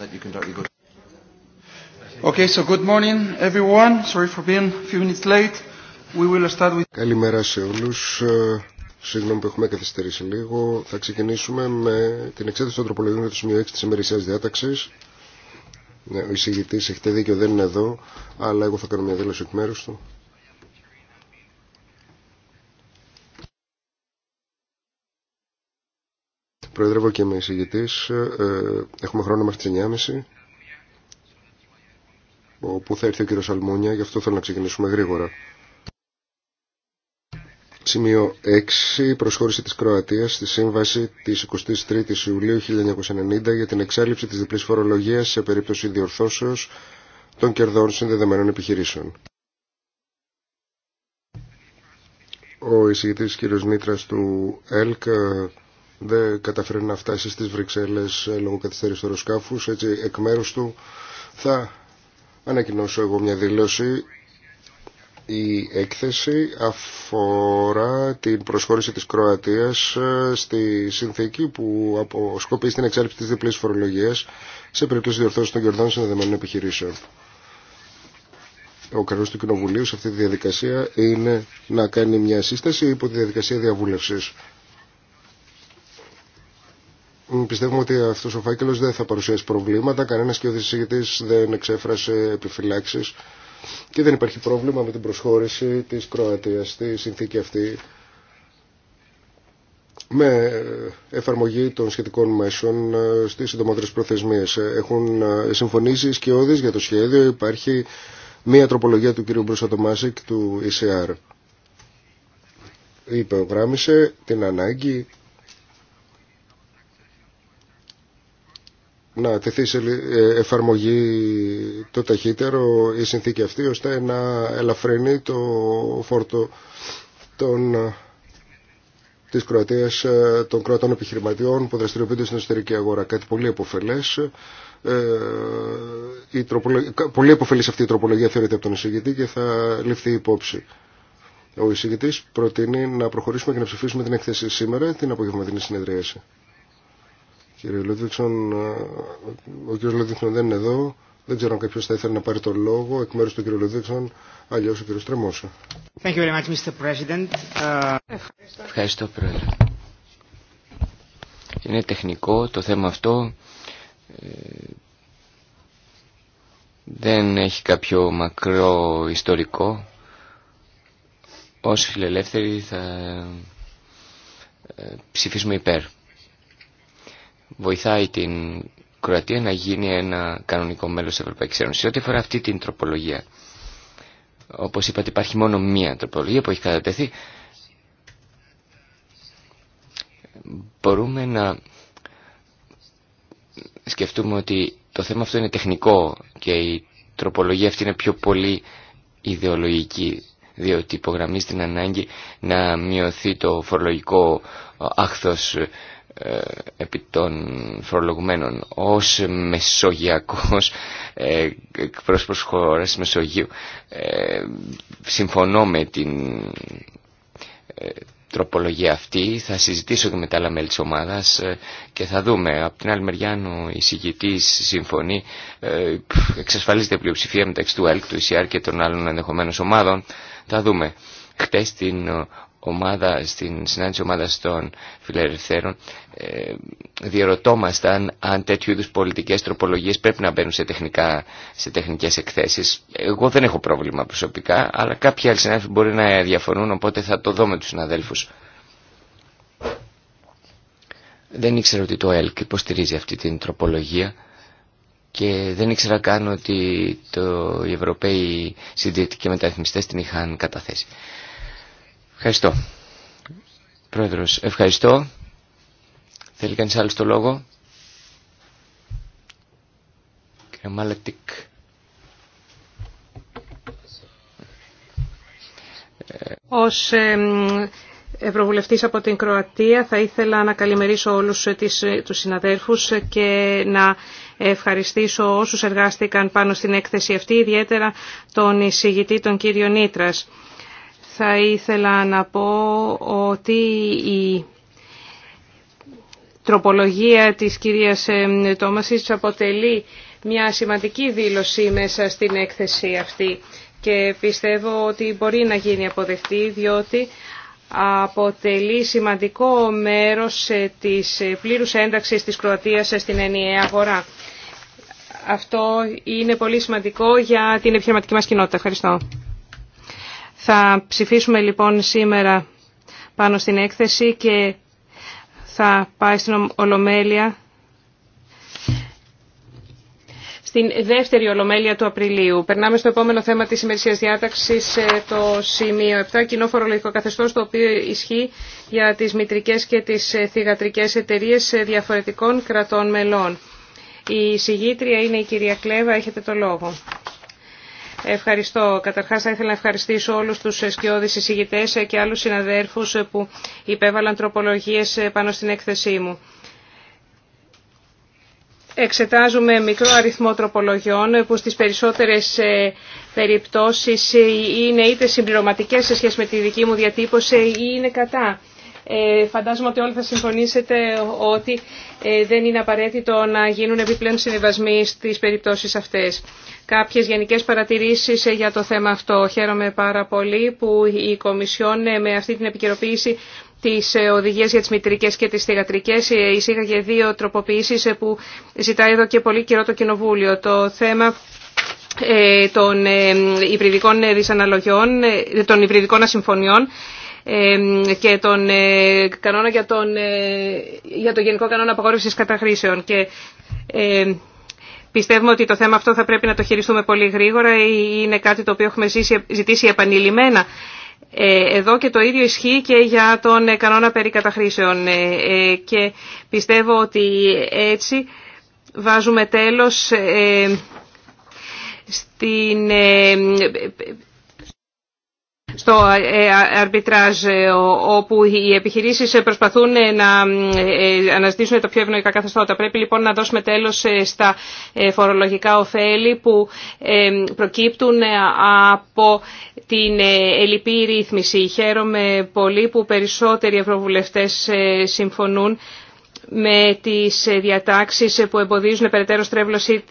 that you can directly go to. Okay, so good morning everyone. Sorry for being a few minutes late. We will start with... Καλημέρα σε όλους. Ε, συγγνώμη που έχουμε καθυστερήσει λίγο. Θα ξεκινήσουμε με την εξέταση των τροπολογιών για το σημείο 6 της ημερησίας διάταξης. Ναι, ο εισηγητής, έχετε δίκιο, δεν είναι εδώ, αλλά εγώ θα κάνω μια δήλωση εκ μέρους του. Προεδρεύω και με εισηγητής. Ε, έχουμε χρόνο μέχρι τις 9.30 όπου θα έρθει ο κύριος Αλμούνια, γι' αυτό θέλω να ξεκινήσουμε γρήγορα. Σημείο 6. Προσχώρηση της Κροατίας στη σύμβαση της 23ης Ιουλίου 1990 για την εξάλληψη της διπλής φορολογίας σε περίπτωση διορθώσεως των κερδών συνδεδεμένων επιχειρήσεων. Ο εισηγητής κύριος Νίτρας του ΕΛΚ δεν καταφέρει να φτάσει στις Βρυξέλλες λόγω καθυστέρησης του αεροσκάφους. Έτσι, εκ μέρους του θα ανακοινώσω εγώ μια δήλωση. Η έκθεση αφορά την προσχώρηση της Κροατίας ε, στη συνθήκη που αποσκοπεί στην εξάρτηση της διπλής φορολογίας σε περίπτωση διορθώσεων των κερδών συνδεδεμένων επιχειρήσεων. Ο κανόνα του Κοινοβουλίου σε αυτή τη διαδικασία είναι να κάνει μια σύσταση υπό τη διαδικασία διαβούλευσης. Πιστεύουμε ότι αυτός ο φάκελος δεν θα παρουσιάσει προβλήματα, κανένας και ο δεν εξέφρασε επιφυλάξεις και δεν υπάρχει πρόβλημα με την προσχώρηση της Κροατίας στη συνθήκη αυτή με εφαρμογή των σχετικών μέσων ε, στις συντομότερες προθεσμίες. Έχουν ε, συμφωνήσει σκιώδεις για το σχέδιο. Υπάρχει μία τροπολογία του κ. Μπρουσατομάσικ του ECR. Υπεογράμισε την ανάγκη να τεθεί σε ε, εφαρμογή το ταχύτερο η συνθήκη αυτή ώστε να ελαφρύνει το φόρτο των, ε, της Κροατίας ε, των κρατών επιχειρηματιών που δραστηριοποιούνται στην εσωτερική αγορά. Κάτι πολύ επωφελές. Ε, πολύ επωφελής αυτή η τροπολογία θεωρείται από τον εισηγητή και θα ληφθεί υπόψη. Ο εισηγητής προτείνει να προχωρήσουμε και να ψηφίσουμε την έκθεση σήμερα την απογευματινή συνεδρίαση. Κύριε Λούδιξον. ο κύριος Λούδιξον δεν είναι εδώ. Δεν ξέρω αν κάποιος θα ήθελε να πάρει τον λόγο εκ μέρους του κύριου Λούδιξον. αλλιώς ο κύριος Τρεμόσα. Ε, ευχαριστώ. Πρόεδρε. Είναι τεχνικό το θέμα αυτό. Ε, δεν έχει κάποιο μακρό ιστορικό. Όσοι φιλελεύθεροι θα ε, ψηφίσουμε υπέρ βοηθάει την Κροατία να γίνει ένα κανονικό μέλος της Ευρωπαϊκής Ένωσης. Ό,τι αφορά αυτή την τροπολογία, όπως είπατε υπάρχει μόνο μία τροπολογία που έχει κατατεθεί, μπορούμε να σκεφτούμε ότι το θέμα αυτό είναι τεχνικό και η τροπολογία αυτή είναι πιο πολύ ιδεολογική διότι υπογραμμίζει την ανάγκη να μειωθεί το φορολογικό άχθος ε, επί των φορολογουμένων ως μεσογειακός ε, εκπρόσωπος χώρας Μεσογείου ε, συμφωνώ με την τροπολογία αυτή θα συζητήσω και με τα άλλα μέλη της ομάδας και θα δούμε από την άλλη μεριά αν ο εισηγητής συμφωνεί εξασφαλίζεται πλειοψηφία μεταξύ του ΕΛΚ, του ΙΣΙΑΡ και των άλλων ενδεχομένων ομάδων θα δούμε χτες την ομάδα, στην συνάντηση ομάδα των φιλελευθέρων ε, διερωτώμασταν αν τέτοιου είδου πολιτικέ τροπολογίε πρέπει να μπαίνουν σε, τεχνικά, σε τεχνικές εκθέσεις. Εγώ δεν έχω πρόβλημα προσωπικά, αλλά κάποιοι άλλοι συνάδελφοι μπορεί να διαφωνούν, οπότε θα το δω με του συναδέλφου. Δεν ήξερα ότι το ΕΛΚ υποστηρίζει αυτή την τροπολογία και δεν ήξερα καν ότι το, οι Ευρωπαίοι συντηρητικοί μεταρρυθμιστές την είχαν καταθέσει. Ευχαριστώ. Πρόεδρος, ευχαριστώ. Θέλει κανείς άλλο το λόγο. Κύριε Μάλετικ. Ως Ευρωβουλευτής από την Κροατία θα ήθελα να καλημερίσω όλους τις, τους συναδέλφους και να ευχαριστήσω όσους εργάστηκαν πάνω στην έκθεση αυτή, ιδιαίτερα τον εισηγητή τον κύριο Νίτρας θα ήθελα να πω ότι η τροπολογία της κυρίας ε, Τόμασης αποτελεί μια σημαντική δήλωση μέσα στην έκθεση αυτή και πιστεύω ότι μπορεί να γίνει αποδεκτή διότι αποτελεί σημαντικό μέρος ε, της ε, πλήρους ένταξης της Κροατίας στην ενιαία αγορά. Αυτό είναι πολύ σημαντικό για την επιχειρηματική μας κοινότητα. Ευχαριστώ. Θα ψηφίσουμε λοιπόν σήμερα πάνω στην έκθεση και θα πάει στην Ολομέλεια, στην δεύτερη Ολομέλεια του Απριλίου. Περνάμε στο επόμενο θέμα της ημερησίας διάταξης, ε, το σημείο 7, κοινό φορολογικό καθεστώς, το οποίο ισχύει για τις μητρικές και τις ε, θηγατρικές εταιρείες ε, διαφορετικών κρατών μελών. Η συγγήτρια είναι η κυρία Κλέβα, έχετε το λόγο. Ευχαριστώ. Καταρχάς θα ήθελα να ευχαριστήσω όλου του σκιώδη εισηγητές και άλλου συναδέρφους που υπέβαλαν τροπολογίε πάνω στην έκθεσή μου. Εξετάζουμε μικρό αριθμό τροπολογιών που στις περισσότερες ε, περιπτώσεις είναι είτε συμπληρωματικές σε σχέση με τη δική μου διατύπωση ή είναι κατά. Ε, φαντάζομαι ότι όλοι θα συμφωνήσετε ότι ε, δεν είναι απαραίτητο να γίνουν επιπλέον συμβιβασμοί στις περιπτώσεις αυτές κάποιες γενικές παρατηρήσεις ε, για το θέμα αυτό. Χαίρομαι πάρα πολύ που η Κομισιόν ε, με αυτή την επικαιροποίηση ε, τις οδηγίε για τι μητρικέ και τι θηγατρικές εισήγαγε δύο τροποποίησει που ζητάει εδώ και πολύ καιρό το Κοινοβούλιο. Το θέμα των υβριδικών δυσαναλογιών, των υβριδικών ασυμφωνιών και τον κανόνα για τον, για τον Γενικό Κανόνα Απαγόρευση Καταχρήσεων. Και, Πιστεύουμε ότι το θέμα αυτό θα πρέπει να το χειριστούμε πολύ γρήγορα. Είναι κάτι το οποίο έχουμε ζητήσει επανειλημμένα. Ε, εδώ και το ίδιο ισχύει και για τον κανόνα περί καταχρήσεων. Ε, ε, και πιστεύω ότι έτσι βάζουμε τέλος στην στο ε, αρμπιτράζ ε, όπου οι επιχειρήσεις ε, προσπαθούν να αναζητήσουν τα πιο ευνοϊκά καθεστώτα. Πρέπει λοιπόν να δώσουμε τέλος στα φορολογικά ωφέλη που προκύπτουν από την ελληπή ρύθμιση. Χαίρομαι πολύ που περισσότεροι ευρωβουλευτές συμφωνούν με τις διατάξεις που εμποδίζουν περαιτέρω στρέβλωση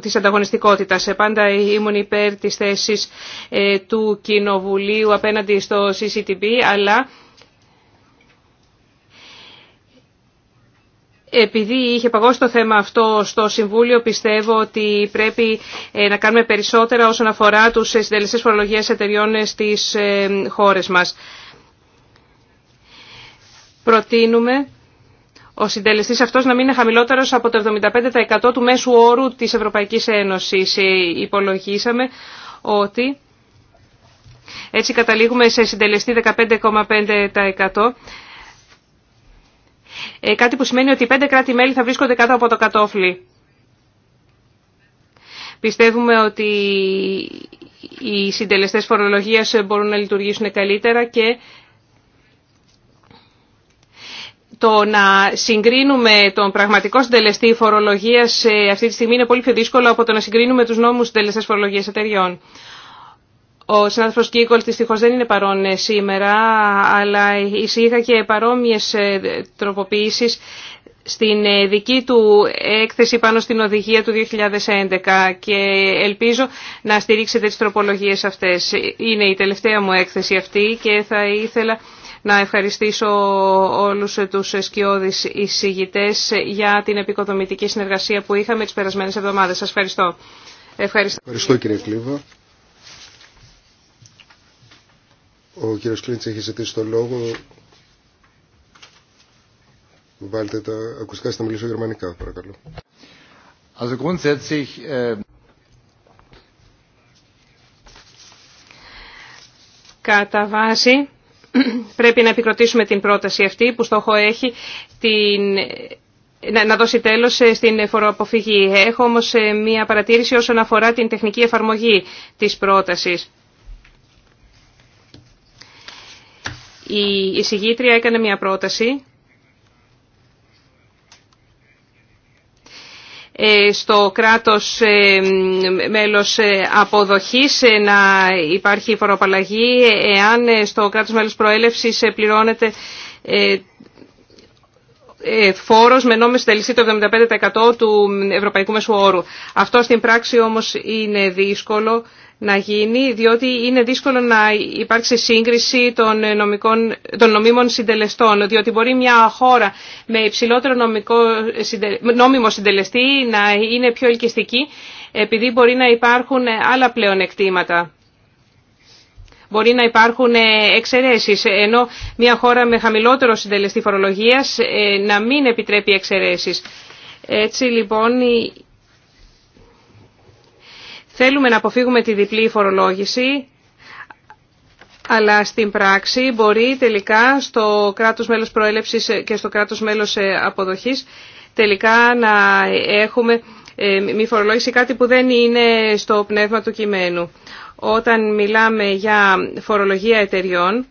της ανταγωνιστικότητας. Ε, πάντα ήμουν υπέρ της θέσης ε, του Κοινοβουλίου απέναντι στο CCTV, αλλά επειδή είχε παγώσει το θέμα αυτό στο Συμβούλιο, πιστεύω ότι πρέπει ε, να κάνουμε περισσότερα όσον αφορά τους συντελεστές φορολογίας εταιριών στις χώρες μας. Προτείνουμε ο συντελεστής αυτός να μην είναι χαμηλότερος από το 75% του μέσου όρου της Ευρωπαϊκής Ένωσης. Ε, υπολογίσαμε ότι έτσι καταλήγουμε σε συντελεστή 15,5%. Ε, κάτι που σημαίνει ότι οι πέντε κράτη-μέλη θα βρίσκονται κάτω από το κατόφλι. Πιστεύουμε ότι οι συντελεστές φορολογίας μπορούν να λειτουργήσουν καλύτερα και το να συγκρίνουμε τον πραγματικό συντελεστή φορολογία αυτή τη στιγμή είναι πολύ πιο δύσκολο από το να συγκρίνουμε του νόμου συντελεστέ φορολογία εταιριών. Ο συνάδελφο Κίκολ δυστυχώ δεν είναι παρόν σήμερα, αλλά εισήγα και παρόμοιε τροποποιήσει στην ε, δική του έκθεση πάνω στην οδηγία του 2011 και ελπίζω να στηρίξετε τις τροπολογίες αυτές. Είναι η τελευταία μου έκθεση αυτή και θα ήθελα να ευχαριστήσω όλους τους σκιώδεις εισηγητές για την επικοδομητική συνεργασία που είχαμε τις περασμένες εβδομάδες. Σας ευχαριστώ. Ευχαριστώ, ευχαριστώ κύριε Κλίβα. Ο κύριος Κλίντς έχει ζητήσει το λόγο. Βάλτε τα ακουστικά να μιλήσω γερμανικά, παρακαλώ. Also grundsätzlich, ε, Κατά βάση, πρέπει να επικροτήσουμε την πρόταση αυτή που στόχο έχει την... να δώσει τέλος στην φοροαποφυγή. Έχω όμως ε, μία παρατήρηση όσον αφορά την τεχνική εφαρμογή της πρότασης. Η εισηγήτρια έκανε μία πρόταση Ε, στο κράτος ε, μέλος ε, αποδοχής να υπάρχει φοροπαλλαγή εάν στο κράτος μέλος προέλευσης πληρώνεται φόρος με νόμιση τελισή το 75% του ευρωπαϊκού μέσου όρου. Αυτό στην πράξη όμως είναι δύσκολο να γίνει, διότι είναι δύσκολο να υπάρξει σύγκριση των, νομίμων συντελεστών, διότι μπορεί μια χώρα με υψηλότερο νομικό, νόμιμο συντελεστή να είναι πιο ελκυστική, επειδή μπορεί να υπάρχουν άλλα πλεονεκτήματα. Μπορεί να υπάρχουν εξαιρέσεις, ενώ μια χώρα με χαμηλότερο συντελεστή φορολογίας ε, να μην επιτρέπει εξαιρέσεις. Έτσι λοιπόν Θέλουμε να αποφύγουμε τη διπλή φορολόγηση, αλλά στην πράξη μπορεί τελικά στο κράτος μέλος προέλευσης και στο κράτος μέλος ε, αποδοχής τελικά να έχουμε ε, μη φορολόγηση κάτι που δεν είναι στο πνεύμα του κειμένου. Όταν μιλάμε για φορολογία εταιριών,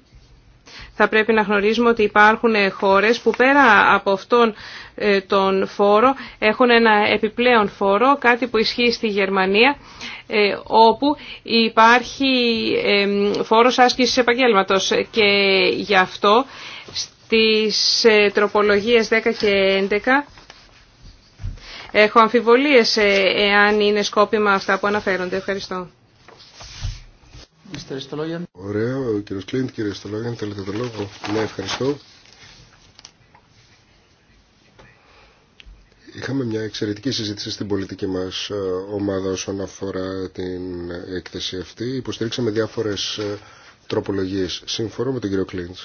θα πρέπει να γνωρίζουμε ότι υπάρχουν ε, χώρες που πέρα από αυτόν ε, τον φόρο έχουν ένα επιπλέον φόρο, κάτι που ισχύει στη Γερμανία, ε, όπου υπάρχει φόρος άσκησης επαγγέλματος και γι' αυτό στις τροπολογίες 10 και 11 Έχω αμφιβολίες εάν είναι σκόπιμα αυτά που αναφέρονται. Ευχαριστώ. Ωραία, ο κύριο Κλίντ, κύριε Στολόγιαν, θέλετε το λόγο. Ναι, ευχαριστώ. Είχαμε μια εξαιρετική συζήτηση στην πολιτική μας ε, ομάδα όσον αφορά την έκθεση αυτή. Υποστηρίξαμε διάφορες ε, τροπολογίες. Σύμφωνα με τον κύριο Κλίντ.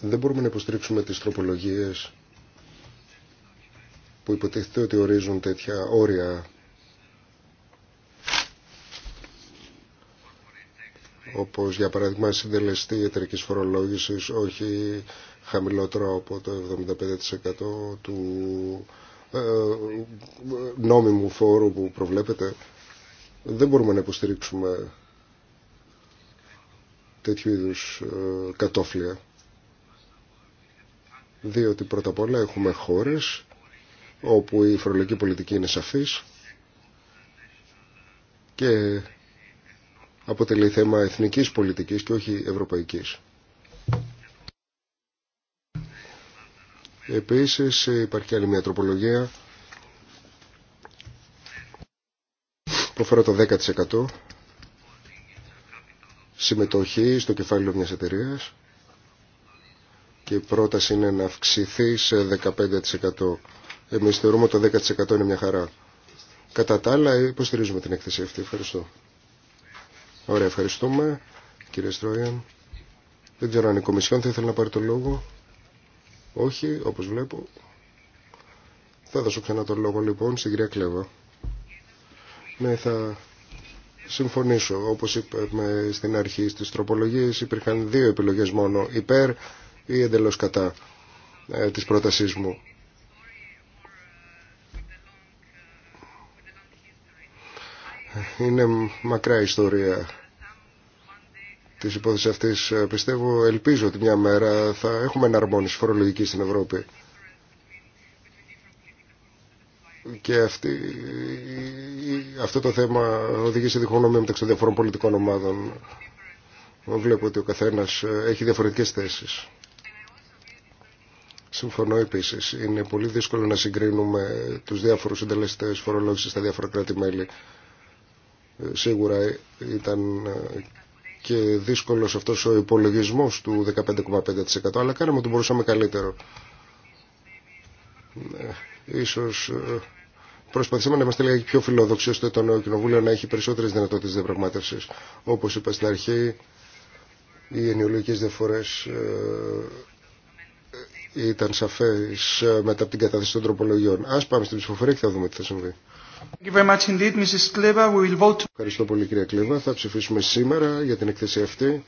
Δεν μπορούμε να υποστηρίξουμε τις τροπολογίες που υποτίθεται ότι ορίζουν τέτοια όρια όπως για παράδειγμα συντελεστή εταιρικής φορολόγησης όχι χαμηλότερο από το 75% του ε, νόμιμου φόρου που προβλέπεται δεν μπορούμε να υποστηρίξουμε τέτοιου είδους ε, κατόφλια διότι πρώτα απ' όλα έχουμε χώρες όπου η φορολογική πολιτική είναι σαφής και αποτελεί θέμα εθνικής πολιτικής και όχι ευρωπαϊκής. Επίσης υπάρχει άλλη μια τροπολογία προφέρω το 10% συμμετοχή στο κεφάλαιο μιας εταιρείας και η πρόταση είναι να αυξηθεί σε 15%. Εμείς θεωρούμε το 10% είναι μια χαρά. Κατά τα άλλα υποστηρίζουμε την έκθεση αυτή. Ευχαριστώ. Ωραία, ευχαριστούμε κύριε Στρόιαν. Δεν ξέρω αν η Κομισιόν θα ήθελε να πάρει το λόγο. Όχι, όπως βλέπω. Θα δώσω ξανά το λόγο λοιπόν στην κυρία Κλέβα. Ναι, θα συμφωνήσω. Όπως είπαμε στην αρχή στις τροπολογίες υπήρχαν δύο επιλογές μόνο, υπέρ ή εντελώς κατά ε, της πρότασής μου. είναι μακρά ιστορία της υπόθεσης αυτής. Πιστεύω, ελπίζω ότι μια μέρα θα έχουμε εναρμόνιση φορολογική στην Ευρώπη. Και αυτό το θέμα οδηγεί σε διχονομία μεταξύ των διαφορών πολιτικών ομάδων. Βλέπω ότι ο καθένας ε, έχει διαφορετικές θέσεις. Συμφωνώ επίσης. Είναι πολύ δύσκολο να συγκρίνουμε τους διάφορους συντελεστές φορολόγησης στα διάφορα κράτη-μέλη. Σίγουρα ήταν ε, και δύσκολος αυτός ο υπολογισμός του 15,5% αλλά κάναμε ότι μπορούσαμε καλύτερο. Ε, ίσως ε, προσπαθήσαμε να είμαστε λίγα πιο φιλόδοξοι ώστε το νέο κοινοβούλιο να έχει περισσότερες δυνατότητες διαπραγμάτευσης. Όπως είπα στην αρχή, οι ενοιολογικές διαφορές ήταν σαφές μετά από την κατάθεση των τροπολογιών. Ας πάμε στην ψηφοφορία και θα δούμε τι θα συμβεί. Ευχαριστώ πολύ κυρία Κλέβα. Θα ψηφίσουμε σήμερα για την εκθέση αυτή.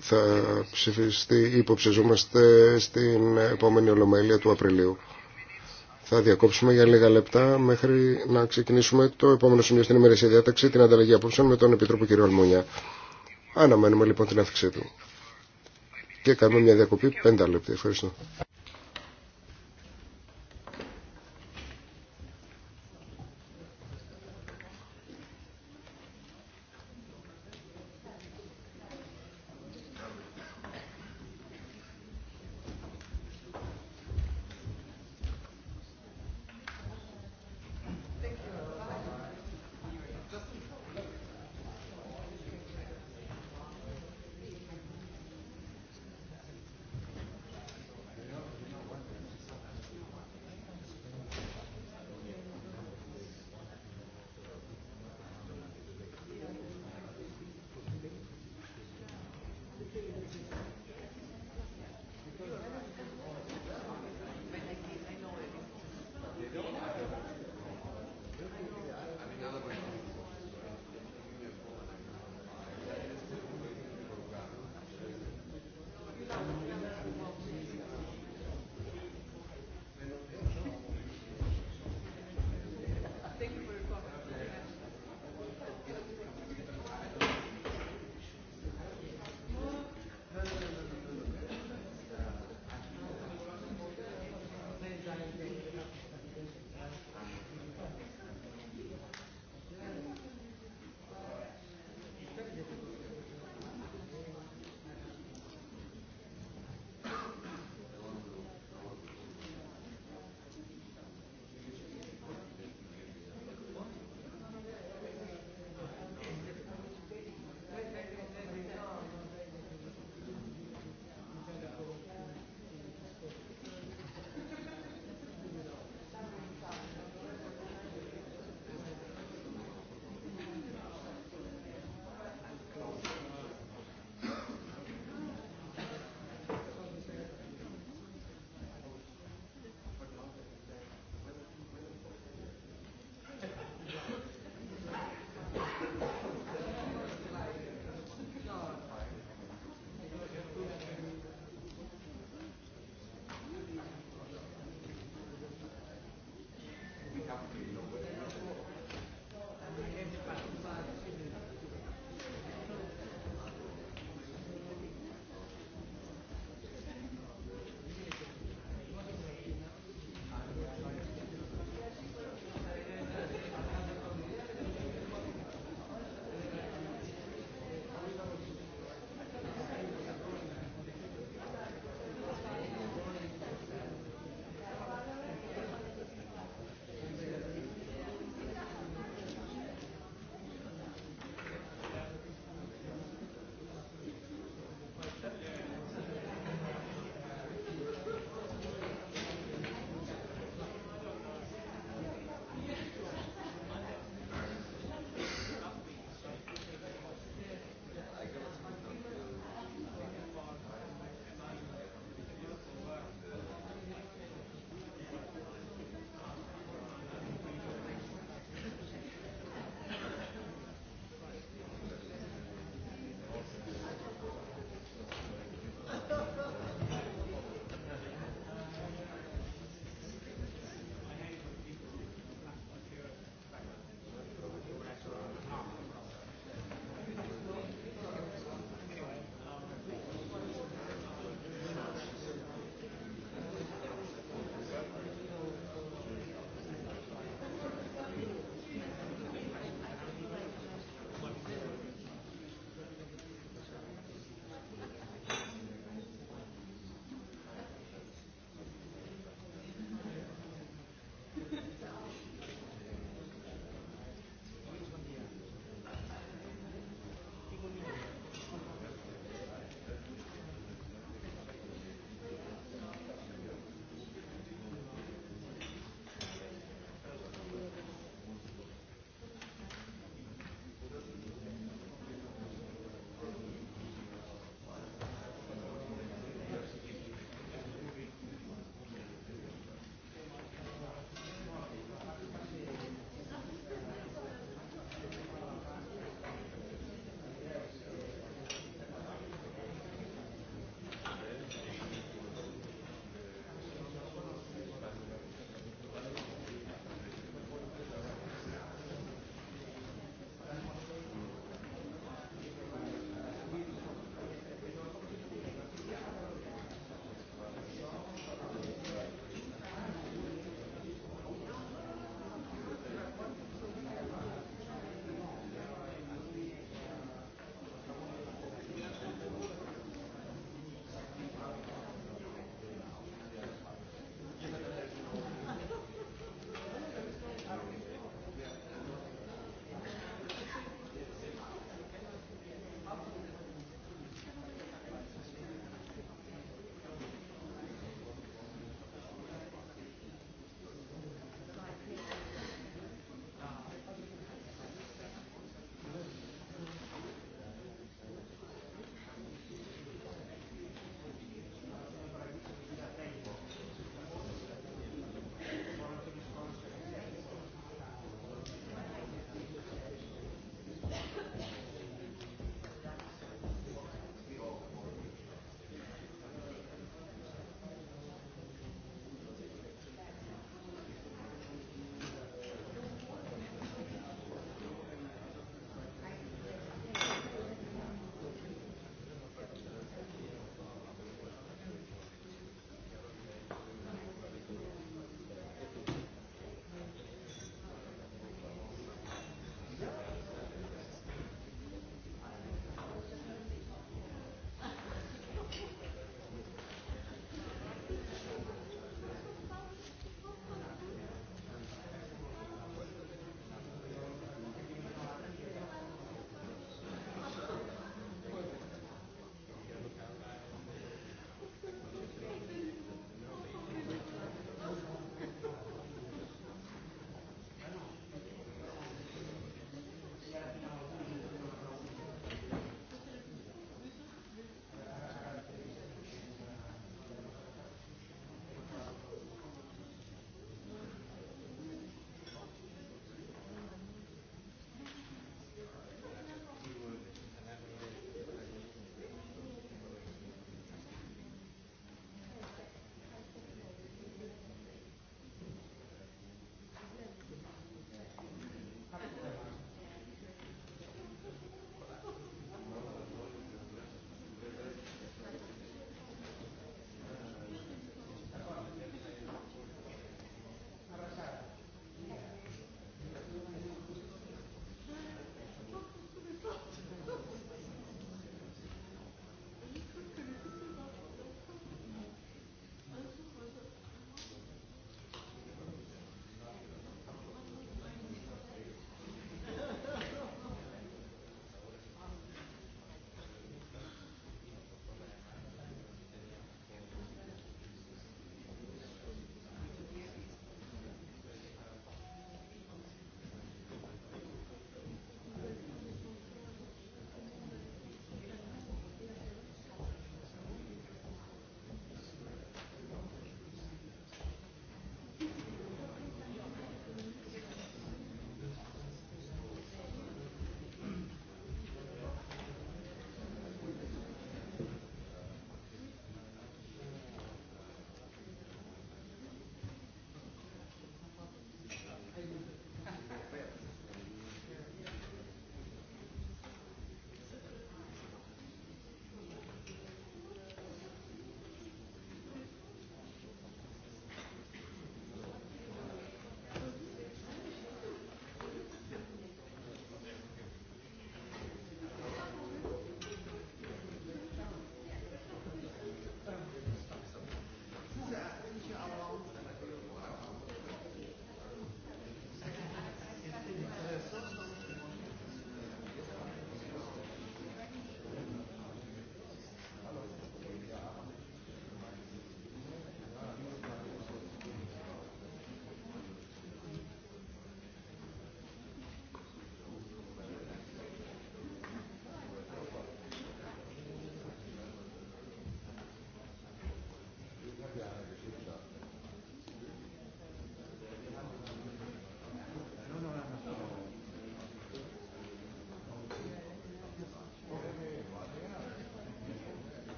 Θα ψηφιστεί, υποψηφιζόμαστε στην επόμενη Ολομέλεια του Απριλίου. Θα διακόψουμε για λίγα λεπτά μέχρι να ξεκινήσουμε το επόμενο σημείο στην ημερήσια διάταξη, την ανταλλαγή απόψεων με τον Επίτροπο κ. Αλμούνια. Αναμένουμε λοιπόν την αύξησή του. Και κάνουμε μια διακοπή πέντε λεπτά. Ευχαριστώ.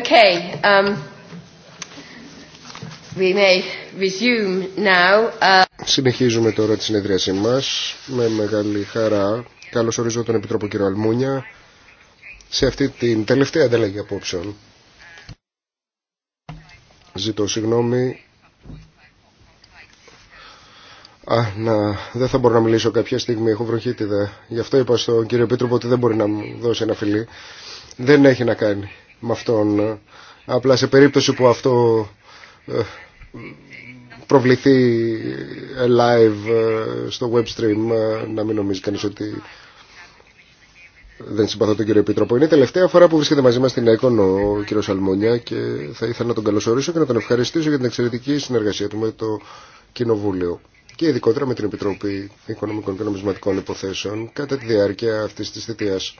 Okay, um, we may resume now. Uh, Συνεχίζουμε τώρα τη συνεδρίασή μας με μεγάλη χαρά. Καλώς ορίζω τον Επιτρόπο κ. Αλμούνια σε αυτή την τελευταία ανταλλαγή απόψεων. Ζητώ συγγνώμη. Α, να, δεν θα μπορώ να μιλήσω κάποια στιγμή, έχω βροχίτιδα. Γι' αυτό είπα στον κύριο Επίτροπο ότι δεν μπορεί να μου δώσει ένα φιλί. Δεν έχει να κάνει με αυτόν. Απλά σε περίπτωση που αυτό ε, προβληθεί live ε, στο web stream, ε, να μην νομίζει κανείς ότι δεν συμπαθώ τον κύριο Επίτροπο. Είναι η τελευταία φορά που βρίσκεται μαζί μας στην ΕΚΟΝ ο κύριος Αλμόνια και θα ήθελα να τον καλωσορίσω και να τον ευχαριστήσω για την εξαιρετική συνεργασία του με το Κοινοβούλιο και ειδικότερα με την Επιτροπή Οικονομικών και Νομισματικών Υποθέσεων κατά τη διάρκεια αυτής της θητείας.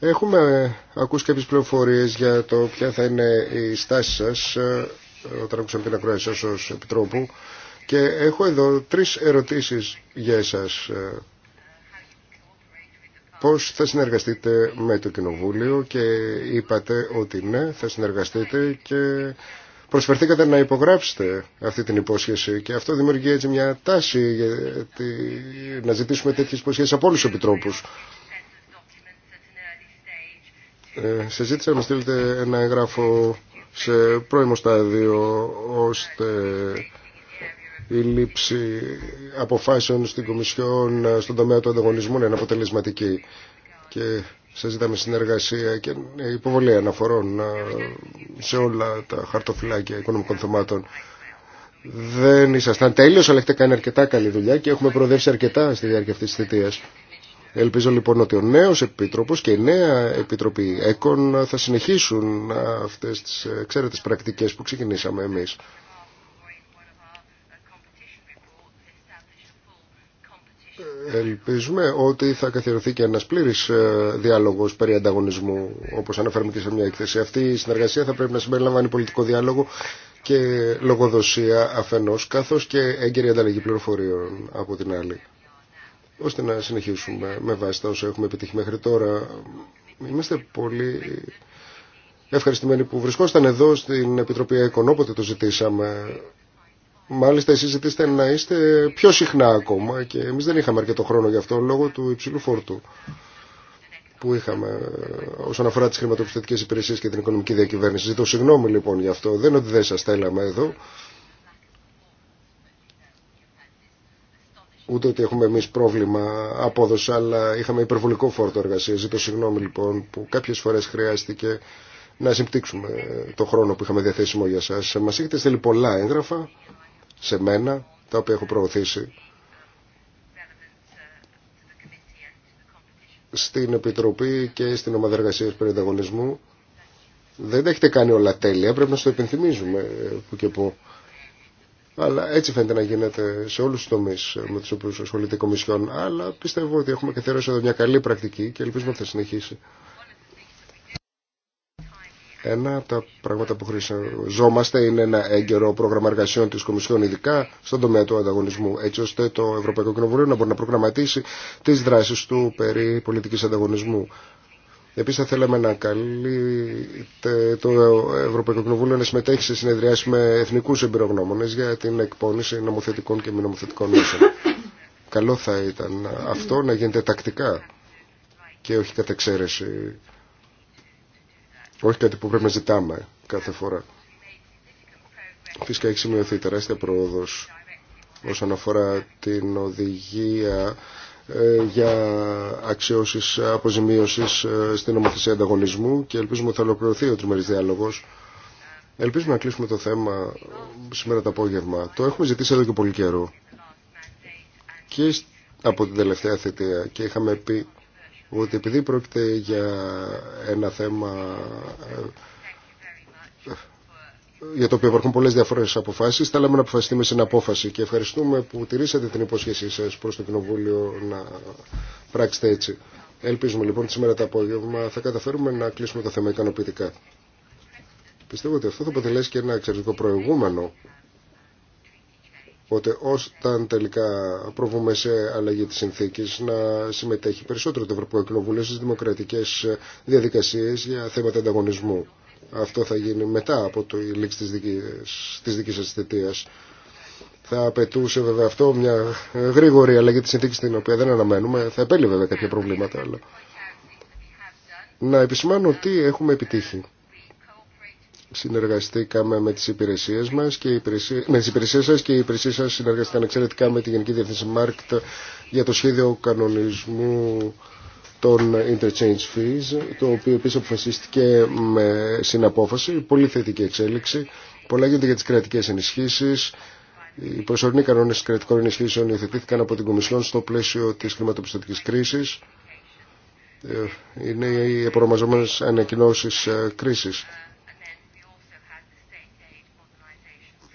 Έχουμε ακούσει κάποιες πληροφορίες για το ποια θα είναι η στάση σας ε, όταν ακούσαμε την ακρόαση σας ως Επιτρόπου και έχω εδώ τρεις ερωτήσεις για εσάς. Ε, πώς θα συνεργαστείτε με το Κοινοβούλιο και είπατε ότι ναι, θα συνεργαστείτε και προσφερθήκατε να υπογράψετε αυτή την υπόσχεση και αυτό δημιουργεί έτσι μια τάση γιατί να ζητήσουμε τέτοιες υποσχέσεις από όλους τους επιτρόπους. Ε, σε ζήτησα να στείλετε ένα έγγραφο σε πρώιμο στάδιο ώστε η λήψη αποφάσεων στην Κομισιόν ε, στον τομέα του ανταγωνισμού να είναι αποτελεσματική και σε ζητάμε συνεργασία και ε, υποβολή αναφορών ε, σε όλα τα χαρτοφυλάκια οικονομικών θεμάτων. Δεν ήσασταν τέλειος, αλλά έχετε κάνει αρκετά καλή δουλειά και έχουμε προοδεύσει αρκετά στη διάρκεια αυτής της θητείας. Ελπίζω λοιπόν ότι ο νέος Επίτροπος και η νέα Επιτροπή ΕΚΟΝ θα συνεχίσουν αυτές τις εξαίρετες πρακτικές που ξεκινήσαμε εμείς. Ελπίζουμε ότι θα καθιερωθεί και ένας πλήρης ε, διάλογος περί ανταγωνισμού, όπως αναφέρουμε και σε μια έκθεση. Αυτή η συνεργασία θα πρέπει να συμπεριλαμβάνει πολιτικό διάλογο και λογοδοσία αφενός, καθώς και έγκαιρη ανταλλαγή πληροφορίων από την άλλη ώστε να συνεχίσουμε με βάση τα όσα έχουμε επιτύχει μέχρι τώρα. Είμαστε πολύ ευχαριστημένοι που βρισκόσταν εδώ στην Επιτροπή ΕΚΟΝ όποτε το ζητήσαμε. Μάλιστα εσείς ζητήσατε να είστε πιο συχνά ακόμα και εμείς δεν είχαμε αρκετό χρόνο γι' αυτό λόγω του υψηλού φόρτου που είχαμε όσον αφορά τις χρηματοπιστωτικές υπηρεσίες και την οικονομική διακυβέρνηση. Ζητώ συγγνώμη λοιπόν γι' αυτό. Δεν είναι ότι δεν σας θέλαμε εδώ. Ούτε ότι έχουμε εμεί πρόβλημα απόδοση, αλλά είχαμε υπερβολικό φόρτο εργασία. Ζητώ συγγνώμη λοιπόν που κάποιε φορέ χρειάστηκε να συμπτύξουμε το χρόνο που είχαμε διαθέσιμο για εσά. Μα έχετε στείλει πολλά έγγραφα σε μένα, τα οποία έχω προωθήσει. στην Επιτροπή και στην Ομάδα Εργασίας Περιενταγωνισμού. Δεν τα έχετε κάνει όλα τέλεια, πρέπει να το επιθυμίζουμε, ε, που και που. Αλλά έτσι φαίνεται να γίνεται σε όλου του τομεί με του οποίου ασχολείται η Κομισιόν. Αλλά πιστεύω ότι έχουμε καθιερώσει εδώ μια καλή πρακτική και ελπίζουμε ότι θα συνεχίσει. Ένα από τα πράγματα που χρειαζόμαστε είναι ένα έγκαιρο πρόγραμμα εργασιών τη Κομισιόν, ειδικά στον τομέα του ανταγωνισμού, έτσι ώστε το Ευρωπαϊκό Κοινοβούλιο να μπορεί να προγραμματίσει τι δράσει του περί πολιτική ανταγωνισμού. Επίσης θα θέλαμε να καλείται το Ευρωπαϊκό Κοινοβούλιο να συμμετέχει σε συνεδριάσει με εθνικούς εμπειρογνώμονες για την εκπόνηση νομοθετικών και μη νομοθετικών μέσων. Καλό θα ήταν αυτό να γίνεται τακτικά και όχι κατά εξαίρεση. Όχι κάτι που πρέπει να ζητάμε κάθε φορά. Φυσικά έχει σημειωθεί τεράστια πρόοδος όσον αφορά την οδηγία ε, για αξιώσεις αποζημίωσης ε, στην νομοθεσία ανταγωνισμού και ελπίζουμε ότι θα ολοκληρωθεί ο τριμερής διάλογος. Ελπίζουμε να κλείσουμε το θέμα σήμερα το απόγευμα. Το έχουμε ζητήσει εδώ και πολύ καιρό και από την τελευταία θητεία και είχαμε πει ότι επειδή πρόκειται για ένα θέμα ε, για το οποίο υπάρχουν πολλές διαφορετικές αποφάσεις. Θέλαμε να αποφασιστεί με απόφαση και ευχαριστούμε που τηρήσατε την υπόσχεσή σας προς το Κοινοβούλιο να πράξετε έτσι. Ελπίζουμε λοιπόν ότι σήμερα το απόγευμα θα καταφέρουμε να κλείσουμε το θέμα ικανοποιητικά. Πιστεύω ότι αυτό θα αποτελέσει και ένα εξαιρετικό προηγούμενο Οπότε όταν τελικά προβούμε σε αλλαγή της συνθήκης να συμμετέχει περισσότερο το Ευρωπαϊκό Κοινοβούλιο στις δημοκρατικές διαδικασίες για θέματα ανταγωνισμού. Αυτό θα γίνει μετά από το λήξη της δικής, της δικής σας Θα απαιτούσε βέβαια αυτό μια γρήγορη αλλαγή της συνθήκης την οποία δεν αναμένουμε. Θα επέλυε βέβαια κάποια προβλήματα. Να επισημάνω ότι έχουμε επιτύχει. Συνεργαστήκαμε με τις υπηρεσίες μας και οι υπηρεσίες, με τις υπηρεσίες σας και οι υπηρεσίες σας συνεργαστήκαν εξαιρετικά με τη Γενική Διευθυνσία Μάρκτ για το σχέδιο κανονισμού των interchange fees, το οποίο επίση αποφασίστηκε με συναπόφαση, πολύ θετική εξέλιξη. Πολλά γίνονται για τις κρατικέ ενισχύσει, Οι προσωρινοί κανόνες κρατικών ενισχύσεων υιοθετήθηκαν από την Κομισιόν στο πλαίσιο της χρηματοπιστωτικής κρίσης. Ε, είναι οι προμαζόμενες ανακοινώσεις ε, κρίσης.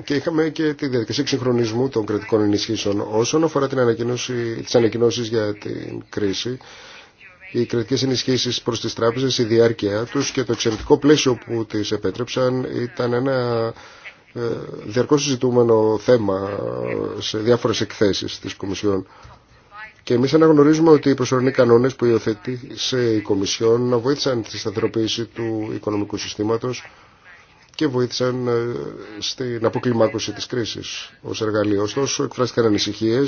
Και είχαμε και τη διαδικασία συγχρονισμού των κρατικών ενισχύσεων. Όσον αφορά την ανακοινώσει για την κρίση, οι κρατικές ενισχύσεις προς τις τράπεζες, η διάρκεια τους και το εξαιρετικό πλαίσιο που τις επέτρεψαν ήταν ένα ε, διαρκώς συζητούμενο θέμα σε διάφορες εκθέσεις της Κομισιόν. Και εμεί αναγνωρίζουμε ότι οι προσωρινοί κανόνε που υιοθέτησε η Κομισιόν να βοήθησαν τη σταθεροποίηση του οικονομικού συστήματο και βοήθησαν ε, στην αποκλιμάκωση τη κρίση ω εργαλείο. Ωστόσο, εκφράστηκαν ανησυχίε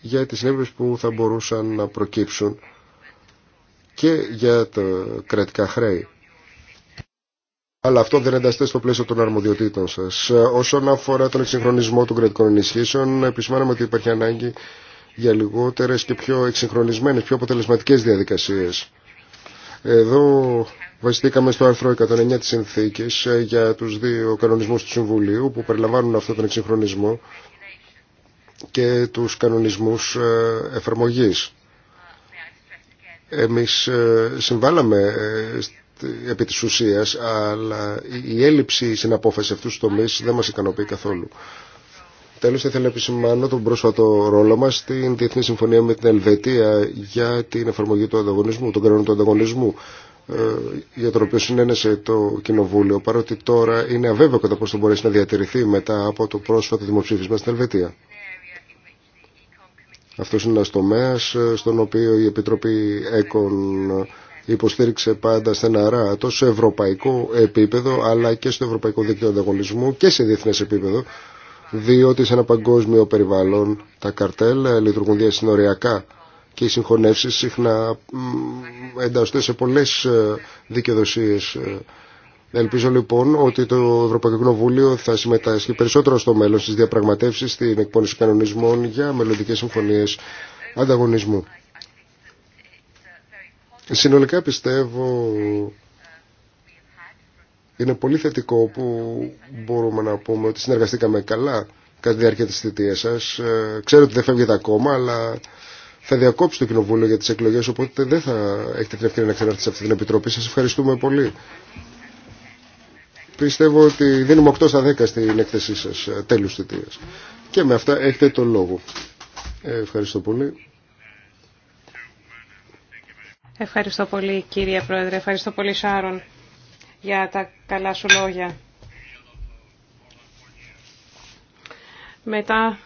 για τι συνέπειε που θα μπορούσαν να προκύψουν και για τα κρατικά χρέη. Αλλά αυτό δεν ενταστεί στο πλαίσιο των αρμοδιοτήτων σα. Όσον αφορά τον εξυγχρονισμό των κρατικών ενισχύσεων, επισημάνομαι ότι υπάρχει ανάγκη για λιγότερε και πιο εξυγχρονισμένε, πιο αποτελεσματικέ διαδικασίε. Εδώ βασιστήκαμε στο άρθρο 109 τη Συνθήκη για του δύο κανονισμού του Συμβουλίου που περιλαμβάνουν αυτόν τον εξυγχρονισμό και του κανονισμού ε, εφαρμογή. Εμείς ε, συμβάλαμε ε, επί της ουσίας, αλλά η έλλειψη απόφαση αυτού του τομεί δεν μας ικανοποιεί καθόλου. Τέλος, θα ήθελα να επισημάνω τον πρόσφατο ρόλο μας στην Διεθνή Συμφωνία με την Ελβετία για την εφαρμογή του ανταγωνισμού, των κανόνων του ανταγωνισμού ε, για τον οποίο συνένεσε το Κοινοβούλιο, παρότι τώρα είναι αβέβαιο κατά πώ θα μπορέσει να διατηρηθεί μετά από το πρόσφατο δημοψήφισμα στην Ελβετία. Αυτός είναι ένας τομέας ε, στον οποίο η Επιτροπή ΕΚΟΝ υποστήριξε πάντα στεναρά τόσο σε ευρωπαϊκό επίπεδο αλλά και στο ευρωπαϊκό δίκτυο ανταγωνισμού και σε διεθνές επίπεδο διότι σε ένα παγκόσμιο περιβάλλον τα καρτέλ ε, λειτουργούν διασυνοριακά και οι συγχωνεύσεις συχνά εντάσσονται σε πολλές ε, δικαιοδοσίες Ελπίζω λοιπόν ότι το Ευρωπαϊκό Κοινοβούλιο θα συμμετάσχει περισσότερο στο μέλλον στις διαπραγματεύσεις, στην εκπόνηση κανονισμών για μελλοντικές συμφωνίες ανταγωνισμού. Συνολικά πιστεύω είναι πολύ θετικό που μπορούμε να πούμε ότι συνεργαστήκαμε καλά κατά τη διάρκεια της θητείας σας. Ε, ξέρω ότι δεν φεύγετε ακόμα, αλλά θα διακόψει το Κοινοβούλιο για τις εκλογές, οπότε δεν θα έχετε την ευκαιρία να ξαναρθεί σε αυτή την Επιτροπή. Σας ευχαριστούμε πολύ. Πιστεύω ότι δίνουμε 8 στα 10 στην έκθεσή σας ε, τέλους θητείας. Και με αυτά έχετε τον λόγο. Ε, ευχαριστώ πολύ. Ευχαριστώ πολύ κύριε Πρόεδρε. Ευχαριστώ πολύ Σάρων για τα καλά σου λόγια. Μετά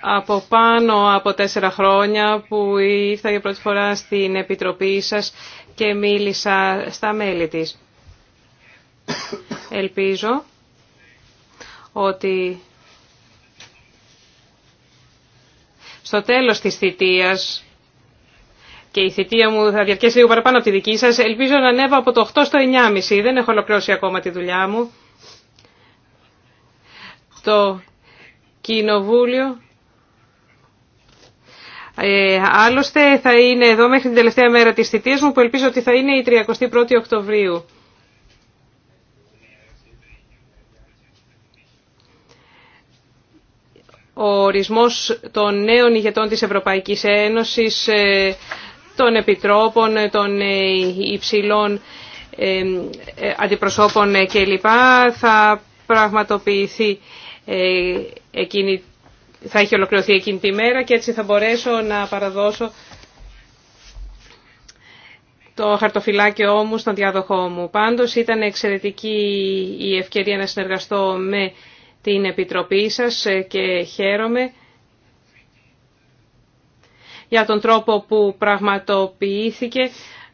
από πάνω από τέσσερα χρόνια που ήρθα για πρώτη φορά στην Επιτροπή σας και μίλησα στα μέλη της. Ελπίζω ότι στο τέλος της θητείας και η θητεία μου θα διαρκέσει λίγο παραπάνω από τη δική σας. Ελπίζω να ανέβω από το 8 στο 9,5. Δεν έχω ολοκληρώσει ακόμα τη δουλειά μου. Το κοινοβούλιο. Ε, άλλωστε θα είναι εδώ μέχρι την τελευταία μέρα της θητείας μου που ελπίζω ότι θα είναι η 31η Οκτωβρίου. ο ορισμός των νέων ηγετών της Ευρωπαϊκής Ένωσης, ε, των επιτρόπων, ε, των ε, υψηλών αντιπροσώπων κλπ. θα πραγματοποιηθεί εκείνη, θα έχει ολοκληρωθεί εκείνη τη μέρα και έτσι θα μπορέσω να παραδώσω το χαρτοφυλάκιό μου στον διάδοχό μου. Πάντως ήταν εξαιρετική η ευκαιρία να συνεργαστώ με την Επιτροπή σας ε, και χαίρομαι για τον τρόπο που πραγματοποιήθηκε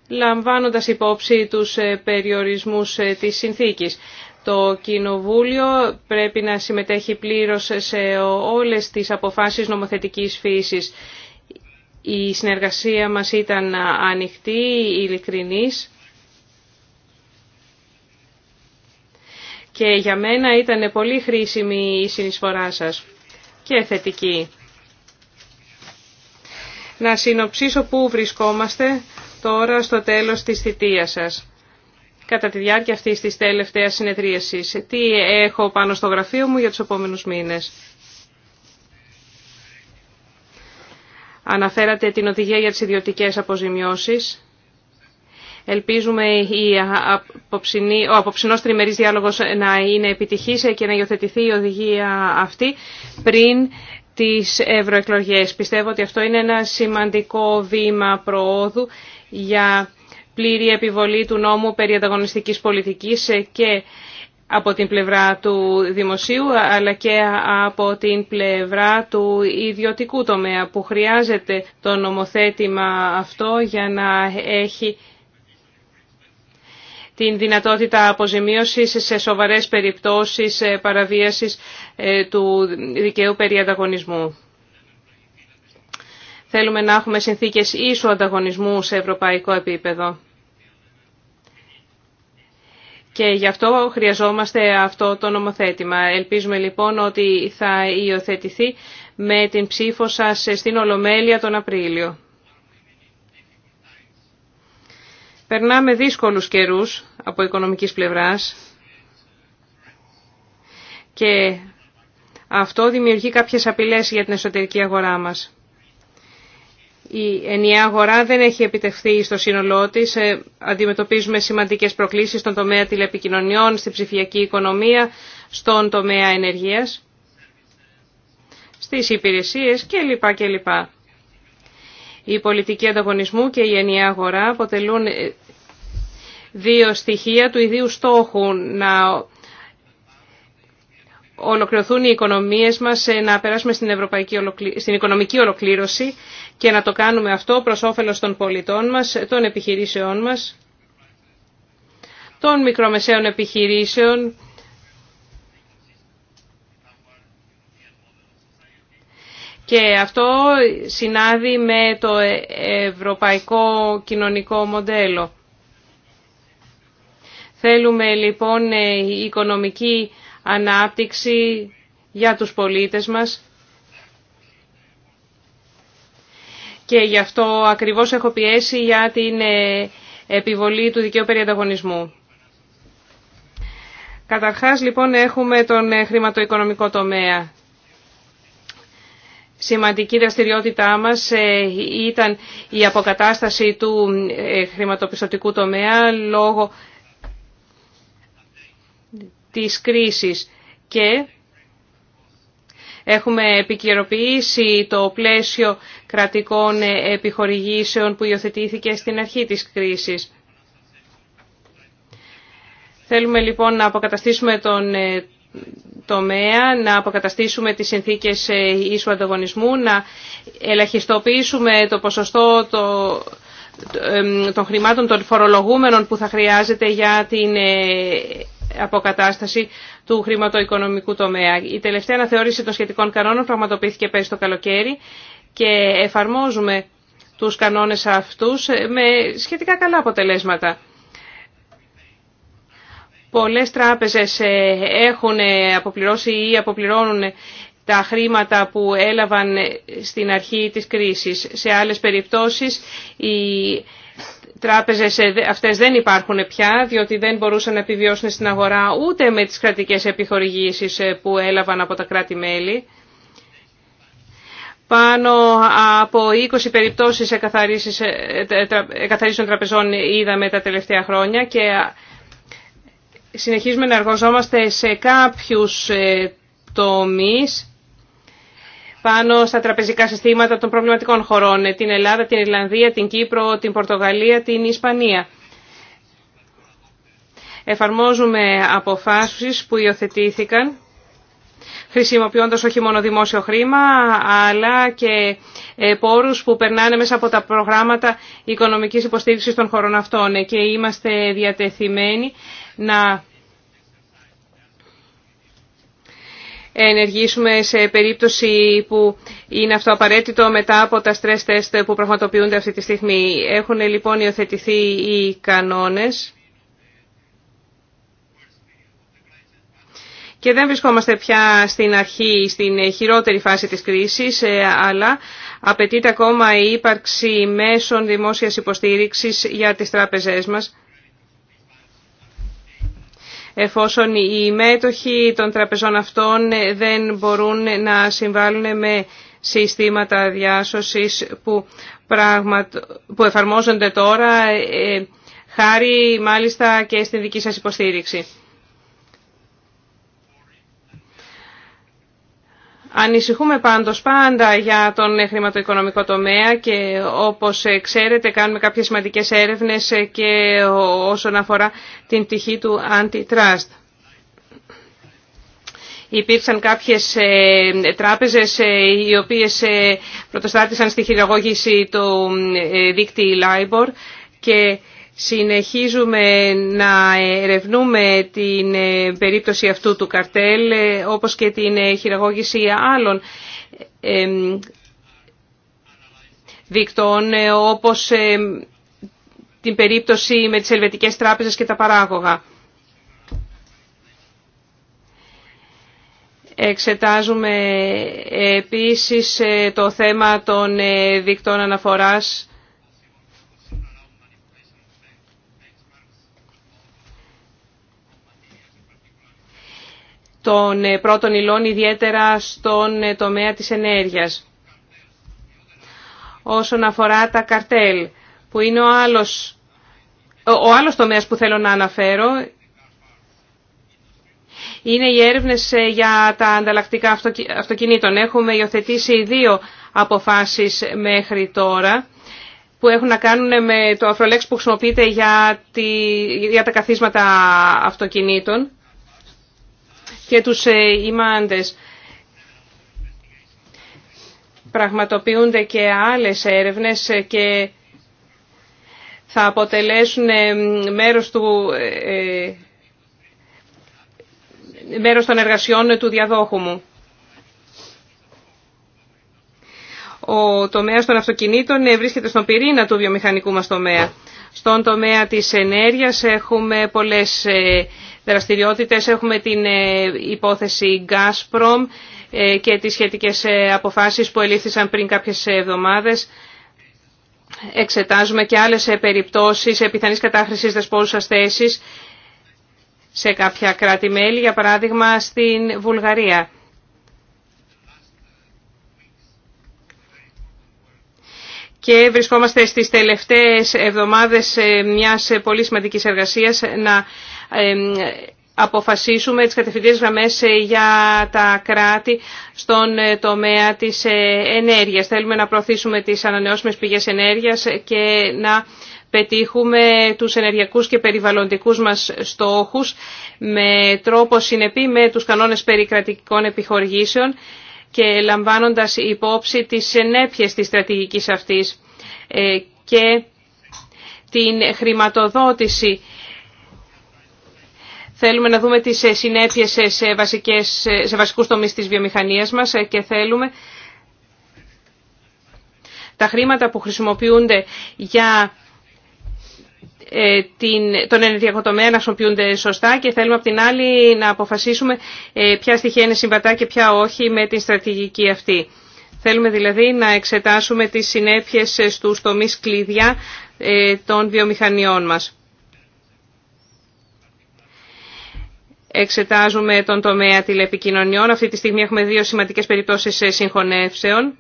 λαμβάνοντας υπόψη τους ε, περιορισμούς ε, της συνθήκης. Το Κοινοβούλιο πρέπει να συμμετέχει πλήρως σε όλες τις αποφάσεις νομοθετικής φύσης. Η συνεργασία μας ήταν ανοιχτή, ειλικρινής και για μένα ήταν πολύ χρήσιμη η συνεισφορά σας και θετική. Να συνοψίσω πού βρισκόμαστε τώρα στο τέλος της θητείας σας. Κατά τη διάρκεια αυτής της τελευταίας συνεδρίασης, τι έχω πάνω στο γραφείο μου για τους επόμενους μήνες. Αναφέρατε την οδηγία για τις ιδιωτικές αποζημιώσεις. Ελπίζουμε η αποψινή, ο αποψινός τριμερής διάλογος να είναι επιτυχής και να υιοθετηθεί η οδηγία αυτή πριν τις ευρωεκλογές. Πιστεύω ότι αυτό είναι ένα σημαντικό βήμα προόδου για πλήρη επιβολή του νόμου περί ανταγωνιστικής πολιτικής και από την πλευρά του δημοσίου αλλά και από την πλευρά του ιδιωτικού τομέα που χρειάζεται το νομοθέτημα αυτό για να έχει την δυνατότητα αποζημίωσης σε σοβαρές περιπτώσεις παραβίασης ε, του δικαίου περί ανταγωνισμού. Θέλουμε να έχουμε συνθήκες ίσου ανταγωνισμού σε ευρωπαϊκό επίπεδο. Και γι' αυτό χρειαζόμαστε αυτό το νομοθέτημα. Ελπίζουμε λοιπόν ότι θα υιοθετηθεί με την ψήφο σας στην Ολομέλεια τον Απρίλιο. Περνάμε δύσκολους καιρούς από οικονομικής πλευράς και αυτό δημιουργεί κάποιες απειλές για την εσωτερική αγορά μας. Η ενιαία αγορά δεν έχει επιτευχθεί στο σύνολό της. Ε, αντιμετωπίζουμε σημαντικές προκλήσεις στον τομέα τηλεπικοινωνιών, στην ψηφιακή οικονομία, στον τομέα ενεργείας, στις υπηρεσίες κλπ. κλπ. Η πολιτική ανταγωνισμού και η ενιαία αγορά αποτελούν ε, δύο στοιχεία του ιδίου στόχου να ολοκληρωθούν οι οικονομίες μας, ε, να περάσουμε στην, ευρωπαϊκή στην οικονομική ολοκλήρωση και να το κάνουμε αυτό προς όφελος των πολιτών μας, των επιχειρήσεών μας, των μικρομεσαίων επιχειρήσεων, Και αυτό συνάδει με το ε, ευρωπαϊκό κοινωνικό μοντέλο. Θέλουμε λοιπόν ε, η οικονομική ανάπτυξη για τους πολίτες μας και γι' αυτό ακριβώς έχω πιέσει για την ε, επιβολή του δικαίου περιανταγωνισμού. Καταρχάς λοιπόν έχουμε τον χρηματοοικονομικό τομέα. Σημαντική δραστηριότητά μας ε, ήταν η αποκατάσταση του ε, χρηματοπιστωτικού τομέα λόγω της κρίσης και έχουμε επικαιροποιήσει το πλαίσιο κρατικών ε, επιχορηγήσεων που υιοθετήθηκε στην αρχή της κρίσης. Θέλουμε λοιπόν να αποκαταστήσουμε τον τομέα, να αποκαταστήσουμε τις συνθήκες ε, ίσου ανταγωνισμού, να ελαχιστοποιήσουμε το ποσοστό των χρημάτων των φορολογούμενων που θα χρειάζεται για την ε, αποκατάσταση του χρηματοοικονομικού τομέα. Η τελευταία αναθεώρηση των σχετικών κανόνων πραγματοποιήθηκε πέρυσι το καλοκαίρι και εφαρμόζουμε τους κανόνες αυτούς ε, με σχετικά καλά αποτελέσματα. Πολλές τράπεζες ε, έχουν ε, αποπληρώσει ή αποπληρώνουν τα χρήματα που έλαβαν ε, στην αρχή της κρίσης. Σε άλλες περιπτώσεις οι τράπεζες αυτές δεν υπάρχουν πια διότι δεν μπορούσαν να επιβιώσουν στην αγορά ούτε με τις κρατικές επιχορηγήσεις που έλαβαν από τα κράτη-μέλη. Πάνω από 20 περιπτώσεις εκαθαρίσεων τραπεζών είδαμε τα τελευταία χρόνια συνεχίζουμε να εργοζόμαστε σε κάποιους ε, τομείς πάνω στα τραπεζικά συστήματα των προβληματικών χωρών, ε, την Ελλάδα, την Ιρλανδία, την Κύπρο, την Πορτογαλία, την Ισπανία. Εφαρμόζουμε αποφάσεις που υιοθετήθηκαν χρησιμοποιώντας όχι μόνο δημόσιο χρήμα, αλλά και ε, πόρους που περνάνε μέσα από τα προγράμματα οικονομικής υποστήριξης των χωρών αυτών. Ε, και είμαστε διατεθειμένοι να ενεργήσουμε σε περίπτωση που είναι αυτό απαραίτητο μετά από τα stress test που πραγματοποιούνται αυτή τη στιγμή. Έχουν λοιπόν υιοθετηθεί οι κανόνες Και δεν βρισκόμαστε πια στην αρχή, στην χειρότερη φάση της κρίσης, ε, αλλά απαιτείται ακόμα η ύπαρξη μέσων δημόσιας υποστήριξης για τις τράπεζές μας, εφόσον οι μέτοχοι των τραπεζών αυτών δεν μπορούν να συμβάλλουν με συστήματα διάσωσης που, που εφαρμόζονται τώρα, ε, χάρη μάλιστα και στην δική σας υποστήριξη. Ανησυχούμε πάντως πάντα για τον χρηματοοικονομικό τομέα και όπως ξέρετε κάνουμε κάποιες σημαντικές έρευνες και όσον αφορά την πτυχή του antitrust. Υπήρξαν κάποιες ε, τράπεζες ε, οι οποίες ε, πρωτοστάτησαν στη χειραγώγηση του δίκτυου LIBOR και Συνεχίζουμε να ερευνούμε την ε, περίπτωση αυτού του καρτέλ, ε, όπως και την ε, χειραγώγηση άλλων δικτών, όπως την περίπτωση με τις ελβετικές τράπεζες και τα παράγωγα. Εξετάζουμε επίσης το θέμα των δικτών αναφοράς των ε, πρώτων υλών, ιδιαίτερα στον ε, τομέα της ενέργειας. Όσον αφορά τα καρτέλ, που είναι ο άλλος, ο άλλος τομέας που θέλω να αναφέρω, είναι οι έρευνες ε, για τα ανταλλακτικά αυτοκινήτων. Έχουμε υιοθετήσει δύο αποφάσεις μέχρι τώρα που έχουν να κάνουν με το αφρολέξ που χρησιμοποιείται για, τη, για τα καθίσματα αυτοκινήτων και τους ε, ημάντες. Πραγματοποιούνται και άλλες έρευνες ε, και θα αποτελέσουν ε, μέρος του μέρος των εργασιών του διαδόχου μου. Ο τομέας των αυτοκινήτων βρίσκεται στον πυρήνα του βιομηχανικού μας τομέα. Στον τομέα της ενέργειας έχουμε πολλές ε, δραστηριότητες. Έχουμε την ε, υπόθεση Gazprom ε, και τις σχετικές αποφάσεις που ελήφθησαν πριν κάποιες εβδομάδες. Εξετάζουμε και άλλες περιπτώσεις επιθανής κατάχρησης δεσπόζουσας θέσης σε κάποια κράτη-μέλη, για παράδειγμα στην Βουλγαρία. και βρισκόμαστε στις τελευταίες εβδομάδες ε, μιας ε, πολύ σημαντικής εργασίας να ε, αποφασίσουμε τις κατευθυντές γραμμές για τα κράτη στον τομέα της ενέργειας. Θέλουμε να προωθήσουμε τις ανανεώσιμες πηγές ενέργειας και να πετύχουμε τους ενεργειακούς και περιβαλλοντικούς μας στόχους με τρόπο συνεπή με τους κανόνες κρατικών επιχορηγήσεων και λαμβάνοντας υπόψη τις συνέπειες της στρατηγικής αυτής ε, και την χρηματοδότηση. Θέλουμε να δούμε τις συνέπειες σε, βασικές, σε βασικούς τομείς της βιομηχανίας μας ε, και θέλουμε τα χρήματα που χρησιμοποιούνται για ε, τον ενεργειακό τομέα να χρησιμοποιούνται σωστά και θέλουμε από την άλλη να αποφασίσουμε ε, ποια στοιχεία είναι συμβατά και ποια όχι με την στρατηγική αυτή. Θέλουμε δηλαδή να εξετάσουμε τις συνέπειες στους τομείς κλειδιά ε, των βιομηχανιών μας. Εξετάζουμε τον τομέα τηλεπικοινωνιών. Αυτή τη στιγμή έχουμε δύο σημαντικές περιπτώσεις συγχωνεύσεων.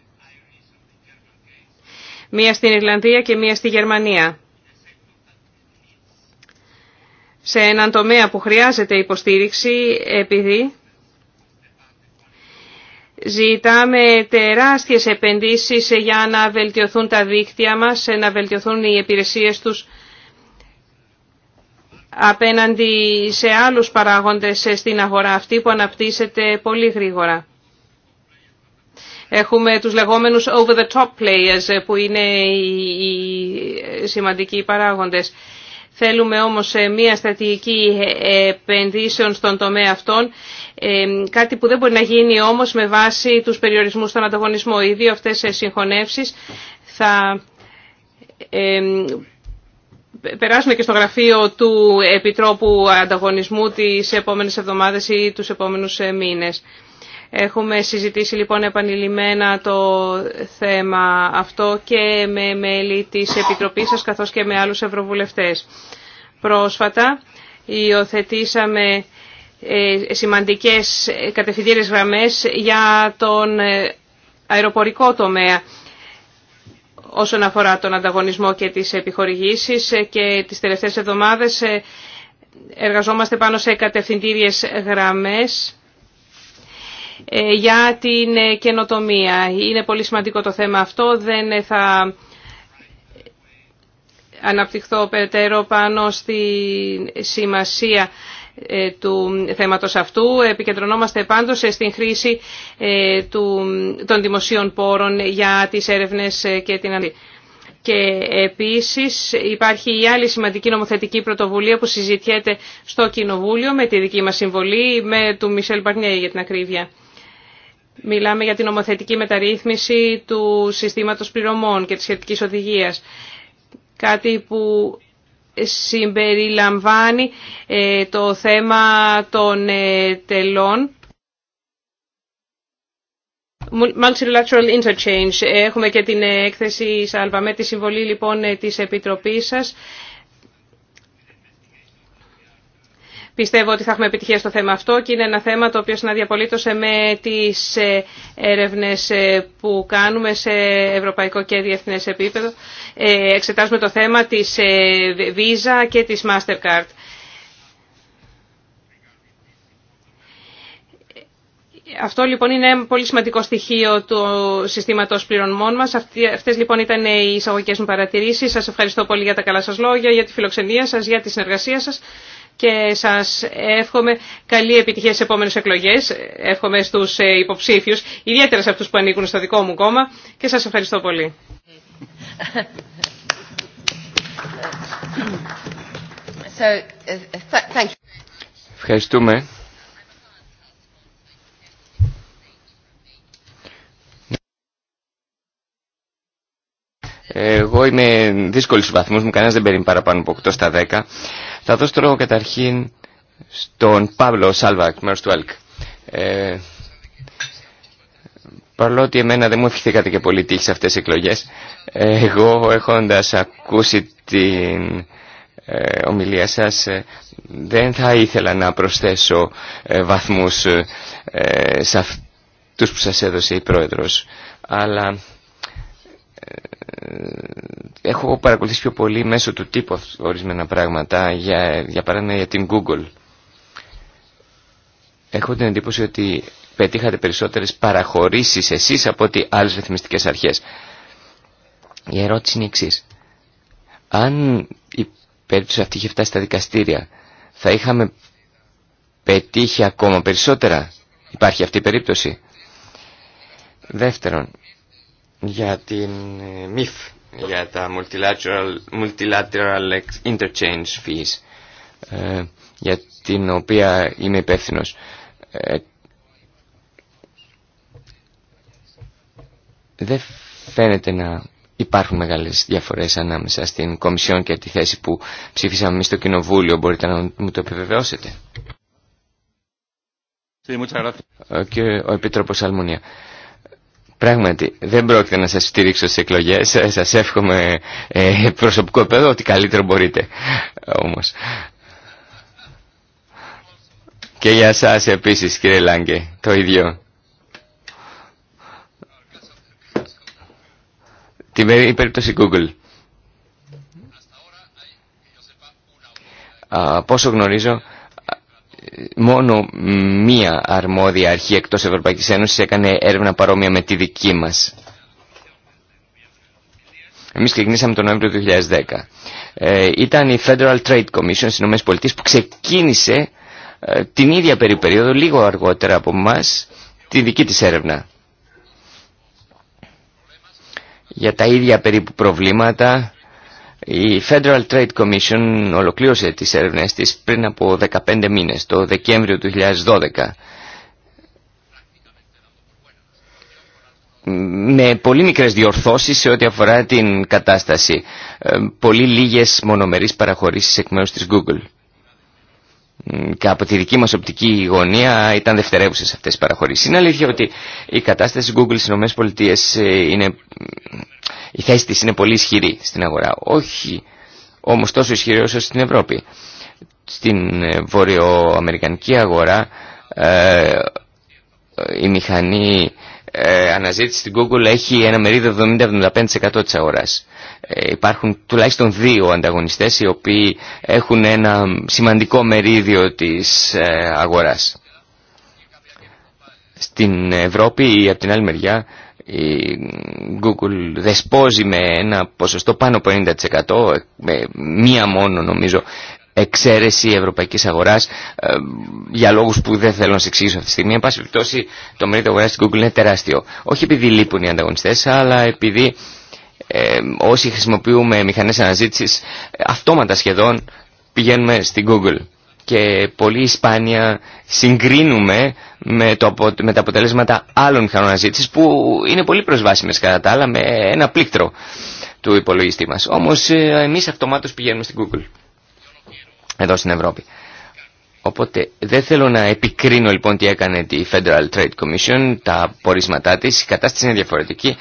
Μία στην Ιρλανδία και μία στη Γερμανία σε έναν τομέα που χρειάζεται υποστήριξη επειδή Ζητάμε τεράστιες επενδύσεις για να βελτιωθούν τα δίκτυα μας, να βελτιωθούν οι υπηρεσίες τους απέναντι σε άλλους παράγοντες στην αγορά αυτή που αναπτύσσεται πολύ γρήγορα. Έχουμε τους λεγόμενους over-the-top players που είναι οι σημαντικοί παράγοντες. Θέλουμε όμως ε, μία στρατηγική ε, επενδύσεων στον τομέα αυτών, ε, κάτι που δεν μπορεί να γίνει όμως με βάση τους περιορισμούς στον ανταγωνισμό. Οι δύο αυτές συγχωνεύσεις θα περάσουν και στο γραφείο του Επιτρόπου Ανταγωνισμού τις επόμενες εβδομάδες ή τους επόμενους μήνες. Έχουμε συζητήσει λοιπόν επανειλημμένα το θέμα αυτό και με μέλη της Επιτροπής σας καθώς και με άλλους ευρωβουλευτές. Πρόσφατα υιοθετήσαμε ε, σημαντικές κατευθυντήρες γραμμές για τον αεροπορικό τομέα όσον αφορά τον ανταγωνισμό και τις επιχορηγήσεις και τις τελευταίες εβδομάδες ε, εργαζόμαστε πάνω σε κατευθυντήριες γραμμές ε, για την ε, καινοτομία. Είναι πολύ σημαντικό το θέμα αυτό. Δεν ε, θα αναπτυχθώ περαιτέρω πάνω στη σημασία του θέματος αυτού. Επικεντρωνόμαστε πάντως στην χρήση των δημοσίων πόρων για τις έρευνες και την Και επίσης υπάρχει η άλλη σημαντική νομοθετική πρωτοβουλία που συζητιέται στο Κοινοβούλιο με τη δική μας συμβολή, με του Μισελ Μπαρνιέ για την ακρίβεια. Μιλάμε για την νομοθετική μεταρρύθμιση του συστήματος πληρωμών και της σχετικής οδηγίας. Κάτι που συμπεριλαμβάνει ε, το θέμα των ε, τελών. Multilateral Interchange. Έχουμε και την ε, έκθεση Σαλβαμέ, τη συμβολή λοιπόν της Επιτροπής σας Πιστεύω ότι θα έχουμε επιτυχία στο θέμα αυτό και είναι ένα θέμα το οποίο συνάδει με τις ε, έρευνες ε, που κάνουμε σε ευρωπαϊκό και διεθνές επίπεδο. Ε, εξετάζουμε το θέμα της Visa και της Mastercard. Αυτό λοιπόν είναι ένα πολύ σημαντικό στοιχείο του συστήματος πληρωμών μας. Αυτές λοιπόν ήταν οι εισαγωγικέ μου παρατηρήσεις. Σας ευχαριστώ πολύ για τα καλά σας λόγια, για τη φιλοξενία σας, για τη συνεργασία σας και σας εύχομαι καλή επιτυχία στις επόμενες εκλογές. Εύχομαι στους ε, υποψήφιους, ιδιαίτερα σε αυτούς που ανήκουν στο δικό μου κόμμα και σας ευχαριστώ πολύ. Uh, Ευχαριστούμε. Εγώ είμαι δύσκολη στους βαθμούς μου, κανένας δεν παίρνει παραπάνω από 8 στα 10. Θα δώσω το λόγο καταρχήν στον Παύλο Σάλβακ, μέρος του ΑΛΚ. Ε, ό,τι εμένα δεν μου ευχηθήκατε και πολύ τύχη σε αυτές τις εκλογές, εγώ έχοντας ακούσει την ε, ομιλία σας ε, δεν θα ήθελα να προσθέσω ε, βαθμούς ε, σε αυτούς που σας έδωσε η Πρόεδρος, αλλά ε, έχω παρακολουθήσει πιο πολύ μέσω του τύπου ορισμένα πράγματα, για, για παράδειγμα για την Google. Έχω την εντύπωση ότι πετύχατε περισσότερες παραχωρήσεις εσείς από ότι άλλες ρυθμιστικές αρχές. Η ερώτηση είναι εξή. Αν η περίπτωση αυτή είχε φτάσει στα δικαστήρια, θα είχαμε πετύχει ακόμα περισσότερα. Υπάρχει αυτή η περίπτωση. Δεύτερον, για την MIF, ε, για τα Multilateral, multilateral Interchange Fees, ε, για την οποία είμαι υπεύθυνο. Ε, δεν φαίνεται να υπάρχουν μεγάλες διαφορές ανάμεσα στην Κομισιόν και τη θέση που ψήφισαμε εμείς στο Κοινοβούλιο. Μπορείτε να μου το επιβεβαιώσετε. και ο Επίτροπος Αλμουνία. Πράγματι, δεν πρόκειται να σας στηρίξω στις εκλογές, ε, σας εύχομαι ε, προσωπικό επέδο ότι καλύτερο μπορείτε όμως. Και για σας επίσης κύριε Λάγκε, το ίδιο. Την η περίπτωση Google. πόσο γνωρίζω μόνο μία αρμόδια αρχή εκτός Ευρωπαϊκής Ένωσης έκανε έρευνα παρόμοια με τη δική μας. Εμείς ξεκινήσαμε τον Νοέμβριο του 2010. Ε, ήταν η Federal Trade Commission στις ΗΠΑ που ξεκίνησε ε, την ίδια περίπεριοδο, λίγο αργότερα από μας τη δική της έρευνα. Για τα ίδια περίπου προβλήματα η Federal Trade Commission ολοκλήρωσε τις έρευνες της πριν από 15 μήνες, το Δεκέμβριο του 2012. με πολύ μικρές διορθώσεις σε ό,τι αφορά την κατάσταση. Ε, πολύ λίγες μονομερείς παραχωρήσεις εκ μέρους της Google και από τη δική μας οπτική γωνία ήταν δευτερεύουσε αυτές οι παραχωρήσεις. Είναι αλήθεια ότι η κατάσταση Google στις ΗΠΑ ε, είναι, η θέση της είναι πολύ ισχυρή στην αγορά. Όχι όμως τόσο ισχυρή όσο στην Ευρώπη. Στην ε, βορειοαμερικανική αγορά ε, η μηχανή ε, αναζήτηση στην Google έχει ένα μερίδιο 70-75% της αγοράς. Ε, υπάρχουν τουλάχιστον δύο ανταγωνιστές οι οποίοι έχουν ένα σημαντικό μερίδιο της ε, αγοράς. Στην Ευρώπη, ή από την άλλη μεριά, η Google δεσπόζει με ένα ποσοστό πάνω από 90%, ε, με μία μόνο νομίζω, εξαίρεση ευρωπαϊκής αγοράς για λόγους που δεν θέλω να σε εξηγήσω αυτή τη στιγμή. Εν πάση περιπτώσει το μερίδιο αγοράς της Google είναι τεράστιο. Όχι επειδή λείπουν οι ανταγωνιστές αλλά επειδή ε, όσοι χρησιμοποιούμε μηχανές αναζήτησης αυτόματα σχεδόν πηγαίνουμε στην Google και πολύ σπάνια συγκρίνουμε με, το, με τα αποτελέσματα άλλων μηχανών αναζήτησης που είναι πολύ προσβάσιμες κατά τα άλλα με ένα πλήκτρο του υπολογιστή μας. Όμως ε, εμείς αυτομάτως πηγαίνουμε στην Google εδώ στην Ευρώπη. Οπότε δεν θέλω να επικρίνω λοιπόν τι έκανε τη Federal Trade Commission, τα πορίσματά της, η κατάσταση είναι διαφορετική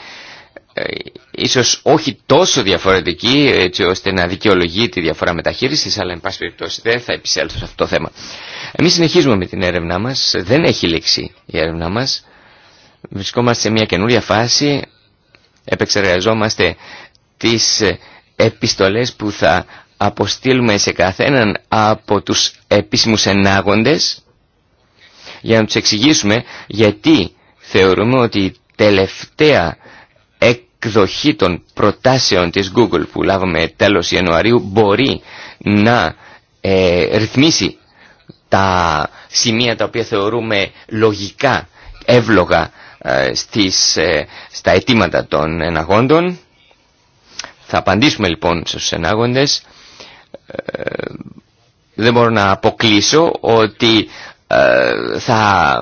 ε, ίσως όχι τόσο διαφορετική έτσι ώστε να δικαιολογεί τη διαφορά μεταχείρισης αλλά εν πάση περιπτώσει δεν θα επισέλθω σε αυτό το θέμα. Εμείς συνεχίζουμε με την έρευνά μας, δεν έχει λήξει η έρευνά μας. Βρισκόμαστε σε μια καινούρια φάση, επεξεργαζόμαστε τις επιστολές που θα αποστείλουμε σε καθέναν από τους επίσημους ενάγοντες για να τους εξηγήσουμε γιατί θεωρούμε ότι η τελευταία εκδοχή των προτάσεων της Google που λάβαμε τέλος Ιανουαρίου μπορεί να ε, ρυθμίσει τα σημεία τα οποία θεωρούμε λογικά εύλογα ε, στις, ε, στα αιτήματα των εναγόντων. Θα απαντήσουμε λοιπόν στους ενάγοντες. Δεν μπορώ να αποκλείσω ότι θα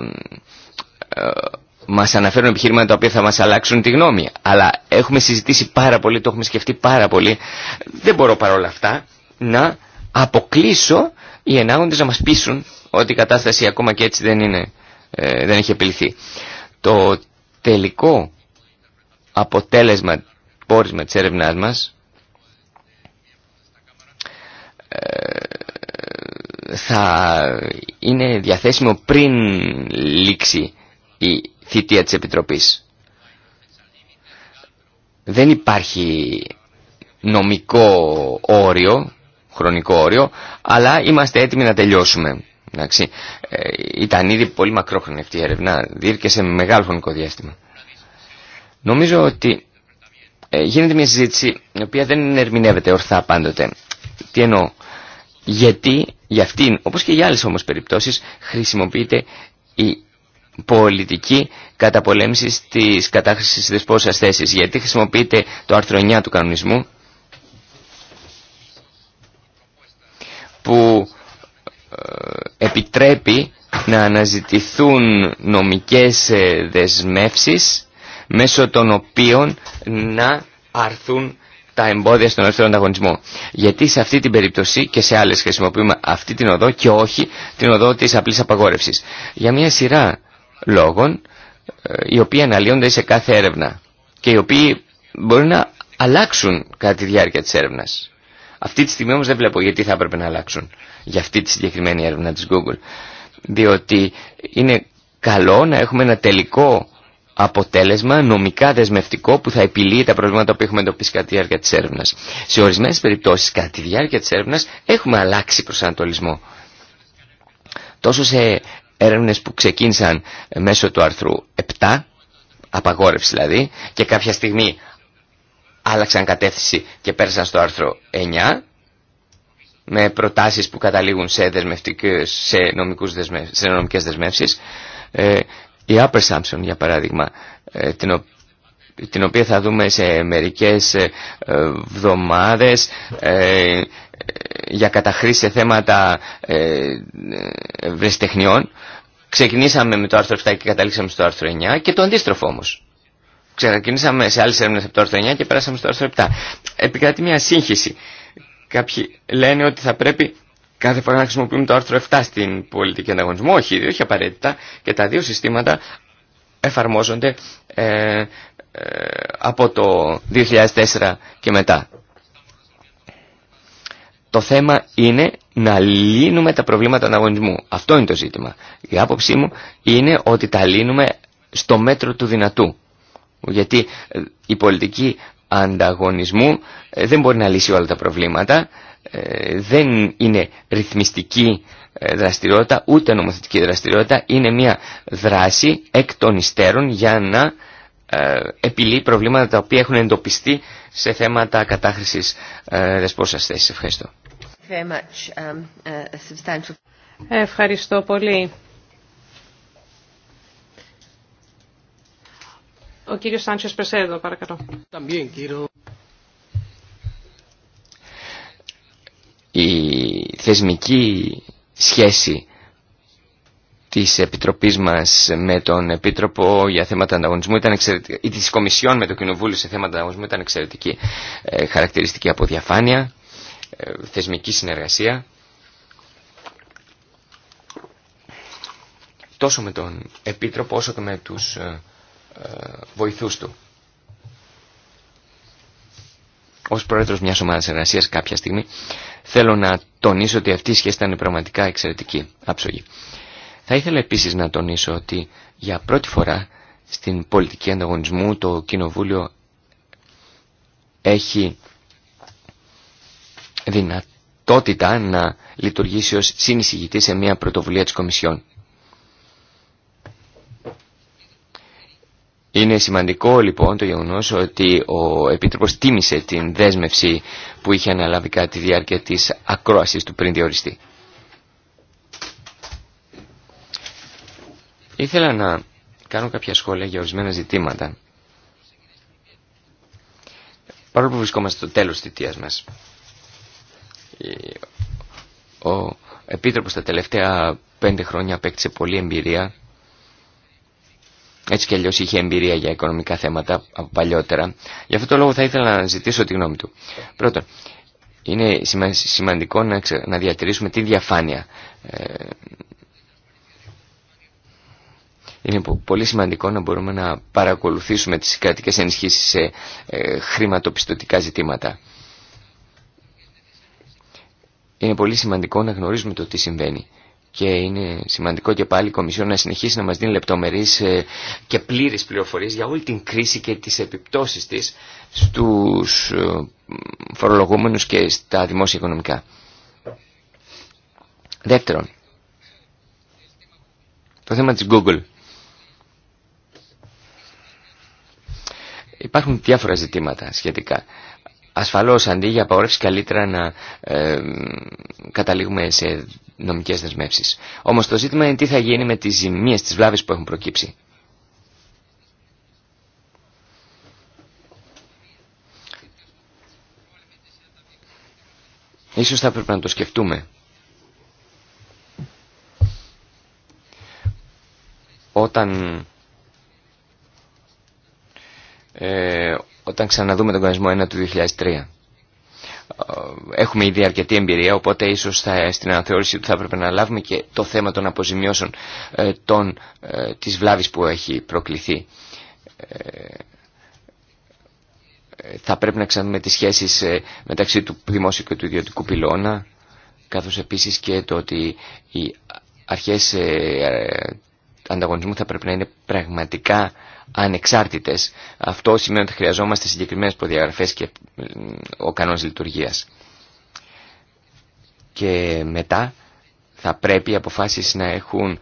μας αναφέρουν επιχείρηματα τα οποία θα μας αλλάξουν τη γνώμη. Αλλά έχουμε συζητήσει πάρα πολύ, το έχουμε σκεφτεί πάρα πολύ. Δεν μπορώ παρόλα αυτά να αποκλείσω οι ενάγοντες να μας πείσουν ότι η κατάσταση ακόμα και έτσι δεν, είναι, ε, δεν έχει επιληθεί. Το τελικό αποτέλεσμα, πόρισμα της έρευνάς μας ε, θα είναι διαθέσιμο πριν λήξει η θητεία της Επιτροπής. Δεν υπάρχει νομικό όριο, χρονικό όριο, αλλά είμαστε έτοιμοι να τελειώσουμε. Ε, ήταν ήδη πολύ μακρόχρονη αυτή η έρευνα, διήρκεσε με μεγάλο χρονικό διάστημα. Νομίζω ότι ε, γίνεται μια συζήτηση η οποία δεν ερμηνεύεται ορθά πάντοτε. Τι εννοώ. Γιατί για αυτήν, όπως και για άλλες όμως περιπτώσεις, χρησιμοποιείται η πολιτική καταπολέμηση της κατάχρησης δεσπόσας θέσης. Γιατί χρησιμοποιείται το άρθρο 9 του κανονισμού που ε, επιτρέπει να αναζητηθούν νομικές ε, δεσμεύσεις μέσω των οποίων να αρθούν τα εμπόδια στον ελεύθερο ανταγωνισμό. Γιατί σε αυτή την περίπτωση και σε άλλες χρησιμοποιούμε αυτή την οδό και όχι την οδό της απλής απαγόρευσης. Για μια σειρά λόγων ε, οι οποίοι αναλύονται σε κάθε έρευνα και οι οποίοι μπορεί να αλλάξουν κατά τη διάρκεια της έρευνας. Αυτή τη στιγμή όμως δεν βλέπω γιατί θα έπρεπε να αλλάξουν για αυτή τη συγκεκριμένη έρευνα της Google. Διότι είναι καλό να έχουμε ένα τελικό αποτέλεσμα νομικά δεσμευτικό που θα επιλύει τα προβλήματα που έχουμε εντοπίσει κατά τη διάρκεια της έρευνας. Σε ορισμένες περιπτώσεις κατά τη διάρκεια της έρευνας έχουμε αλλάξει προσανατολισμό. Τόσο σε έρευνες που ξεκίνησαν μέσω του άρθρου 7, απαγόρευση δηλαδή, και κάποια στιγμή άλλαξαν κατεύθυνση και πέρασαν στο άρθρο 9, με προτάσεις που καταλήγουν σε, σε, νομικούς σε νομικές δεσμεύσεις. Ε, η Upper Samson, για παράδειγμα, ε, την, την οποία θα δούμε σε μερικές ε, ε, εβδομάδες, ε, για καταχρήση σε θέματα βρεστεχνιών. Ε, Ξεκινήσαμε με το άρθρο 7 και καταλήξαμε στο άρθρο 9 και το αντίστροφο όμως. Ξεκινήσαμε σε άλλες έρευνες από το άρθρο 9 και περάσαμε στο άρθρο 7. Επικρατεί μια σύγχυση. Κάποιοι λένε ότι θα πρέπει κάθε φορά να χρησιμοποιούμε το άρθρο 7 στην πολιτική ανταγωνισμό. Όχι, όχι απαραίτητα. Και τα δύο συστήματα εφαρμόζονται ε, ε από το 2004 και μετά. Το θέμα είναι να λύνουμε τα προβλήματα ανταγωνισμού. Αυτό είναι το ζήτημα. Η άποψή μου είναι ότι τα λύνουμε στο μέτρο του δυνατού. Γιατί ε, η πολιτική ανταγωνισμού ε, δεν μπορεί να λύσει όλα τα προβλήματα, ε, δεν είναι ρυθμιστική δραστηριότητα, ούτε νομοθετική δραστηριότητα, είναι μια δράση εκ των υστέρων για να επιλύει προβλήματα τα οποία έχουν εντοπιστεί σε θέματα κατάχρησης δεσπόσας θέσης. Ευχαριστώ. Um, Ευχαριστώ πολύ. Ο κύριος Σάντσιος Πεσέδο, παρακαλώ. Η θεσμική σχέση της Επιτροπής μας με τον Επίτροπο για θέματα ανταγωνισμού ήταν εξαιρετική, ή της Κομισιόν με το Κοινοβούλιο σε θέματα ανταγωνισμού ήταν εξαιρετική, ε, χαρακτηριστική από διαφάνεια, ε, θεσμική συνεργασία τόσο με τον Επίτροπο όσο και με τους ε, ε, βοηθούς του. Ως πρόεδρος μιας ομάδας εργασίας κάποια στιγμή θέλω να τονίσω ότι αυτή η σχέση ήταν πραγματικά εξαιρετική, άψογη. Θα ήθελα επίσης να τονίσω ότι για πρώτη φορά στην πολιτική ανταγωνισμού το Κοινοβούλιο έχει δυνατότητα να λειτουργήσει ως συνεισηγητή σε μια πρωτοβουλία της Κομισιόν. Είναι σημαντικό λοιπόν το γεγονός ότι ο Επίτροπος τίμησε την δέσμευση που είχε αναλάβει κατά τη διάρκεια της ακρόασης του πριν διοριστεί. Ήθελα να κάνω κάποια σχόλια για ορισμένα ζητήματα. Παρόλο που βρισκόμαστε στο τέλος της θητείας μας. Ο Επίτροπος τα τελευταία πέντε χρόνια απέκτησε πολλή εμπειρία. Έτσι κι αλλιώς είχε εμπειρία για οικονομικά θέματα από παλιότερα. Γι' αυτό το λόγο θα ήθελα να ζητήσω τη γνώμη του. Πρώτον, είναι σημαντικό να διατηρήσουμε τη διαφάνεια. Ε, είναι πολύ σημαντικό να μπορούμε να παρακολουθήσουμε τις κρατικές ενισχύσεις σε ε, χρηματοπιστωτικά ζητήματα είναι πολύ σημαντικό να γνωρίζουμε το τι συμβαίνει. Και είναι σημαντικό και πάλι η Κομισιόν να συνεχίσει να μας δίνει λεπτομερείς ε, και πλήρες πληροφορίες για όλη την κρίση και τις επιπτώσεις της στους ε, φορολογούμενους και στα δημόσια οικονομικά. Δεύτερον, το θέμα της Google. Υπάρχουν διάφορα ζητήματα σχετικά ασφαλώς αντί για απαγορεύσεις καλύτερα να ε, καταλήγουμε σε νομικές δεσμεύσεις. Όμως το ζήτημα είναι τι θα γίνει με τις ζημίες, τις βλάβες που έχουν προκύψει. Ίσως θα πρέπει να το σκεφτούμε. Όταν ε, όταν ξαναδούμε τον κανονισμό 1 του 2003. Ε, έχουμε ήδη αρκετή εμπειρία, οπότε ίσως στην αναθεώρηση του θα έπρεπε να λάβουμε και το θέμα των αποζημιώσεων τη ε, των, ε, της βλάβης που έχει προκληθεί. θα πρέπει να ξαναδούμε τις σχέσεις μεταξύ του δημόσιου και του ιδιωτικού πυλώνα, καθώς επίσης και το ότι οι αρχές ανταγωνισμού θα πρέπει να είναι πραγματικά ανεξάρτητες. Αυτό σημαίνει ότι χρειαζόμαστε συγκεκριμένες προδιαγραφές και ο κανόνας λειτουργίας. Και μετά θα πρέπει οι αποφάσεις να έχουν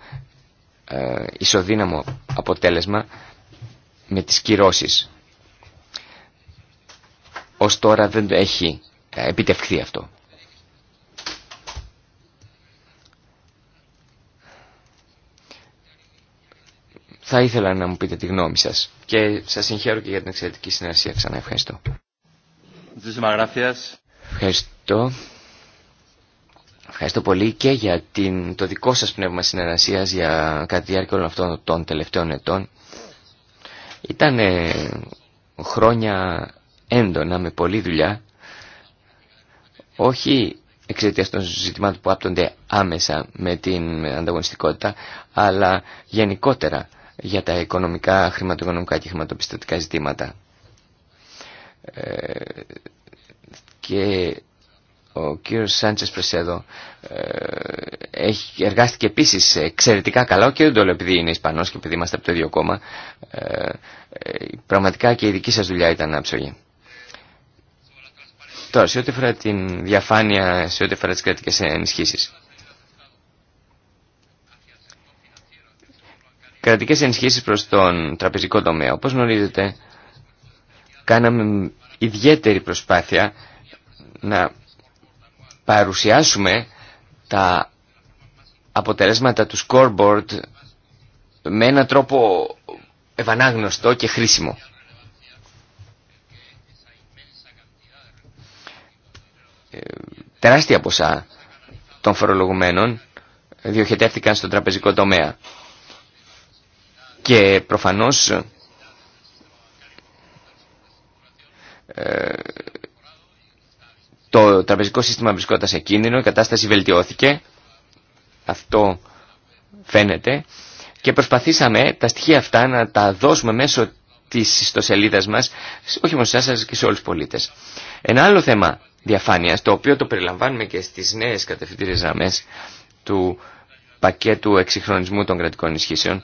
ε, ισοδύναμο αποτέλεσμα με τις κυρώσεις. Ως τώρα δεν έχει επιτευχθεί αυτό. θα ήθελα να μου πείτε τη γνώμη σας. Και σας συγχαίρω και για την εξαιρετική συνεργασία. Ξανά ευχαριστώ. Ευχαριστώ. Ευχαριστώ πολύ και για την, το δικό σας πνεύμα συνεργασίας για κάτι διάρκεια όλων αυτών των τελευταίων ετών. Ήταν χρόνια έντονα με πολλή δουλειά. Όχι εξαιτία των ζητημάτων που άπτονται άμεσα με την ανταγωνιστικότητα, αλλά γενικότερα για τα οικονομικά, χρηματοοικονομικά και χρηματοπιστωτικά ζητήματα. Ε, και ο κύριος Σάντσες Πρεσέδο ε, έχει, εργάστηκε επίσης εξαιρετικά καλά και δεν το λέω επειδή είναι Ισπανός και επειδή είμαστε από το ίδιο κόμμα ε, πραγματικά και η δική σας δουλειά ήταν άψογη Τώρα, σε ό,τι αφορά την διαφάνεια, σε ό,τι αφορά τις κρατικές ενισχύσεις Κρατικές ενισχύσεις προς τον τραπεζικό τομέα. Όπως γνωρίζετε, κάναμε ιδιαίτερη προσπάθεια να παρουσιάσουμε τα αποτελέσματα του scoreboard με έναν τρόπο ευανάγνωστο και χρήσιμο. Ε, τεράστια ποσά των φορολογουμένων διοχετεύτηκαν στον τραπεζικό τομέα. Και προφανώς ε, το τραπεζικό σύστημα βρισκόταν σε κίνδυνο, η κατάσταση βελτιώθηκε, αυτό φαίνεται, και προσπαθήσαμε τα στοιχεία αυτά να τα δώσουμε μέσω της ιστοσελίδας μας, όχι μόνο σας αλλά και σε όλους τους πολίτες. Ένα άλλο θέμα διαφάνειας, το οποίο το περιλαμβάνουμε και στις νέες κατευθυντήριες γραμμές του πακέτου εξυγχρονισμού των κρατικών ισχύσεων,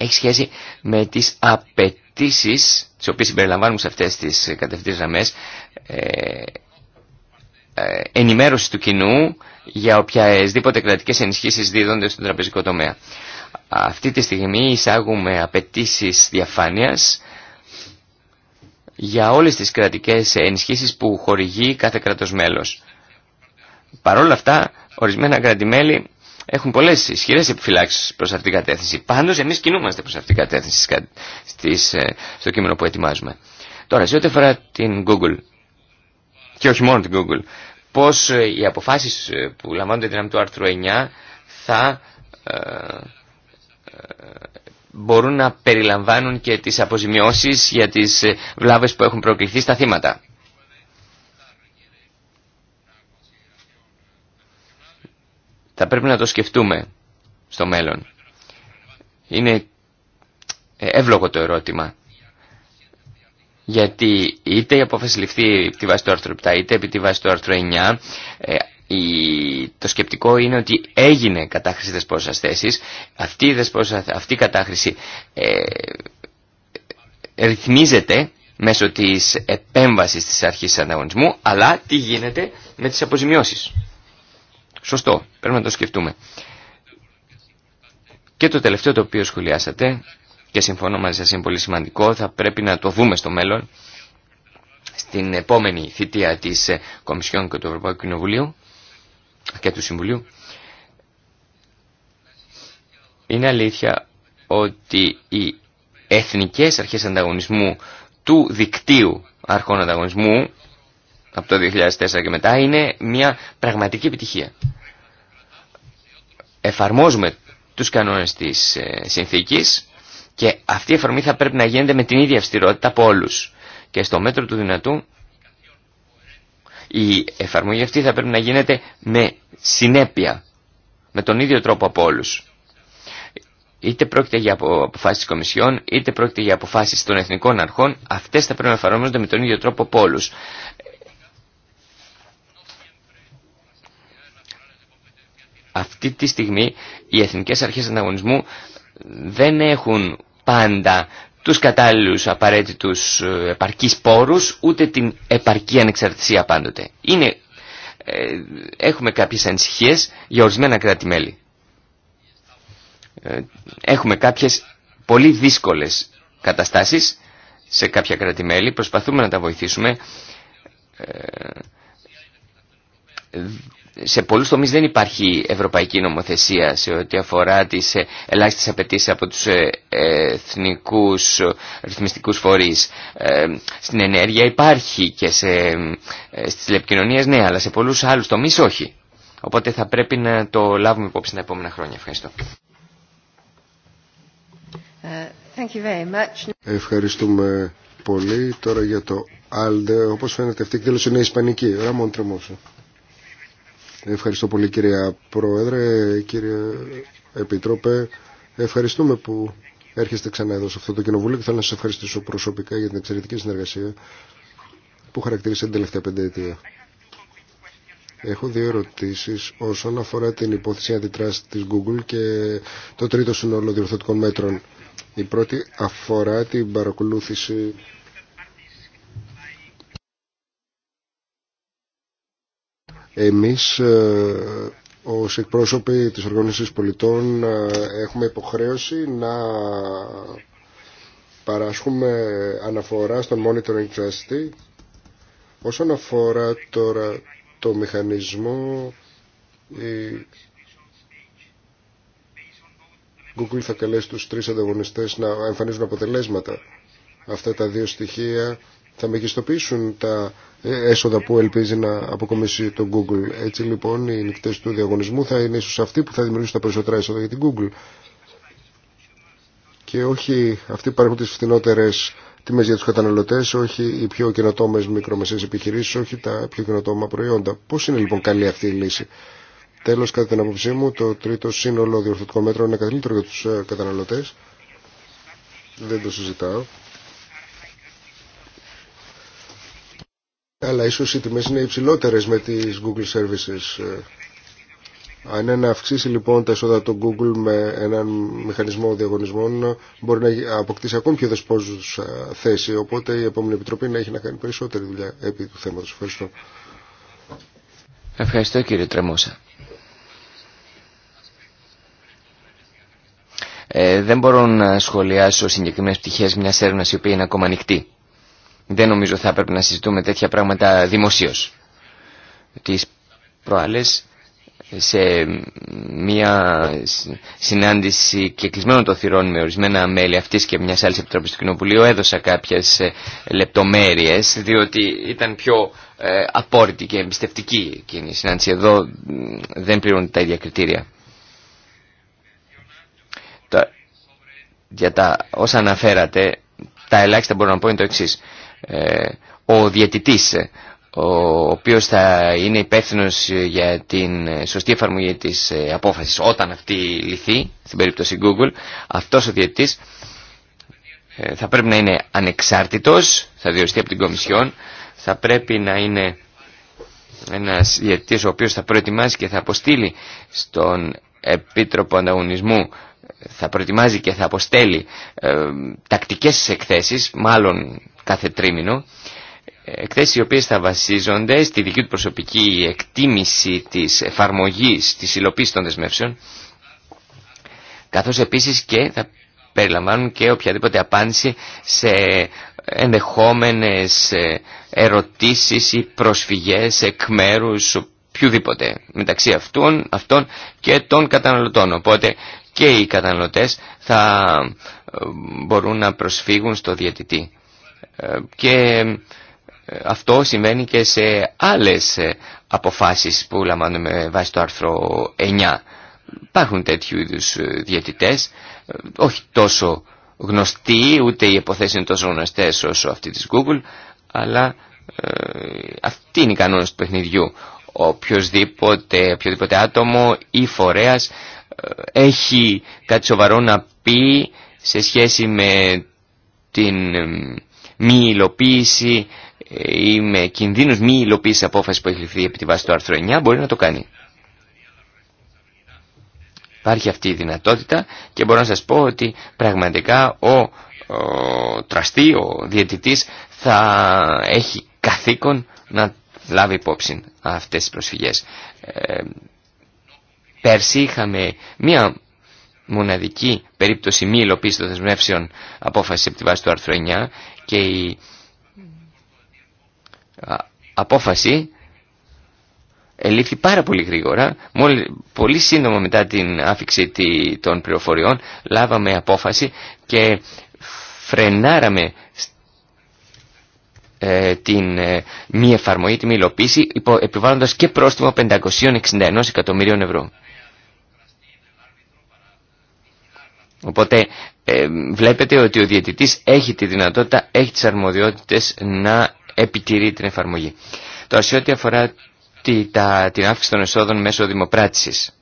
έχει σχέση με τις απαιτήσει, τις οποίες συμπεριλαμβάνουμε σε αυτές τις κατευθύνσεις γραμμές, ε, ε ενημέρωση του κοινού για οποιασδήποτε κρατικές ενισχύσεις δίδονται στον τραπεζικό τομέα. Αυτή τη στιγμή εισάγουμε απαιτήσει διαφάνειας για όλες τις κρατικές ενισχύσεις που χορηγεί κάθε κράτος μέλος. Παρ' όλα αυτά, ορισμένα κρατημέλη έχουν πολλέ ισχυρέ επιφυλάξει προ αυτήν την κατεύθυνση. Πάντω, εμεί κινούμαστε προ αυτήν την κατεύθυνση στις, ε, στο κείμενο που ετοιμάζουμε. Τώρα, σε ό,τι αφορά την Google, και όχι μόνο την Google, πώ ε, οι αποφάσει ε, που λαμβάνονται δύναμη του άρθρου 9 θα μπορούν να περιλαμβάνουν και τις αποζημιώσεις για τις βλάβες που έχουν προκληθεί στα θύματα. Θα πρέπει να το σκεφτούμε στο μέλλον. Είναι ε, εύλογο το ερώτημα. Γιατί είτε η απόφαση ληφθεί τη βάση του άρθρου 7, είτε επί τη βάση του άρθρου 9, ε, η, το σκεπτικό είναι ότι έγινε κατάχρηση δεσπόζουσας θέσης. Αυτή η, αυτή κατάχρηση ε, ρυθμίζεται μέσω της επέμβασης της αρχής ανταγωνισμού, αλλά τι γίνεται με τις αποζημιώσεις. Σωστό, πρέπει να το σκεφτούμε. Και το τελευταίο το οποίο σχολιάσατε, και συμφωνώ μαζί σας είναι πολύ σημαντικό, θα πρέπει να το δούμε στο μέλλον, στην επόμενη θητεία της ε, Κομισιόν και του Ευρωπαϊκού Κοινοβουλίου και του Συμβουλίου. Είναι αλήθεια ότι οι εθνικές αρχές ανταγωνισμού του δικτύου αρχών ανταγωνισμού από το 2004 και μετά είναι μια πραγματική επιτυχία. Εφαρμόζουμε τους κανόνες της ε, συνθήκης και αυτή η εφαρμογή θα πρέπει να γίνεται με την ίδια αυστηρότητα από όλους. Και στο μέτρο του δυνατού η εφαρμογή αυτή θα πρέπει να γίνεται με συνέπεια, με τον ίδιο τρόπο από όλους. Είτε πρόκειται για αποφάσεις... τη είτε πρόκειται για αποφάσεις... των εθνικών αρχών, αυτέ θα πρέπει να εφαρμόζονται με τον ίδιο τρόπο από όλου. Αυτή τη στιγμή οι εθνικές αρχές ανταγωνισμού δεν έχουν πάντα τους κατάλληλους απαραίτητους ε, επαρκείς πόρους, ούτε την επαρκή ανεξαρτησία πάντοτε. Είναι, ε, έχουμε κάποιες ανησυχίες για ορισμένα κράτη-μέλη. Ε, έχουμε κάποιες πολύ δύσκολες καταστάσεις σε κάποια κράτη-μέλη, προσπαθούμε να τα βοηθήσουμε σε πολλούς τομεί δεν υπάρχει ευρωπαϊκή νομοθεσία σε ό,τι αφορά τις ε, ελάχιστες απαιτήσει από τους ε, εθνικού ρυθμιστικού φορεί. Ε, στην ενέργεια υπάρχει και στι στις ναι, αλλά σε πολλούς άλλους τομεί όχι. Οπότε θα πρέπει να το λάβουμε υπόψη τα επόμενα χρόνια. Ευχαριστώ. Ευχαριστούμε πολύ. Τώρα για το ALDE, όπως φαίνεται αυτή η εκδήλωση είναι ισπανική. Ραμόν Τρεμόσο. Ευχαριστώ πολύ κυρία Πρόεδρε, κύριε Επίτροπε. Ευχαριστούμε που έρχεστε ξανά εδώ σε αυτό το κοινοβούλιο και θέλω να σας ευχαριστήσω προσωπικά για την εξαιρετική συνεργασία που χαρακτήρισε την τελευταία πενταετία. Έχω δύο ερωτήσει όσον αφορά την υπόθεση αντιτράστη της Google και το τρίτο σύνολο διορθωτικών μέτρων. Η πρώτη αφορά την παρακολούθηση Εμείς ε, ως εκπρόσωποι της Οργάνωσης Πολιτών ε, έχουμε υποχρέωση να παράσχουμε αναφορά στον Monitoring Trustee όσον αφορά τώρα το μηχανισμό η Google θα καλέσει τους τρεις ανταγωνιστές να εμφανίζουν αποτελέσματα αυτά τα δύο στοιχεία θα μεγιστοποιήσουν τα έσοδα που ελπίζει να αποκομίσει το Google. Έτσι λοιπόν οι νικτές του διαγωνισμού θα είναι ίσως αυτοί που θα δημιουργήσουν τα περισσότερα έσοδα για την Google και όχι αυτοί που παρέχουν τις φθηνότερες τιμές για τους καταναλωτές, όχι οι πιο καινοτόμες μικρομεσαίες επιχειρήσεις, όχι τα πιο καινοτόμα προϊόντα. Πώς είναι λοιπόν καλή αυτή η λύση. Τέλος, κατά την απόψή μου, το τρίτο σύνολο διορθωτικό μέτρο είναι καλύτερο για τους ε, καταναλωτές. Δεν το συζητάω. αλλά ίσως οι τιμές είναι υψηλότερες με τις Google Services. Ε, αν είναι να αυξήσει λοιπόν τα έσοδα του Google με έναν μηχανισμό διαγωνισμών μπορεί να αποκτήσει ακόμη πιο δεσπόζουσα ε, θέση. Οπότε η επόμενη επιτροπή να έχει να κάνει περισσότερη δουλειά επί του θέματος. Ευχαριστώ. Ευχαριστώ κύριε Τρεμόσα. Ε, δεν μπορώ να σχολιάσω συγκεκριμένες πτυχές μιας έρευνας η οποία είναι ακόμα ανοιχτή. Δεν νομίζω θα έπρεπε να συζητούμε τέτοια πράγματα δημοσίως. Τις προάλλες σε μια συνάντηση και κλεισμένο το θυρών με ορισμένα μέλη αυτής και μιας άλλης επιτροπής του Κοινοβουλίου έδωσα κάποιες ε, λεπτομέρειες διότι ήταν πιο ε, απόρριτη και εμπιστευτική εκείνη η συνάντηση. Εδώ δεν πληρώνουν τα ίδια κριτήρια. για τα όσα αναφέρατε, τα ελάχιστα μπορώ να πω είναι το εξής. Ε, ο διαιτητής, ε, ο οποίος θα είναι υπεύθυνο για την ε, σωστή εφαρμογή της απόφασης όταν αυτή λυθεί, στην περίπτωση Google, αυτός ο διαιτητής θα πρέπει να είναι ανεξάρτητος, θα διοριστεί από την Κομισιόν, θα πρέπει να είναι ένας διαιτητής ο οποίος θα προετοιμάσει και θα αποστείλει στον Επίτροπο Ανταγωνισμού θα προετοιμάζει και θα αποστέλει τακτικές εκθέσεις, μάλλον κάθε τρίμηνο. Εκθέσεις οι οποίες θα βασίζονται στη δική του προσωπική εκτίμηση της εφαρμογής, της υλοποίησης των δεσμεύσεων, καθώς επίσης και θα περιλαμβάνουν και οποιαδήποτε απάντηση σε ενδεχόμενες ερωτήσεις ή προσφυγές εκ μέρους οποιοδήποτε μεταξύ αυτών, αυτών και των καταναλωτών. Οπότε και οι καταναλωτές θα ε, μπορούν να προσφύγουν στο διαιτητή. Ε, και ε, αυτό συμβαίνει και σε άλλες ε, αποφάσεις που λαμβάνουμε βάσει το άρθρο 9. Υπάρχουν τέτοιου είδου διαιτητές, όχι τόσο γνωστοί, ούτε οι υποθέσεις είναι τόσο γνωστές όσο αυτή της Google, αλλά αυτή είναι η κανόνα του παιχνιδιού. Οποιοδήποτε, οποιοδήποτε άτομο ή φορέας έχει κάτι σοβαρό να πει σε σχέση με την μη υλοποίηση ε, ή με κινδύνους μη υλοποίηση απόφαση που έχει ληφθεί επί τη βάση του άρθρου 9 μπορεί να το κάνει. Υπάρχει αυτή η δυνατότητα και μπορώ να σας πω ότι πραγματικά ο, ο τραστή, ο διαιτητής θα έχει καθήκον να λάβει υπόψη αυτές τις προσφυγές. Ε, πέρσι είχαμε μία μοναδική περίπτωση μη υλοποίηση των δεσμεύσεων απόφαση από τη βάση του άρθρου 9 και η απόφαση ελήφθη πάρα πολύ γρήγορα. πολύ σύντομα μετά την άφηξη των πληροφοριών λάβαμε απόφαση και φρενάραμε ε, την ε, μη εφαρμογή, τη μη υλοποίηση, επιβάλλοντας και πρόστιμο 561 εκατομμυρίων ευρώ. Οπότε ε, βλέπετε ότι ο διαιτητής έχει τη δυνατότητα, έχει τις αρμοδιότητες να επιτηρεί την εφαρμογή. Το σε αφορά τη, τα, την αύξηση των εσόδων μέσω δημοπράτησης.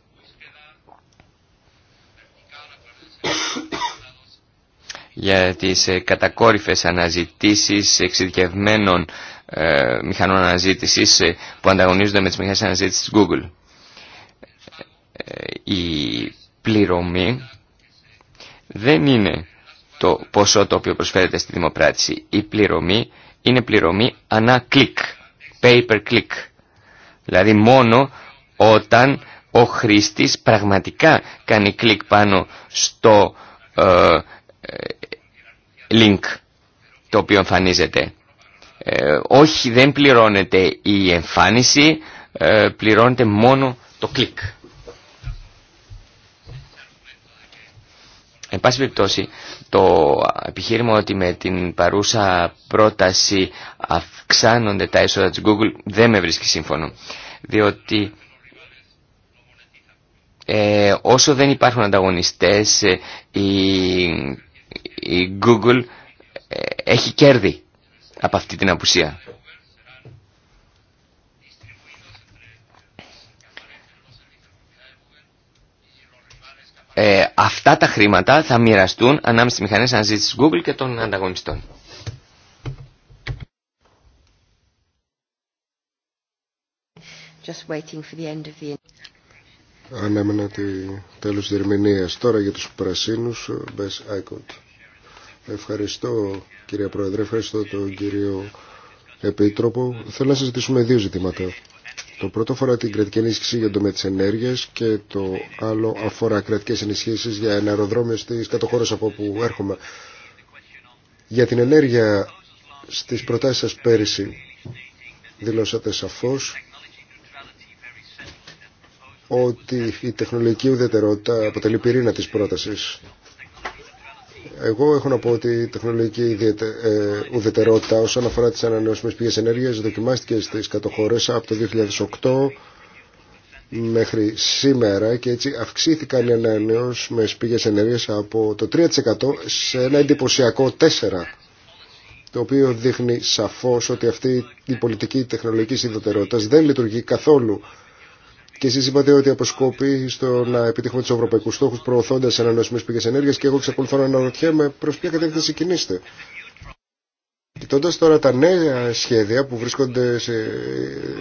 για τις ε, κατακόρυφες αναζητήσεις εξειδικευμένων ε, μηχανών αναζήτησης που ανταγωνίζονται με τις μηχανές αναζήτησης Google. η πληρωμή δεν είναι το ποσό το οποίο προσφέρεται στη δημοπράτηση. Η πληρωμή είναι πληρωμή ανά κλικ, pay per click. Δηλαδή μόνο όταν ο χρήστης πραγματικά κάνει κλικ πάνω στο ε, ε, link το οποίο εμφανίζεται. Ε, όχι δεν πληρώνεται η εμφάνιση, πληρώνεται μόνο το κλικ. Εν πάση περιπτώσει, το επιχείρημα ότι με την παρούσα πρόταση αυξάνονται τα έσοδα της Google δεν με βρίσκει σύμφωνο. Διότι ε, όσο δεν υπάρχουν ανταγωνιστές, ε, η, η Google ε, έχει κέρδη από αυτή την απουσία. ε, αυτά τα χρήματα θα μοιραστούν ανάμεσα στις μηχανές αναζήτησης Google και των ανταγωνιστών. Ανέμενα τη τέλος της ερμηνείας. Τώρα για τους πρασίνους, Μπες Άικοντ. Ευχαριστώ κύριε Πρόεδρε, ευχαριστώ τον κύριο Επίτροπο. Θέλω να συζητήσουμε δύο ζητήματα. Το πρώτο αφορά την κρατική ενίσχυση για το με τι ενέργεια και το άλλο αφορά κρατικέ ενισχύσει για ένα αεροδρόμιο στι κατοχώρε από όπου έρχομαι. Για την ενέργεια, στι προτάσει σα πέρυσι δηλώσατε σαφώ ότι η τεχνολογική ουδετερότητα αποτελεί πυρήνα της πρότασης εγώ έχω να πω ότι η τεχνολογική ε, ουδετερότητα όσον αφορά τις ανανεώσιμες πηγές ενέργειας δοκιμάστηκε στις κατοχώρες από το 2008 μέχρι σήμερα και έτσι αυξήθηκαν οι ανανεώσιμες πηγές ενέργειας από το 3% σε ένα εντυπωσιακό 4% το οποίο δείχνει σαφώς ότι αυτή η πολιτική τεχνολογικής ιδιωτερότητας δεν λειτουργεί καθόλου και εσεί είπατε ότι αποσκοπεί στο να επιτύχουμε του ευρωπαϊκού στόχου προωθώντα ανανεώσιμε πηγέ ενέργεια και εγώ ξεκολουθώ να αναρωτιέμαι προ ποια κατεύθυνση κινείστε. Κοιτώντα τώρα τα νέα σχέδια που βρίσκονται σε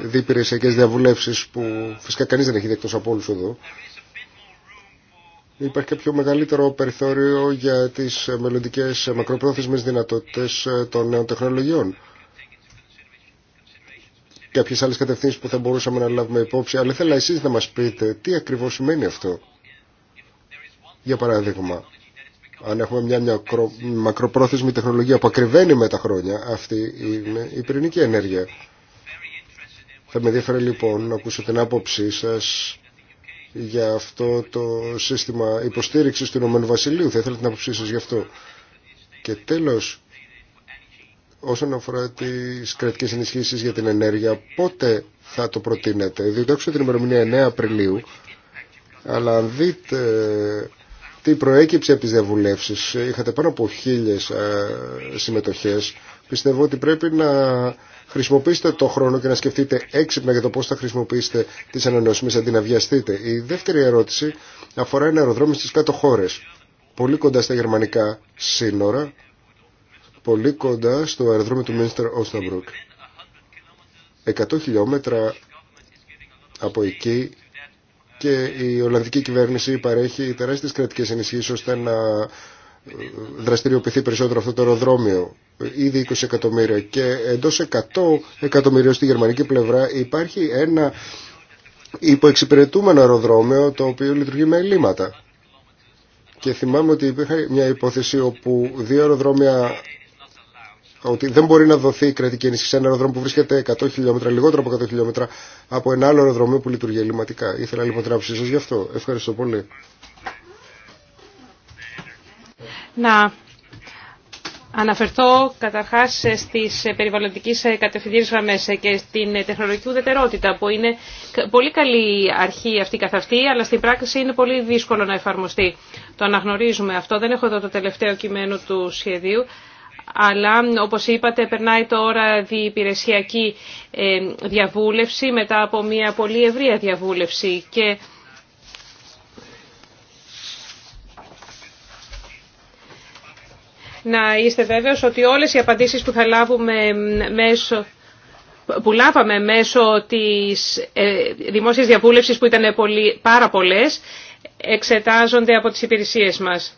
διπηρεσιακέ διαβουλεύσει που φυσικά κανεί δεν έχει δεκτό από όλου εδώ, υπάρχει πιο μεγαλύτερο περιθώριο για τις μελλοντικέ μακροπρόθεσμες δυνατότητες των νέων τεχνολογιών κάποιες άλλες κατευθύνσεις που θα μπορούσαμε να λάβουμε υπόψη, αλλά θέλω εσείς να μας πείτε τι ακριβώς σημαίνει αυτό. Για παράδειγμα, αν έχουμε μια, μια μακροπρόθεσμη τεχνολογία που ακριβένει με τα χρόνια, αυτή είναι η πυρηνική ενέργεια. Θα με ενδιαφέρει λοιπόν να ακούσω την άποψή σας για αυτό το σύστημα υποστήριξης του Ηνωμένου Βασιλείου. Θα ήθελα την άποψή σας γι' αυτό. Και τέλος, όσον αφορά τι κρατικέ ενισχύσει για την ενέργεια, πότε θα το προτείνετε. Διότι έξω την ημερομηνία 9 Απριλίου, αλλά αν δείτε τι προέκυψε από τι διαβουλεύσει, είχατε πάνω από χίλιε συμμετοχέ. πιστεύω ότι πρέπει να χρησιμοποιήσετε το χρόνο και να σκεφτείτε έξυπνα για το πώ θα χρησιμοποιήσετε τι ανανεώσιμε αντί να βιαστείτε. Η δεύτερη ερώτηση αφορά ένα αεροδρόμιο στι κάτω χώρε, πολύ κοντά στα γερμανικά σύνορα, πολύ κοντά στο αεροδρόμιο του Μίνστερ Όσταμπρουκ. 100 χιλιόμετρα από εκεί και η Ολλανδική κυβέρνηση παρέχει τεράστιες κρατικές ενισχύσεις ώστε να ε, δραστηριοποιηθεί περισσότερο αυτό το αεροδρόμιο. Ήδη 20 εκατομμύρια και εντός 100 εκατομμυρίων στη γερμανική πλευρά υπάρχει ένα υποεξυπηρετούμενο αεροδρόμιο το οποίο λειτουργεί με ελλείμματα. Και θυμάμαι ότι υπήρχε μια υπόθεση όπου δύο αεροδρόμια ότι δεν μπορεί να δοθεί η κρατική ενίσχυση σε ένα αεροδρόμιο που βρίσκεται 100 χιλιόμετρα, λιγότερο από 100 χιλιόμετρα από ένα άλλο αεροδρόμιο που λειτουργεί ελληματικά. Ήθελα λοιπόν την άποψή σα γι' αυτό. Ευχαριστώ πολύ. Να αναφερθώ καταρχάς στις περιβαλλοντικές κατευθυντήρες γραμμέ και στην τεχνολογική ουδετερότητα που είναι πολύ καλή αρχή αυτή καθ' αυτή αλλά στην πράξη είναι πολύ δύσκολο να εφαρμοστεί. Το αναγνωρίζουμε αυτό, δεν έχω εδώ το τελευταίο κειμένο του σχεδίου αλλά όπως είπατε περνάει τώρα διυπηρεσιακή ε, διαβούλευση μετά από μια πολύ ευρεία διαβούλευση και να είστε βέβαιος ότι όλες οι απαντήσεις που θα λάβουμε μέσω που λάβαμε μέσω της ε, δημόσιας διαβούλευσης που ήταν πολύ, πάρα πολλές, εξετάζονται από τις υπηρεσίες μας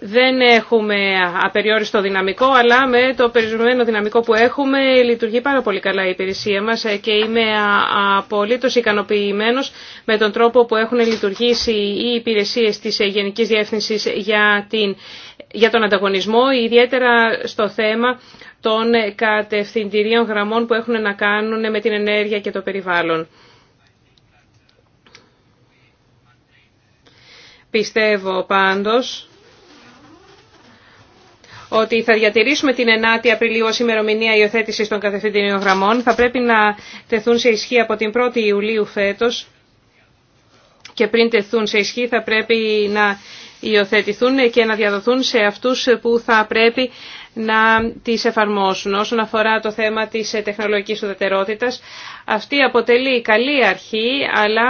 δεν έχουμε απεριόριστο δυναμικό, αλλά με το περιορισμένο δυναμικό που έχουμε λειτουργεί πάρα πολύ καλά η υπηρεσία μας και είμαι απολύτως ικανοποιημένος με τον τρόπο που έχουν λειτουργήσει οι υπηρεσίες της Γενικής Διεύθυνσης για, για τον ανταγωνισμό, ιδιαίτερα στο θέμα των κατευθυντηρίων γραμμών που έχουν να κάνουν με την ενέργεια και το περιβάλλον. Πιστεύω πάντως ότι θα διατηρήσουμε την 9η Απριλίου ως ημερομηνία υιοθέτηση των κατευθυντήριων γραμμών. Θα πρέπει να τεθούν σε ισχύ από την 1η Ιουλίου φέτος και πριν τεθούν σε ισχύ θα πρέπει να υιοθετηθούν και να διαδοθούν σε αυτούς που θα πρέπει να τις εφαρμόσουν. Όσον αφορά το θέμα της τεχνολογικής ουδετερότητας, αυτή αποτελεί καλή αρχή, αλλά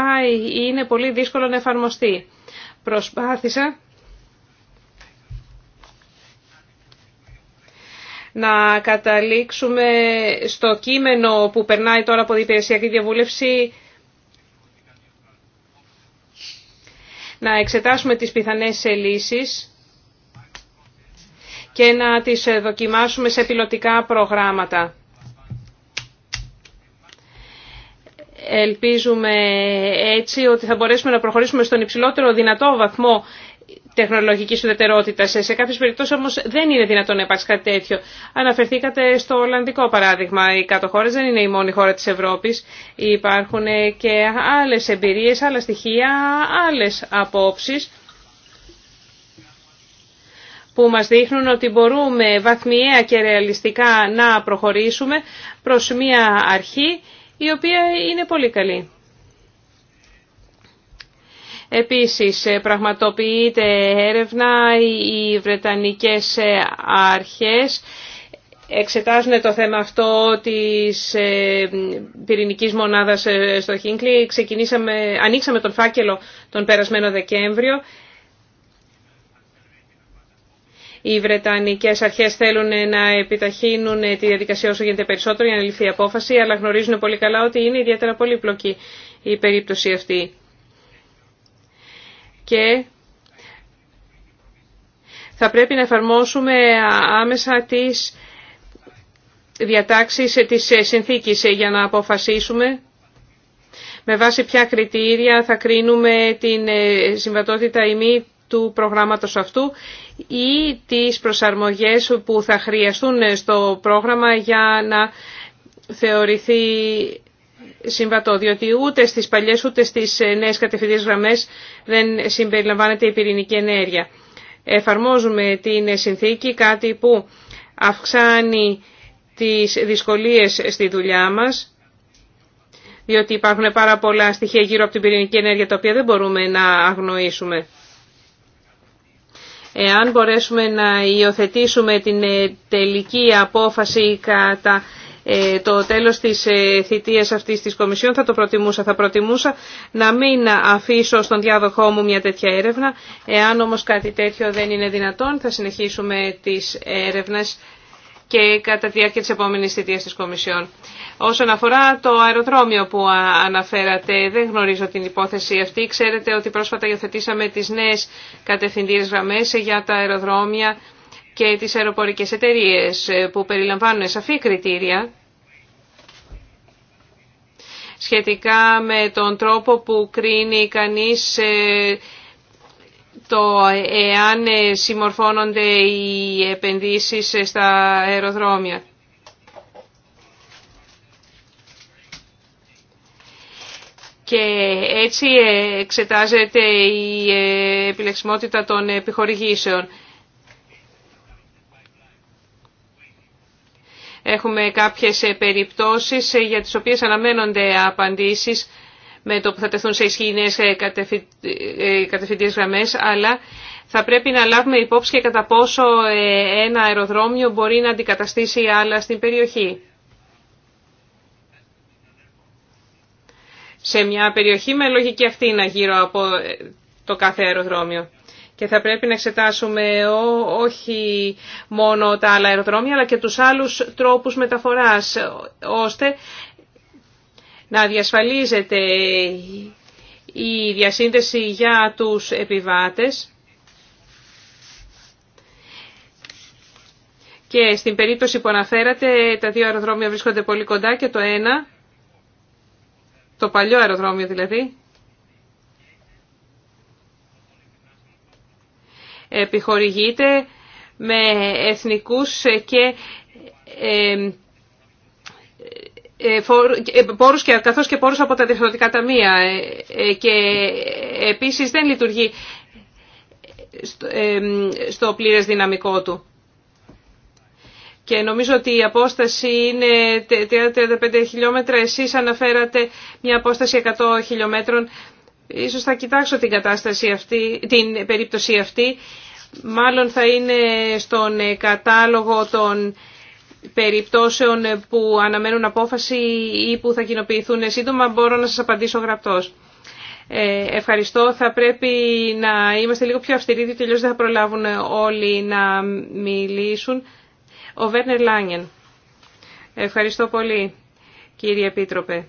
είναι πολύ δύσκολο να εφαρμοστεί. Προσπάθησα να καταλήξουμε στο κείμενο που περνάει τώρα από την υπηρεσιακή διαβούλευση να εξετάσουμε τις πιθανές λύσεις και να τις δοκιμάσουμε σε πιλωτικά προγράμματα. Ελπίζουμε έτσι ότι θα μπορέσουμε να προχωρήσουμε στον υψηλότερο δυνατό βαθμό τεχνολογική ουδετερότητα. Ε, σε κάποιε περιπτώσει όμως δεν είναι δυνατόν να υπάρξει κάτι τέτοιο. Αναφερθήκατε στο Ολλανδικό παράδειγμα. Οι κάτω χώρε δεν είναι η μόνη χώρα της Ευρώπης. Υπάρχουν ε, και άλλες εμπειρίες, άλλα στοιχεία, άλλες απόψεις που μας δείχνουν ότι μπορούμε βαθμιαία και ρεαλιστικά να προχωρήσουμε προς μια αρχή η οποία είναι πολύ καλή. Επίσης, ε, πραγματοποιείται έρευνα οι Βρετανικές ε, αρχές εξετάζουν το θέμα αυτό της ε, πυρηνικής μονάδας στο Χίνκλι. Ξεκινήσαμε, ανοίξαμε τον φάκελο τον περασμένο Δεκέμβριο. Οι Βρετανικές αρχές θέλουν να επιταχύνουν τη διαδικασία όσο γίνεται περισσότερο για να ληφθεί η απόφαση, αλλά γνωρίζουν πολύ καλά ότι είναι ιδιαίτερα πολύπλοκη η περίπτωση αυτή και θα πρέπει να εφαρμόσουμε άμεσα τις διατάξεις της συνθήκης για να αποφασίσουμε με βάση ποια κριτήρια θα κρίνουμε την συμβατότητα ή μη του προγράμματος αυτού ή τις προσαρμογές που θα χρειαστούν στο πρόγραμμα για να θεωρηθεί συμβατό, διότι ούτε στις παλιές ούτε στις ε, νέες κατευθυντές γραμμές δεν συμπεριλαμβάνεται η πυρηνική ενέργεια. Εφαρμόζουμε την συνθήκη, κάτι που αυξάνει τις δυσκολίες στη δουλειά μας, διότι υπάρχουν πάρα πολλά στοιχεία γύρω από την πυρηνική ενέργεια τα οποία δεν μπορούμε να αγνοήσουμε. Εάν μπορέσουμε να υιοθετήσουμε την ε, τελική απόφαση κατά ε, το τέλος της ε, θητείας αυτής της Κομισιόν θα το προτιμούσα. Θα προτιμούσα να μην αφήσω στον διάδοχό μου μια τέτοια έρευνα. Εάν όμως κάτι τέτοιο δεν είναι δυνατόν θα συνεχίσουμε τις έρευνες και κατά τη διάρκεια της επόμενης θητείας της Κομισιόν. Όσον αφορά το αεροδρόμιο που αναφέρατε, δεν γνωρίζω την υπόθεση αυτή. Ξέρετε ότι πρόσφατα υιοθετήσαμε τις νέες κατευθυντήρες γραμμές για τα αεροδρόμια και τις αεροπορικές εταιρείες ε, που περιλαμβάνουν σαφή κριτήρια σχετικά με τον τρόπο που κρίνει κανείς ε, το εάν ε, συμμορφώνονται οι επενδύσεις ε, στα αεροδρόμια. Και έτσι εξετάζεται η επιλεξιμότητα των επιχορηγήσεων. Έχουμε κάποιες ε, περιπτώσεις ε, για τις οποίες αναμένονται απαντήσεις με το που θα τεθούν σε ισχύ νέε ε, γραμμές, γραμμέ, αλλά θα πρέπει να λάβουμε υπόψη και κατά πόσο ένα αεροδρόμιο μπορεί να αντικαταστήσει άλλα στην περιοχή. Σε μια περιοχή με λογική αυτή να γύρω από το κάθε αεροδρόμιο. Και θα πρέπει να εξετάσουμε όχι μόνο τα άλλα αεροδρόμια, αλλά και τους άλλους τρόπους μεταφοράς, ώστε να διασφαλίζεται η διασύνδεση για τους επιβάτες. Και στην περίπτωση που αναφέρατε, τα δύο αεροδρόμια βρίσκονται πολύ κοντά και το ένα, το παλιό αεροδρόμιο δηλαδή, επιχορηγείται με εθνικούς και ε, ε, ε, πόρους και καθώς και πόρους από τα διευθυντικά ταμεία και επίσης δεν λειτουργεί στο πλήρες δυναμικό του. Και νομίζω ότι η απόσταση 30-35 χιλιόμετρα. Εσείς αναφέρατε μια απόσταση 100 χιλιόμετρων. Ίσως θα κοιτάξω την κατάσταση αυτή, την περίπτωση αυτή. Μάλλον θα είναι στον κατάλογο των περιπτώσεων που αναμένουν απόφαση ή που θα κοινοποιηθούν σύντομα. Μπορώ να σας απαντήσω γραπτός. Ε, ευχαριστώ. Θα πρέπει να είμαστε λίγο πιο αυστηροί, διότι τελειώς δεν θα προλάβουν όλοι να μιλήσουν. Ο Βέρνερ Λάγγεν. Ευχαριστώ πολύ, κύριε Επίτροπε.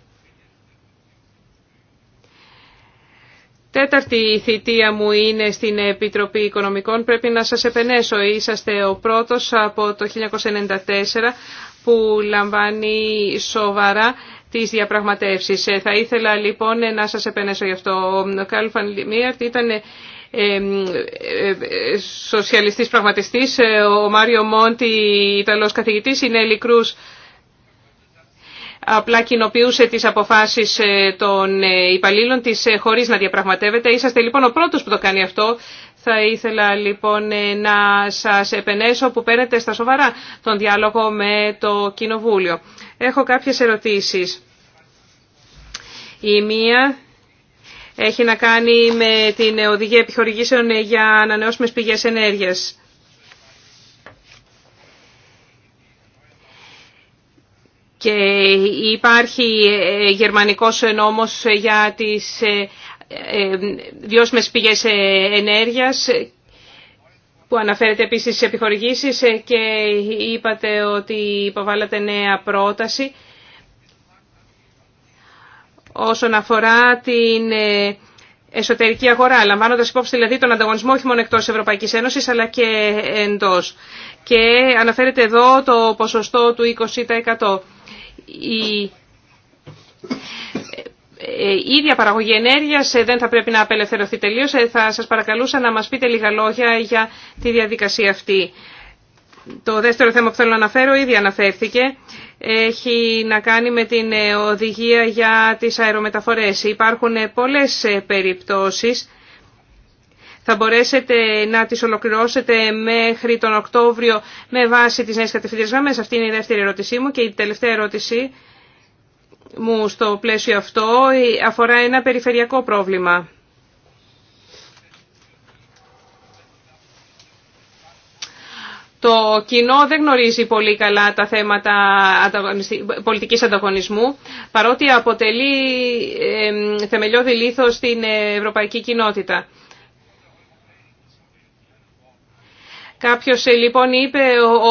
Τέταρτη θητεία μου είναι στην Επιτροπή Οικονομικών. Πρέπει να σας επενέσω. Είσαστε ο πρώτος από το 1994 που λαμβάνει σοβαρά τις διαπραγματεύσεις. Ε, θα ήθελα λοιπόν να σας επενέσω γι' αυτό. Ο Κάλ Φανλιμίαρτ ήταν ε, ε, σοσιαλιστής πραγματιστής, ο Μάριο Μόντι Ιταλός καθηγητής, είναι ελικρούς απλά κοινοποιούσε τις αποφάσεις ε, των ε, υπαλλήλων της ε, χωρίς να διαπραγματεύεται. Είσαστε λοιπόν ο πρώτος που το κάνει αυτό. Θα ήθελα λοιπόν να σας επενέσω που παίρνετε στα σοβαρά τον διάλογο με το Κοινοβούλιο. Έχω κάποιες ερωτήσεις. Η μία έχει να κάνει με την οδηγία επιχορηγήσεων για ανανεώσιμες πηγές ενέργειας. και υπάρχει ε, γερμανικός νόμος για τις ε, ε, βιώσιμες πηγές ενέργειας που αναφέρεται επίσης στις επιχορηγήσεις και είπατε ότι υποβάλλατε νέα πρόταση όσον αφορά την εσωτερική αγορά, λαμβάνοντα υπόψη δηλαδή τον ανταγωνισμό όχι μόνο εκτό Ευρωπαϊκής Ένωσης αλλά και εντός. Και αναφέρεται εδώ το ποσοστό του 20% η ε, ε, η ίδια παραγωγή ενέργειας ε, δεν θα πρέπει να απελευθερωθεί τελείως. Θα σας παρακαλούσα να μας πείτε λίγα λόγια για τη διαδικασία αυτή. Το δεύτερο θέμα που θέλω να αναφέρω ήδη αναφέρθηκε. Έχει να κάνει με την οδηγία για τις αερομεταφορές. Υπάρχουν πολλές περιπτώσεις θα μπορέσετε να τις ολοκληρώσετε μέχρι τον Οκτώβριο με βάση τις νέες κατευθυντήρες γραμμές. Αυτή είναι η δεύτερη ερώτησή μου και η τελευταία ερώτηση μου στο πλαίσιο αυτό αφορά ένα περιφερειακό πρόβλημα. Το κοινό δεν γνωρίζει πολύ καλά τα θέματα πολιτικής ανταγωνισμού, παρότι αποτελεί θεμελιώδη λίθο στην ε, ευρωπαϊκή κοινότητα. Κάποιο ε, λοιπόν είπε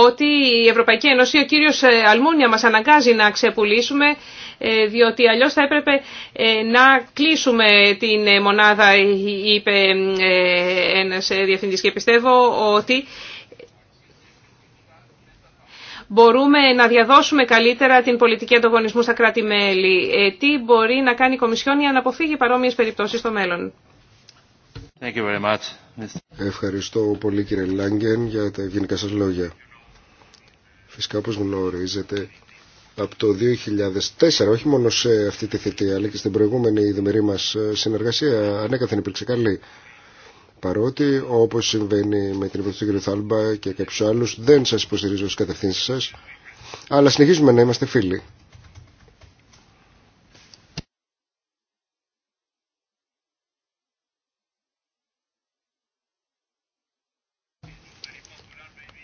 ότι η Ευρωπαϊκή Ένωση, ο κύριο ε, Αλμούνια μας αναγκάζει να ξεπουλήσουμε ε, διότι αλλιώ θα έπρεπε να κλείσουμε την μονάδα, είπε ένα διευθυντή. και πιστεύω ότι μπορούμε να διαδώσουμε καλύτερα την πολιτική ανταγωνισμού στα κράτη-μέλη. Τι μπορεί να κάνει η Κομισιόν για να αποφύγει παρόμοιε περιπτώσει στο μέλλον. Ευχαριστώ πολύ κύριε Λάγκεν για τα γενικά σας λόγια. Φυσικά όπως γνωρίζετε από το 2004, όχι μόνο σε αυτή τη θητεία αλλά και στην προηγούμενη διμερή μας ε, συνεργασία ανέκαθεν υπήρξε καλή. Παρότι όπως συμβαίνει με την υποθέτηση του κ. Θάλμπα και κάποιους άλλους δεν σας υποστηρίζω στις κατευθύνσεις σας αλλά συνεχίζουμε να είμαστε φίλοι.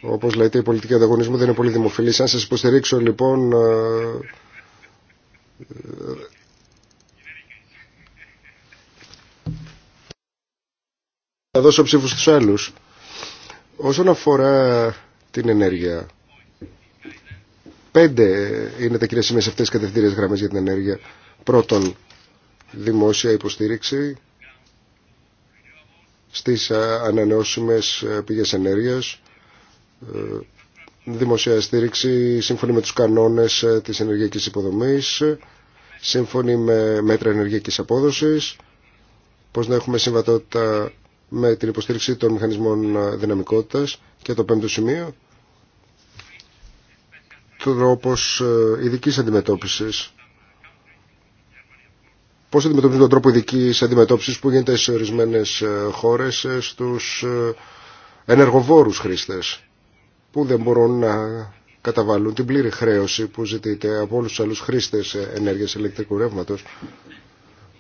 Όπως λέτε η πολιτική ανταγωνισμού δεν είναι πολύ δημοφιλής. Αν σας υποστηρίξω λοιπόν ε, ε, θα δώσω ψήφους στους άλλους. Όσον αφορά την ενέργεια, πέντε είναι τα κυρία σημεία σε αυτές τις γραμμές για την ενέργεια. Πρώτον, δημόσια υποστήριξη στις ε, ανανεώσιμες πηγές ενέργειας. Ε, δημοσία στήριξη σύμφωνη με τους κανόνες ε, της ενεργειακής υποδομής, σύμφωνη με μέτρα ενεργειακής απόδοσης, πώς να έχουμε συμβατότητα με την υποστήριξη των μηχανισμών ε, δυναμικότητας και το πέμπτο σημείο, τρόπο ειδική αντιμετώπισης. Πώς αντιμετωπίζουν τον τρόπο ειδική αντιμετώπισης που γίνεται σε ορισμένες χώρες στους ενεργοβόρους χρήστες που δεν μπορούν να καταβάλουν την πλήρη χρέωση που ζητείται από όλους τους άλλους χρήστες ενέργειας ηλεκτρικού ρεύματος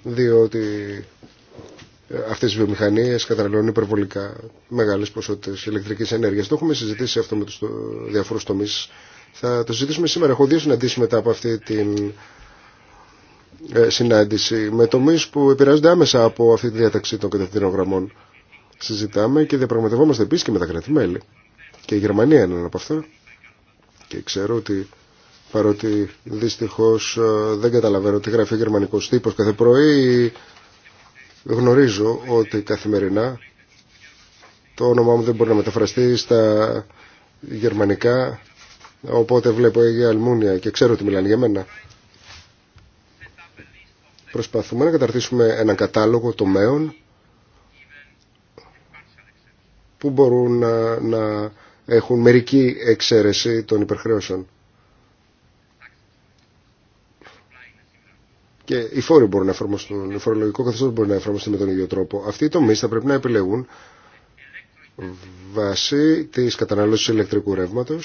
διότι ε, αυτές οι βιομηχανίες καταναλώνουν υπερβολικά μεγάλες ποσότητες ηλεκτρικής ενέργειας. Το έχουμε συζητήσει αυτό με τους διαφορούς τομείς. Θα το συζητήσουμε σήμερα. Έχω δύο συναντήσεις μετά από αυτή την ε, συνάντηση με τομείς που επηρεάζονται άμεσα από αυτή τη διάταξη των κατευθυντήρων γραμμών. Συζητάμε και διαπραγματευόμαστε επίση και με τα κρατη και η Γερμανία είναι ένα από αυτά. Και ξέρω ότι παρότι δυστυχώς ε, δεν καταλαβαίνω τι γράφει ο γερμανικός τύπος κάθε πρωί, γνωρίζω ότι καθημερινά το όνομά μου δεν μπορεί να μεταφραστεί στα γερμανικά, οπότε βλέπω η Αλμούνια και ξέρω ότι μιλάνε για μένα. Προσπαθούμε να καταρτήσουμε έναν κατάλογο τομέων που μπορούν να, να έχουν μερική εξαίρεση των υπερχρέωσεων. Και οι φόροι μπορούν να εφαρμοστούν, το φορολογικό καθεστώ μπορεί να εφαρμοστεί με τον ίδιο τρόπο. Αυτοί οι τομεί θα πρέπει να επιλεγούν βάσει τη κατανάλωση ηλεκτρικού ρεύματο.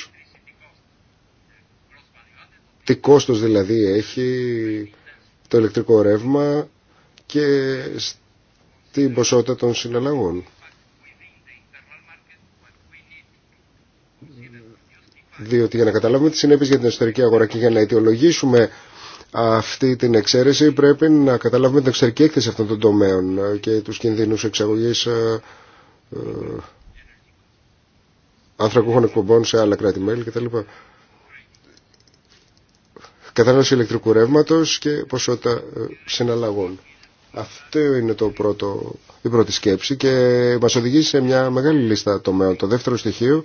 Τι κόστο δηλαδή έχει το ηλεκτρικό ρεύμα και την ποσότητα των συναλλαγών. Διότι για να καταλάβουμε τις συνέπειες για την εσωτερική αγορά και για να αιτιολογήσουμε αυτή την εξαίρεση πρέπει να καταλάβουμε την εξωτερική έκθεση αυτών των τομέων και τους κινδύνους εξαγωγής ε, ε, ανθρακούχων εκπομπών σε άλλα κράτη-μέλη κτλ. Κατανάλωση ηλεκτρικού ρεύματο και ποσότητα ε, συναλλαγών. Αυτό είναι το πρώτο, η πρώτη σκέψη και μας οδηγεί σε μια μεγάλη λίστα τομέων. Το δεύτερο στοιχείο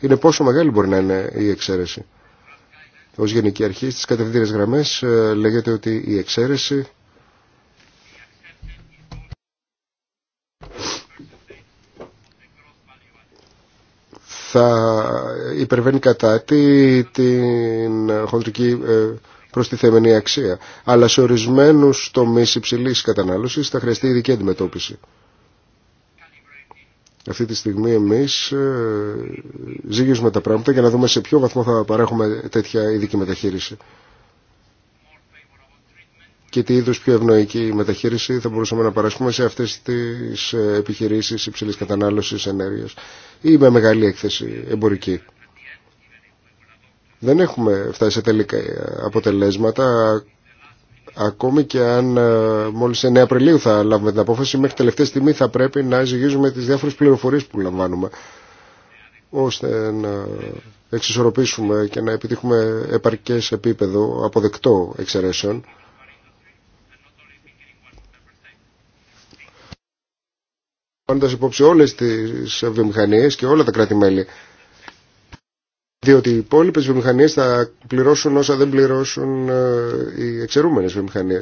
είναι πόσο μεγάλη μπορεί να είναι η εξαίρεση. Ω Γενική Αρχή στις κατευθυντήρες γραμμές ε, λέγεται ότι η εξαίρεση θα υπερβαίνει κατά τη την χοντρική ε, προστιθέμενη αξία. Αλλά σε ορισμένους τομείς υψηλής κατανάλωσης θα χρειαστεί ειδική αντιμετώπιση. Αυτή τη στιγμή εμείς ε, ζυγίζουμε τα πράγματα για να δούμε σε ποιο βαθμό θα παρέχουμε τέτοια ειδική μεταχείριση και τι είδου πιο ευνοϊκή μεταχείριση θα μπορούσαμε να παράσχουμε σε αυτέ τι ε, επιχειρήσει υψηλή κατανάλωση ενέργεια ή με μεγάλη έκθεση εμπορική. Δεν έχουμε φτάσει σε τελικά αποτελέσματα Ακόμη και αν ε, μόλις 9 Απριλίου θα λάβουμε την απόφαση, μέχρι τελευταία στιγμή θα πρέπει να ζυγίζουμε τις διάφορες πληροφορίες που λαμβάνουμε, ώστε να εξισορροπήσουμε και να επιτύχουμε επαρκές επίπεδο αποδεκτό εξαιρέσεων. Πάντας υπόψη όλες τις βιομηχανίες και όλα τα κράτη-μέλη διότι οι υπόλοιπε βιομηχανίε θα πληρώσουν όσα δεν πληρώσουν ε, οι εξαιρούμενε βιομηχανίε.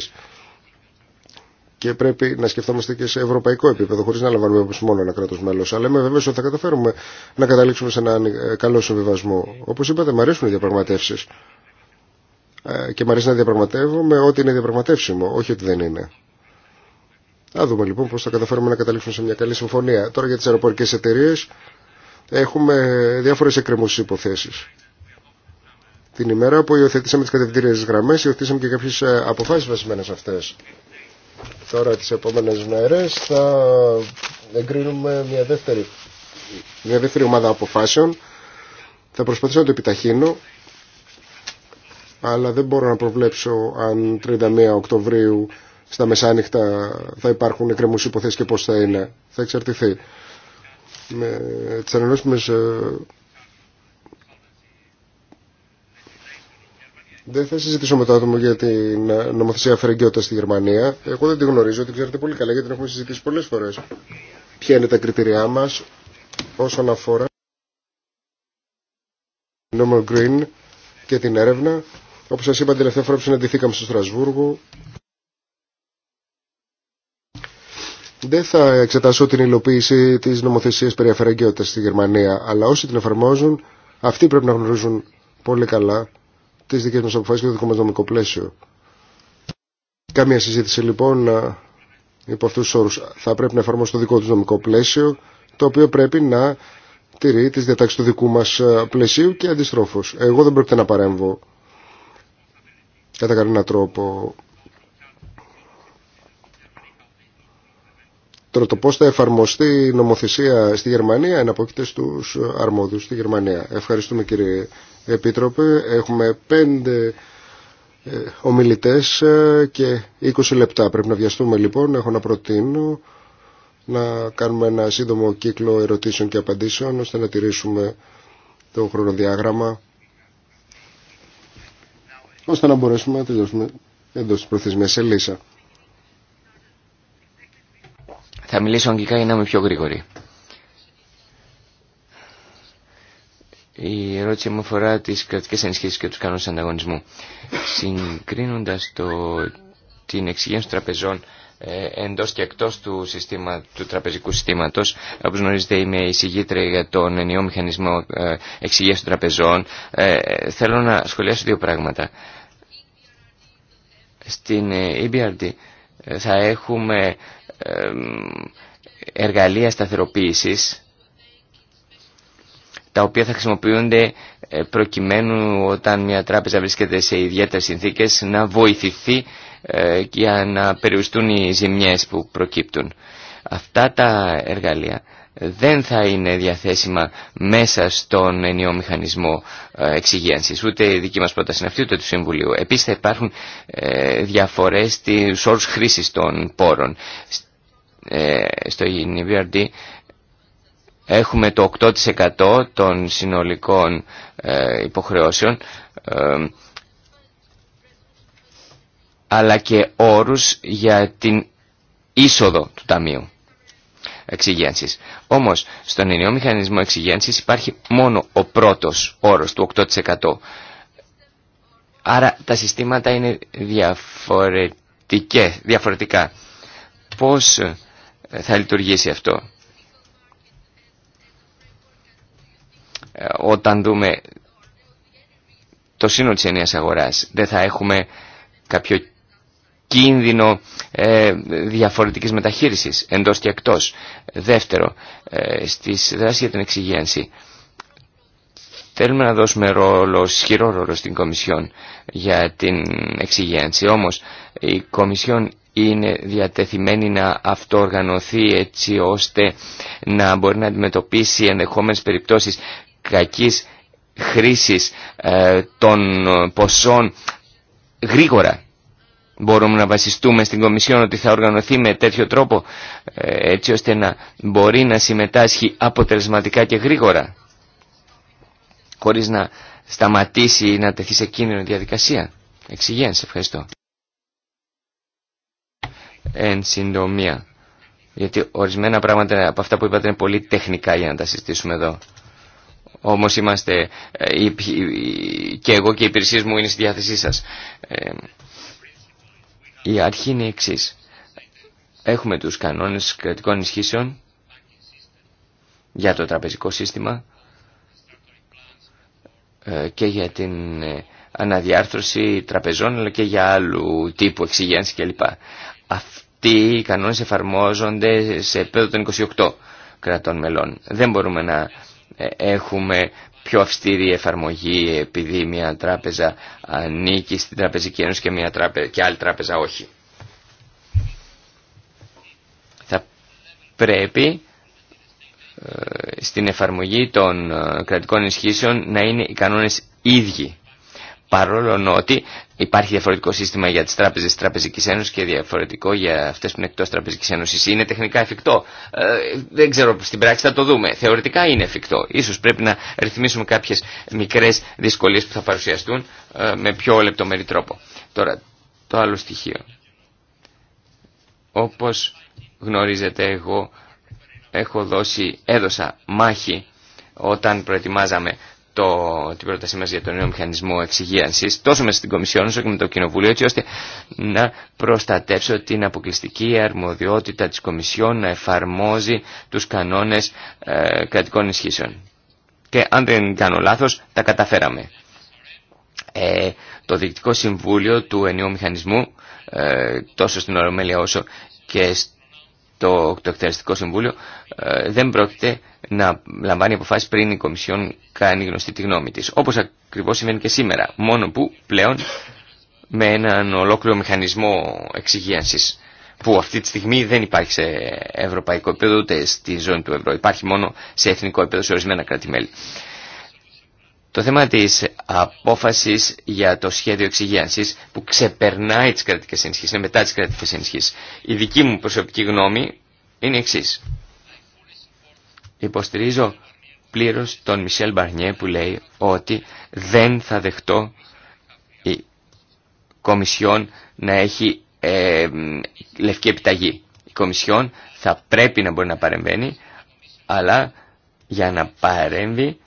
Και πρέπει να σκεφτόμαστε και σε ευρωπαϊκό επίπεδο, χωρί να λαμβάνουμε όπω μόνο ένα κράτο μέλο. Αλλά είμαι βέβαιο ότι θα καταφέρουμε να καταλήξουμε σε έναν ε, καλό συμβιβασμό. Όπω είπατε, μου αρέσουν οι διαπραγματεύσει. Ε, και μου αρέσει να διαπραγματεύομαι ό,τι είναι διαπραγματεύσιμο, όχι ότι δεν είναι. Α δούμε λοιπόν πώ θα καταφέρουμε να καταλήξουμε σε μια καλή συμφωνία. Τώρα για τι αεροπορικέ εταιρείε έχουμε διάφορες εκκρεμώσεις υποθέσεις. Την ημέρα που υιοθετήσαμε τις κατευθυντήριες γραμμές, υιοθετήσαμε και κάποιες ε, αποφάσεις βασισμένες αυτές. Τώρα τις επόμενες μέρες θα εγκρίνουμε μια δεύτερη, μια δεύτερη ομάδα αποφάσεων. Θα προσπαθήσω να το επιταχύνω, αλλά δεν μπορώ να προβλέψω αν 31 Οκτωβρίου στα μεσάνυχτα θα υπάρχουν εκκρεμούς υποθέσεις και πώς θα είναι. Θα εξαρτηθεί με τις ανανόσιμες ε, δεν θα συζητήσω με το άτομο για την ε, νομοθεσία στη Γερμανία. Εγώ δεν τη γνωρίζω, την ξέρετε πολύ καλά γιατί την έχουμε συζητήσει πολλές φορές Ποια είναι τα κριτήριά μας όσον αφορά την Green και την έρευνα. όπως σας είπα, την τελευταία φορά που συναντηθήκαμε στο Στρασβούργο, Δεν θα εξετάσω την υλοποίηση τη νομοθεσία περί στη Γερμανία, αλλά όσοι την εφαρμόζουν, αυτοί πρέπει να γνωρίζουν πολύ καλά τι δικέ μα αποφάσει και το δικό μα νομικό πλαίσιο. Καμία συζήτηση λοιπόν ε, υπό αυτού του όρου. θα πρέπει να εφαρμόσει το δικό του νομικό πλαίσιο, το οποίο πρέπει να τηρεί τις διατάξει του δικού μα ε, πλαισίου και αντιστρόφως. Εγώ δεν πρέπει να παρέμβω κατά κανένα τρόπο Τώρα το πώ θα εφαρμοστεί η νομοθεσία στη Γερμανία εναπόκειται στους αρμόδιους στη Γερμανία. Ευχαριστούμε κύριε Επίτροπε. Έχουμε πέντε ε, ομιλητές ε, και 20 λεπτά. Πρέπει να βιαστούμε λοιπόν. Έχω να προτείνω να κάνουμε ένα σύντομο κύκλο ερωτήσεων και απαντήσεων ώστε να τηρήσουμε το χρονοδιάγραμμα ώστε να μπορέσουμε να τελειώσουμε εντός της προθεσμίας σε λύσα. Θα μιλήσω αγγλικά για να είμαι πιο γρήγορη. Η ερώτηση μου αφορά τις κρατικές ενισχύσεις και του κανόνες ανταγωνισμού. Συγκρίνοντας το, την εξηγένση των τραπεζών ε, εντός και εκτός του, του τραπεζικού συστήματος, όπως γνωρίζετε είμαι εισηγήτρια για τον ενιαίο μηχανισμό ε, των τραπεζών, ε, θέλω να σχολιάσω δύο πράγματα. Στην ε, EBRD ε, θα έχουμε εργαλεία σταθεροποίησης τα οποία θα χρησιμοποιούνται ε, προκειμένου όταν μια τράπεζα βρίσκεται σε ιδιαίτερες συνθήκες να βοηθηθεί ε, για να περιουστούν οι ζημιές που προκύπτουν. Αυτά τα εργαλεία δεν θα είναι διαθέσιμα μέσα στον ενιαίο μηχανισμό ε, εξυγίανσης, Ούτε η δική μας πρόταση είναι αυτή, ούτε του Συμβουλίου. Επίσης θα υπάρχουν ε, διαφορές στους όρους χρήσης των πόρων. Ε, στο EBRD έχουμε το 8% των συνολικών υποχρεώσεων αλλά και όρους για την είσοδο του Ταμείου εξυγένσης. Όμως, στον ενιαίο μηχανισμό εξυγένσης υπάρχει μόνο ο πρώτος όρος του 8%. Άρα τα συστήματα είναι διαφορετικά. Πώς ε, θα λειτουργήσει αυτό. Ε, όταν δούμε το σύνολο της ενιαίας αγοράς δεν θα έχουμε κάποιο κίνδυνο ε, διαφορετικής μεταχείρισης εντός και εκτός. Δεύτερο, ε, στις για την εξυγένση. Θέλουμε να δώσουμε ρόλο, ισχυρό ρόλο στην Κομισιόν για την εξυγένση. Όμως η Κομισιόν είναι διατεθειμένη να αυτοοργανωθεί έτσι ώστε να μπορεί να αντιμετωπίσει ενδεχόμενες περιπτώσεις κακής χρήσης ε, των ποσών γρήγορα μπορούμε να βασιστούμε στην Κομισιόν ότι θα οργανωθεί με τέτοιο τρόπο ε, έτσι ώστε να μπορεί να συμμετάσχει αποτελεσματικά και γρήγορα χωρίς να σταματήσει ή να τεθεί σε κίνδυνο η διαδικασία. Εξηγένση, σε ευχαριστω Εν συντομία, γιατί ορισμένα πράγματα από αυτά που είπατε είναι πολύ τεχνικά για να τα συστήσουμε εδώ. Όμως είμαστε, ε, και εγώ και οι υπηρεσίες μου είναι στη διάθεσή σας. Ε, η αρχή είναι η εξή. Έχουμε τους κανόνες κρατικών ισχύσεων για το τραπεζικό σύστημα ε, και για την ε, αναδιάρθρωση τραπεζών αλλά και για άλλου τύπου εξηγένση κλπ. Αυτοί οι κανόνες εφαρμόζονται σε επίπεδο των 28 κρατών μελών. Δεν μπορούμε να ε, έχουμε πιο αυστηρή εφαρμογή επειδή μια τράπεζα ανήκει στην Τραπεζική Ένωση και, μια τράπεζα, και άλλη τράπεζα όχι. Θα πρέπει ε, στην εφαρμογή των ε, κρατικών ισχύσεων να είναι οι κανόνες ίδιοι παρόλο ότι υπάρχει διαφορετικό σύστημα για τις τράπεζες της Τραπεζικής Ένωσης και διαφορετικό για αυτές που είναι εκτός Τραπεζικής Ένωσης. Είναι τεχνικά εφικτό. Ε, δεν ξέρω, στην πράξη θα το δούμε. Θεωρητικά είναι εφικτό. Ίσως πρέπει να ρυθμίσουμε κάποιες μικρές δυσκολίες που θα παρουσιαστούν ε, με πιο λεπτομερή τρόπο. Τώρα, το άλλο στοιχείο. Όπως γνωρίζετε εγώ έχω δώσει, έδωσα μάχη όταν προετοιμάζαμε το, την πρότασή μας για τον νέο μηχανισμό εξυγίανσης τόσο μέσα στην Κομισιόν όσο και με το Κοινοβούλιο έτσι ώστε να προστατεύσω την αποκλειστική αρμοδιότητα της Κομισιόν να εφαρμόζει τους κανόνες ε, κρατικών ισχύσεων. Και αν δεν κάνω λάθος τα καταφέραμε. Ε, το Διοικητικό Συμβούλιο του Ενίου Μηχανισμού ε, τόσο στην Ορομέλεια όσο και το, το Εκτελεστικό Συμβούλιο ε, δεν πρόκειται να λαμβάνει αποφάσεις πριν η Κομισιόν κάνει γνωστή τη γνώμη της. Όπως ακριβώς συμβαίνει και σήμερα, μόνο που πλέον με έναν ολόκληρο μηχανισμό εξυγίανσης που αυτή τη στιγμή δεν υπάρχει σε ευρωπαϊκό επίπεδο ούτε στη ζώνη του ευρώ. Υπάρχει μόνο σε εθνικό επίπεδο σε ορισμένα κράτη-μέλη. Το θέμα της απόφασης για το σχέδιο εξυγένσης που ξεπερνάει τις κρατικές ενισχύσεις, είναι μετά τις κρατικές ενισχύσεις. Η δική μου προσωπική γνώμη είναι εξή. Υποστηρίζω πλήρως τον Μισελ Μπαρνιέ που λέει ότι δεν θα δεχτώ η Κομισιόν να έχει ε, λευκή επιταγή. Η Κομισιόν θα πρέπει να μπορεί να παρεμβαίνει, αλλά για να παρέμβει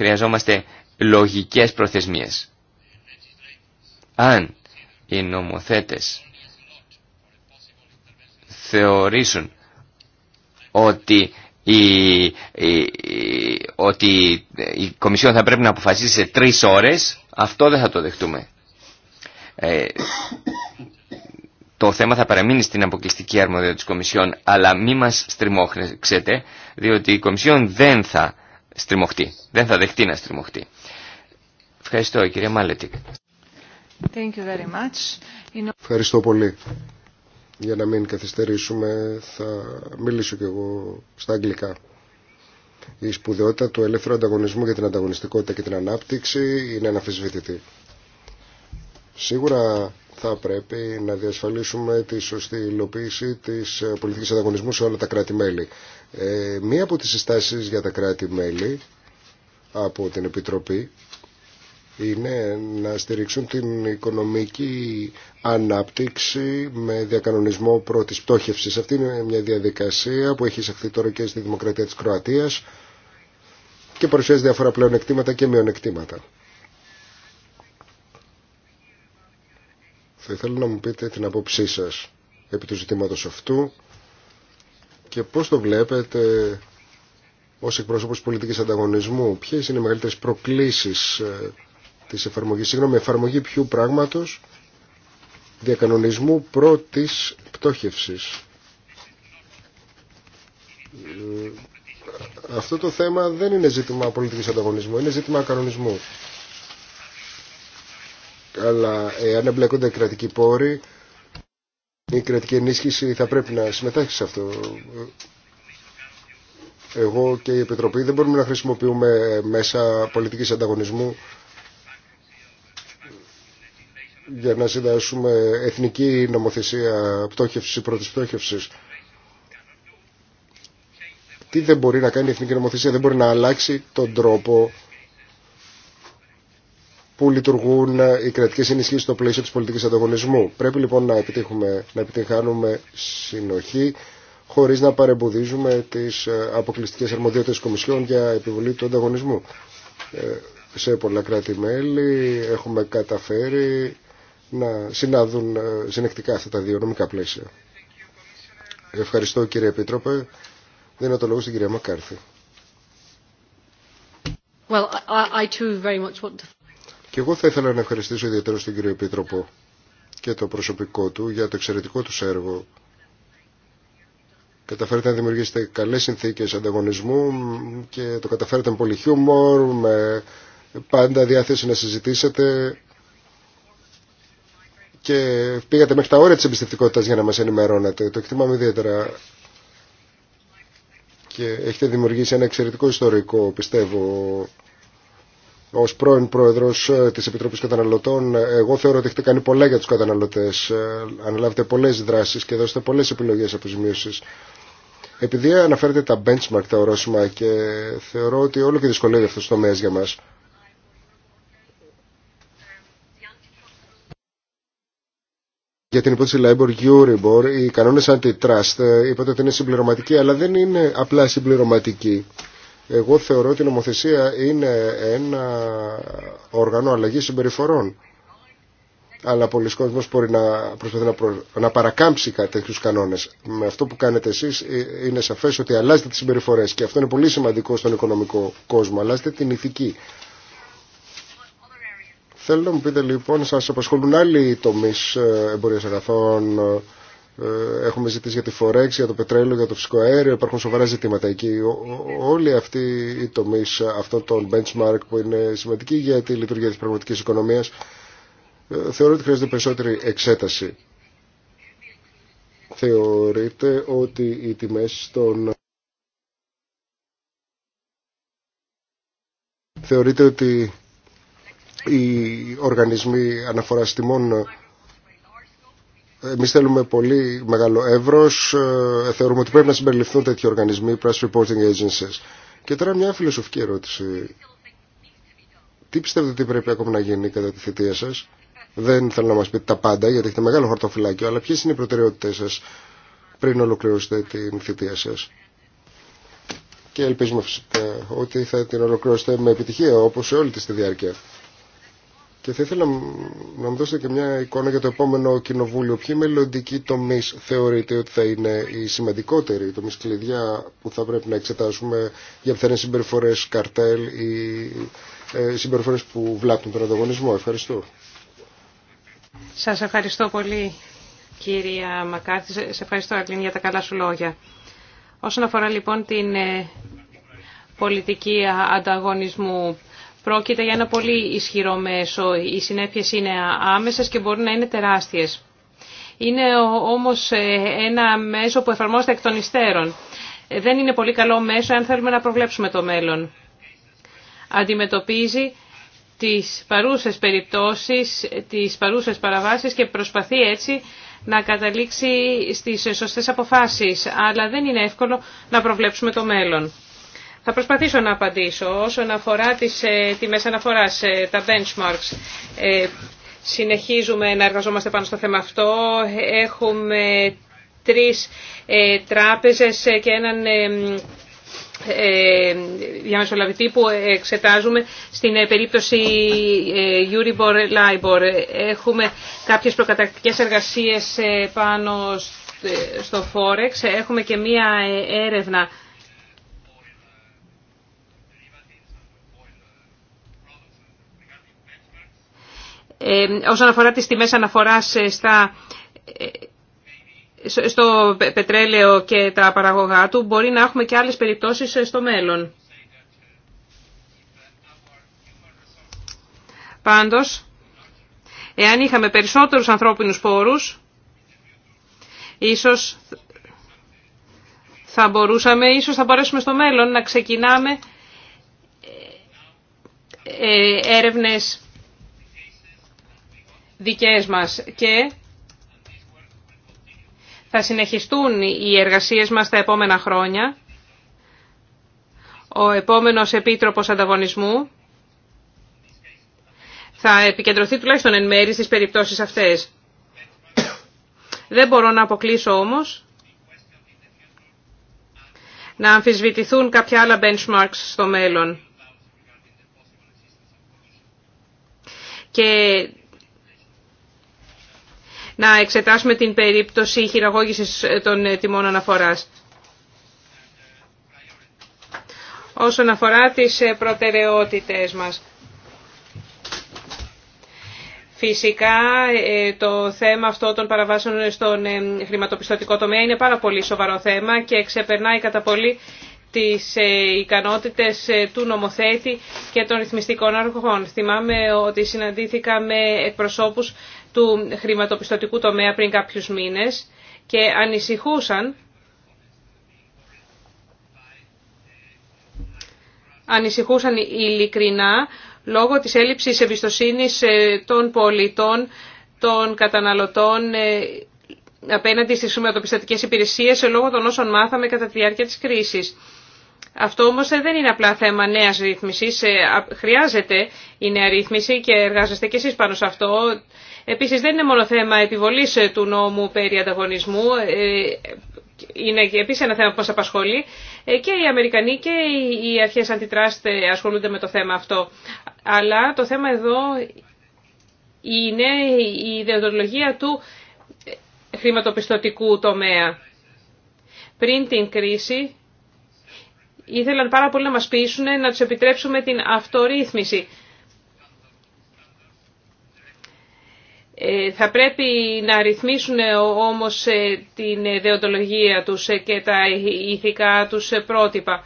χρειαζόμαστε λογικές προθεσμίες. Αν οι νομοθέτες θεωρήσουν ότι η, η, ότι η Κομισιόν θα πρέπει να αποφασίσει σε τρεις ώρες, αυτό δεν θα το δεχτούμε. Ε, το θέμα θα παραμείνει στην αποκλειστική αρμοδιότητα της Κομισιόν, αλλά μη μας στριμώξετε, διότι η Κομισιόν δεν θα στριμωχτεί. Δεν θα δεχτεί να στριμωχτεί. Ευχαριστώ, κυρία Μάλετικ. Thank you very much. Ευχαριστώ πολύ. Για να μην καθυστερήσουμε θα μιλήσω κι εγώ στα αγγλικά. Η σπουδαιότητα του ελεύθερου ανταγωνισμού για την ανταγωνιστικότητα και την ανάπτυξη είναι αναφεσβητητή. Σίγουρα θα πρέπει να διασφαλίσουμε τη σωστή υλοποίηση της πολιτικής ανταγωνισμού σε όλα τα κράτη-μέλη. Ε, μία από τις συστάσεις για τα κράτη-μέλη από την Επιτροπή είναι να στηρίξουν την οικονομική ανάπτυξη με διακανονισμό πρώτης πτώχευσης. Αυτή είναι μια διαδικασία που έχει εισαχθεί τώρα και στη Δημοκρατία της Κροατίας και παρουσιάζει διάφορα πλέον και μειονεκτήματα. Θα ήθελα να μου πείτε την απόψή σας επί του ζητήματος αυτού και πώς το βλέπετε ως εκπρόσωπος πολιτικής ανταγωνισμού. Ποιες είναι οι μεγαλύτερες προκλήσεις ε, της εφαρμογής. Συγγνώμη, εφαρμογή ποιου πράγματος διακανονισμού πρώτης πτώχευσης. Ε, αυτό το θέμα δεν είναι ζήτημα πολιτικής ανταγωνισμού, είναι ζήτημα κανονισμού. Αλλά εάν εμπλέκονται κρατικοί πόροι, η κρατική ενίσχυση θα πρέπει να συμμετέχει σε αυτό. Εγώ και η Επιτροπή δεν μπορούμε να χρησιμοποιούμε μέσα πολιτικής ανταγωνισμού για να συντάσσουμε εθνική νομοθεσία πτώχευση, πρώτη πτώχευση. Τι δεν μπορεί να κάνει η εθνική νομοθεσία, δεν μπορεί να αλλάξει τον τρόπο που λειτουργούν ε, οι κρατικέ ενισχύσει στο πλαίσιο τη πολιτική ανταγωνισμού. Πρέπει λοιπόν να, επιτυχάνουμε να επιτυγχάνουμε συνοχή χωρί να παρεμποδίζουμε τι ε, αποκλειστικέ αρμοδιότητε Κομισιόν για επιβολή του ανταγωνισμού. Ε, σε πολλά κράτη-μέλη έχουμε καταφέρει να συνάδουν συνεκτικά αυτά τα δύο νομικά πλαίσια. Ευχαριστώ κύριε Επίτροπε. Δίνω το λόγο στην κυρία Μακάρθη. Well, I too very much want to... Και εγώ θα ήθελα να ευχαριστήσω ιδιαίτερα τον κύριο Επίτροπο και το προσωπικό του για το εξαιρετικό του έργο. Καταφέρετε να δημιουργήσετε καλές συνθήκες ανταγωνισμού και το καταφέρετε με πολύ χιούμορ, με πάντα διάθεση να συζητήσετε και πήγατε μέχρι τα όρια της εμπιστευτικότητας για να μας ενημερώνετε. Το εκτιμάμε ιδιαίτερα και έχετε δημιουργήσει ένα εξαιρετικό ιστορικό, πιστεύω, Ω πρώην πρόεδρο ε, τη Επιτροπή Καταναλωτών, ε, εγώ θεωρώ ότι έχετε κάνει πολλά για του καταναλωτέ. Ε, αναλάβετε πολλέ δράσει και δώσετε πολλέ επιλογέ αποζημίωση. Επειδή αναφέρετε τα benchmark, τα ορόσημα και θεωρώ ότι όλο και δυσκολεύει αυτό το τομέα για μα. Για την υπόθεση Libor Euribor, οι κανόνε antitrust είπατε ότι είναι συμπληρωματικοί, αλλά δεν είναι απλά συμπληρωματικοί. Εγώ θεωρώ ότι η νομοθεσία είναι ένα όργανο αλλαγής συμπεριφορών. Αλλά πολλοί κόσμοι μπορεί να προσπαθεί να, προ... να παρακάμψει τέτοιου κανόνες. Με αυτό που κάνετε εσείς ε, είναι σαφές ότι αλλάζετε τις συμπεριφορές και αυτό είναι πολύ σημαντικό στον οικονομικό κόσμο. Αλλάζετε την ηθική. Θέλω να μου πείτε λοιπόν, σας απασχολούν άλλοι τομείς ε, εμπορίας αγαθών, ε, έχουμε ζητήσει για τη φορέξη, για το πετρέλαιο, για το φυσικό αέριο. Υπάρχουν σοβαρά ζητήματα εκεί. Όλοι αυτοί οι τομεί αυτών των benchmark που είναι σημαντικοί για τη λειτουργία τη πραγματική οικονομία ε, θεωρώ ότι χρειάζεται περισσότερη εξέταση. Θεωρείται ότι οι τιμέ των. Θεωρείται ότι οι οργανισμοί αναφορά τιμών Εμεί θέλουμε πολύ μεγάλο εύρο. Ε, θεωρούμε ότι πρέπει να συμπεριληφθούν τέτοιοι οργανισμοί, press reporting agencies. Και τώρα μια φιλοσοφική ερώτηση. Τι πιστεύετε ότι πρέπει ακόμα να γίνει κατά τη θητεία σα, Δεν θέλω να μα πείτε τα πάντα, γιατί έχετε μεγάλο χαρτοφυλάκιο, αλλά ποιε είναι οι προτεραιότητέ σα πριν ολοκληρώσετε την θητεία σα. Και ελπίζουμε φυσικά ότι θα την ολοκληρώσετε με επιτυχία, όπω σε όλη τη τη διάρκεια. Και θα ήθελα να μου δώσετε και μια εικόνα για το επόμενο κοινοβούλιο. Ποιοι μελλοντικοί τομεί θεωρείτε ότι θα είναι οι σημαντικότεροι, οι τομεί κλειδιά που θα πρέπει να εξετάσουμε για πιθανέ συμπεριφορέ καρτέλ ή ε, συμπεριφορέ που βλάπτουν τον ανταγωνισμό. Ευχαριστώ. Σα ευχαριστώ πολύ, κυρία Μακάρτη. Σε ευχαριστώ, ακλιν για τα καλά σου λόγια. Όσον αφορά λοιπόν την ε, πολιτική ανταγωνισμού Πρόκειται για ένα πολύ ισχυρό μέσο. Οι συνέπειες είναι άμεσες και μπορούν να είναι τεράστιες. Είναι όμως ε, ένα μέσο που εφαρμόζεται εκ των υστέρων. Δεν είναι πολύ καλό μέσο αν θέλουμε να προβλέψουμε το μέλλον. Αντιμετωπίζει τις παρούσες περιπτώσεις, τις παρούσες παραβάσεις και προσπαθεί έτσι να καταλήξει στις σωστές αποφάσεις. Αλλά δεν είναι εύκολο να προβλέψουμε το μέλλον. Θα προσπαθήσω να απαντήσω όσον αφορά τις ε, τιμές αναφοράς, ε, τα benchmarks. Ε, συνεχίζουμε να εργαζόμαστε πάνω στο θέμα αυτό. Έχουμε τρεις τράπεζες και έναν διαμεσολαβητή που εξετάζουμε στην περίπτωση Euribor Libor. Έχουμε κάποιες προκατακτικές εργασίες πάνω στο Forex. Έχουμε και μία έρευνα όσον αφορά τις τιμές αναφοράς ε, στα, ε, στο πετρέλαιο και τα παραγωγά του, μπορεί να έχουμε και άλλες περιπτώσεις ε, στο μέλλον. Πάντως, εάν είχαμε περισσότερους ανθρώπινους πόρους, ίσως θα μπορούσαμε, ίσως θα μπορέσουμε στο μέλλον να ξεκινάμε έρευνες δικές μας και θα συνεχιστούν οι εργασίες μας τα επόμενα χρόνια. Ο επόμενος Επίτροπος Ανταγωνισμού θα επικεντρωθεί τουλάχιστον εν μέρη στις περιπτώσεις αυτές. Δεν μπορώ να αποκλείσω όμως να αμφισβητηθούν κάποια άλλα benchmarks στο μέλλον. Και να εξετάσουμε την περίπτωση χειραγώγησης ε, των ε, τιμών αναφοράς. Όσον αφορά τις ε, προτεραιότητες μας. Φυσικά το θέμα αυτό των παραβάσεων στον χρηματοπιστωτικό τομέα είναι πάρα πολύ σοβαρό θέμα και ξεπερνάει κατά πολύ τις ικανότητες του νομοθέτη και των ρυθμιστικών άρχων. Θυμάμαι ότι συναντήθηκα με εκπροσώπους του χρηματοπιστωτικού τομέα πριν κάποιους μήνες και ανησυχούσαν ανησυχούσαν ειλικρινά λόγω της έλλειψης εμπιστοσύνης ε, των πολιτών, των καταναλωτών ε, απέναντι στις χρηματοπιστωτικές υπηρεσίες ε, λόγω των όσων μάθαμε κατά τη διάρκεια της κρίσης. Αυτό όμως δεν είναι απλά θέμα νέας ρύθμισης. Χρειάζεται η νέα ρύθμιση και εργάζεστε και εσείς πάνω σε αυτό. Επίσης δεν είναι μόνο θέμα επιβολής ε, του νόμου περί ανταγωνισμού, ε, είναι επίσης ένα θέμα που μας απασχολεί ε, και οι Αμερικανοί και οι αρχές αντιτράστ ασχολούνται με το θέμα αυτό. Αλλά το θέμα εδώ είναι η ιδεοδολογία του χρηματοπιστωτικού τομέα. Πριν την κρίση ήθελαν πάρα πολύ να μας πείσουν να τους επιτρέψουμε την αυτορύθμιση. Ε, θα πρέπει να ρυθμίσουν ε, όμως ε, την δεοντολογία τους και τα ηθικά τους πρότυπα.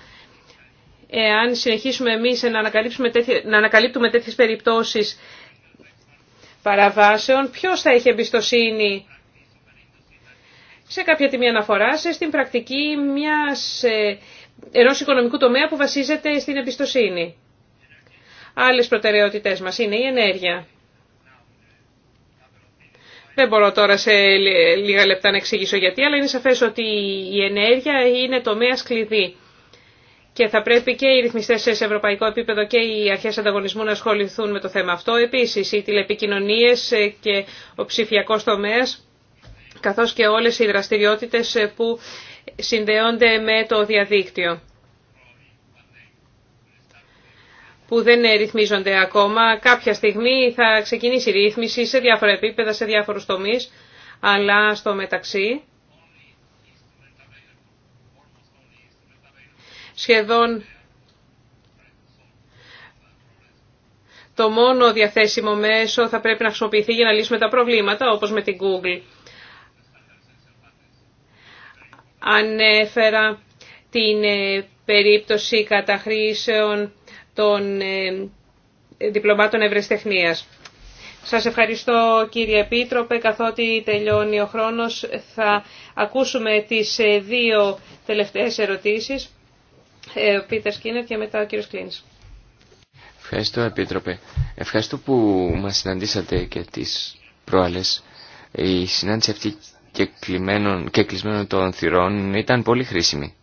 Αν συνεχίσουμε εμείς να, ανακαλύψουμε ανακαλύπτουμε τέτοιες περιπτώσεις παραβάσεων, ποιος θα έχει εμπιστοσύνη σε κάποια τιμή αναφορά στην πρακτική μιας, ενός οικονομικού τομέα που βασίζεται στην εμπιστοσύνη. Άλλες προτεραιότητές μας είναι η ενέργεια. Δεν μπορώ τώρα σε λίγα λεπτά να εξηγήσω γιατί, αλλά είναι σαφές ότι η ενέργεια είναι τομέας κλειδί. Και θα πρέπει και οι ρυθμιστές σε ευρωπαϊκό επίπεδο και οι αρχές ανταγωνισμού να ασχοληθούν με το θέμα αυτό. Επίσης, οι τηλεπικοινωνίες και ο ψηφιακός τομέας, καθώς και όλες οι δραστηριότητες που συνδέονται με το διαδίκτυο. που δεν ρυθμίζονται ακόμα. Κάποια στιγμή θα ξεκινήσει η ρύθμιση σε διάφορα επίπεδα, σε διάφορους τομείς, αλλά στο μεταξύ σχεδόν το μόνο διαθέσιμο μέσο θα πρέπει να χρησιμοποιηθεί για να λύσουμε τα προβλήματα, όπως με την Google. Ανέφερα την ε, περίπτωση καταχρήσεων των ε, διπλωμάτων ευρεσιτεχνίας. Σας ευχαριστώ κύριε Επίτροπε, καθότι τελειώνει ο χρόνος θα ακούσουμε τις ε, δύο τελευταίες ερωτήσεις. Ε, ο Πίτερ Σκίνερ και μετά ο κύριος Κλίνης. Ευχαριστώ Επίτροπε. Ευχαριστώ που μας συναντήσατε και τις προάλλες. Η συνάντηση αυτή και, κλεισμένων των θυρών ήταν πολύ χρήσιμη.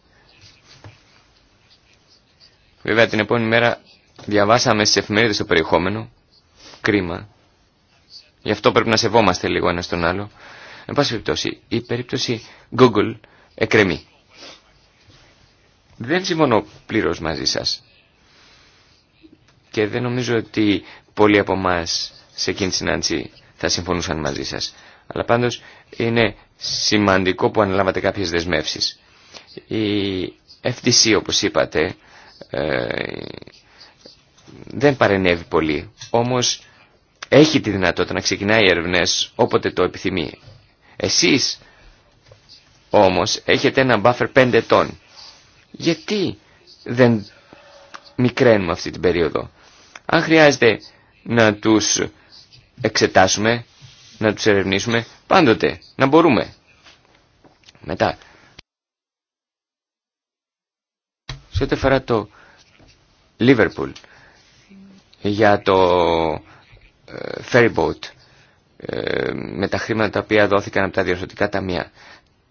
Βέβαια την επόμενη μέρα διαβάσαμε στις εφημερίδες το περιεχόμενο. Κρίμα. Γι' αυτό πρέπει να σεβόμαστε λίγο ένα τον άλλο. Εν πάση περιπτώσει, η περίπτωση Google εκκρεμεί. Δεν συμφωνώ πλήρως μαζί σας. Και δεν νομίζω ότι πολλοί από εμά σε εκείνη τη συνάντηση θα συμφωνούσαν μαζί σας. Αλλά πάντως είναι σημαντικό που αναλάβατε κάποιες δεσμεύσεις. Η FTC όπως είπατε ε, δεν παρενεύει πολύ, όμως έχει τη δυνατότητα να ξεκινάει έρευνες όποτε το επιθυμεί. Εσείς όμως έχετε ένα buffer 5 ετών. Γιατί δεν μικραίνουμε αυτή την περίοδο. Αν χρειάζεται να τους εξετάσουμε, να τους ερευνήσουμε, πάντοτε, να μπορούμε. Μετά, Σε ό,τι αφορά το Λίβερπουλ για το ε, ferryboat ε, με τα χρήματα τα οποία δόθηκαν από τα διορθωτικά ταμεία.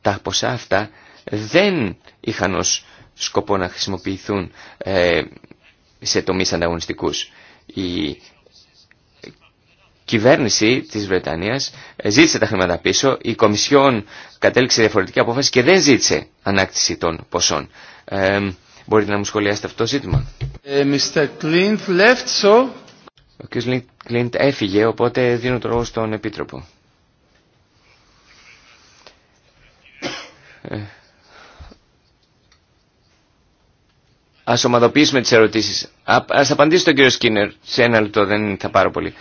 Τα ποσά αυτά δεν είχαν ως σκοπό να χρησιμοποιηθούν ε, σε τομείς ανταγωνιστικούς. Η κυβέρνηση της Βρετανίας ζήτησε τα χρήματα πίσω, η Κομισιόν κατέληξε διαφορετική απόφαση και δεν ζήτησε ανάκτηση των ποσών. Μπορείτε να μου σχολιάσετε αυτό το ζήτημα. Ε, Mr. Clint left, so... Ο κ. Κλίντ έφυγε, οπότε δίνω το λόγο στον Επίτροπο. Ε, ας ομαδοποιήσουμε τις ερωτήσεις. Α, ας απαντήσει τον κύριο Σκίνερ. Σε ένα λεπτό δεν θα πάρω πολύ.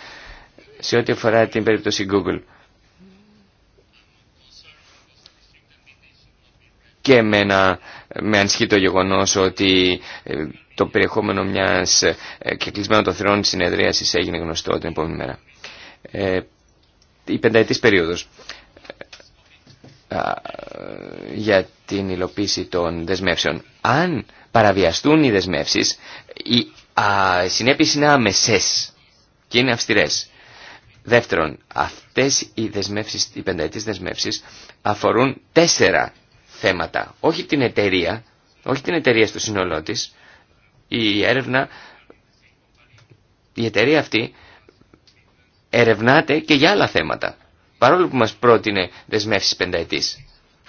Σε ό,τι αφορά την περίπτωση Google. και εμένα με ανησυχεί το γεγονός ότι ε, το περιεχόμενο μιας ε, κεκλεισμένων των θυρών συνεδρίασης έγινε γνωστό την επόμενη μέρα. Ε, η πενταετής περίοδος για την υλοποίηση των δεσμεύσεων. Αν παραβιαστούν οι δεσμεύσεις, οι συνέπειες είναι άμεσες και είναι αυστηρές. Δεύτερον, αυτές οι δεσμεύσεις, οι πενταετής δεσμεύσεις αφορούν τέσσερα θέματα, όχι την εταιρεία, όχι την εταιρεία στο σύνολό τη. Η έρευνα, η εταιρεία αυτή ερευνάται και για άλλα θέματα. Παρόλο που μας πρότεινε δεσμεύσεις πενταετής.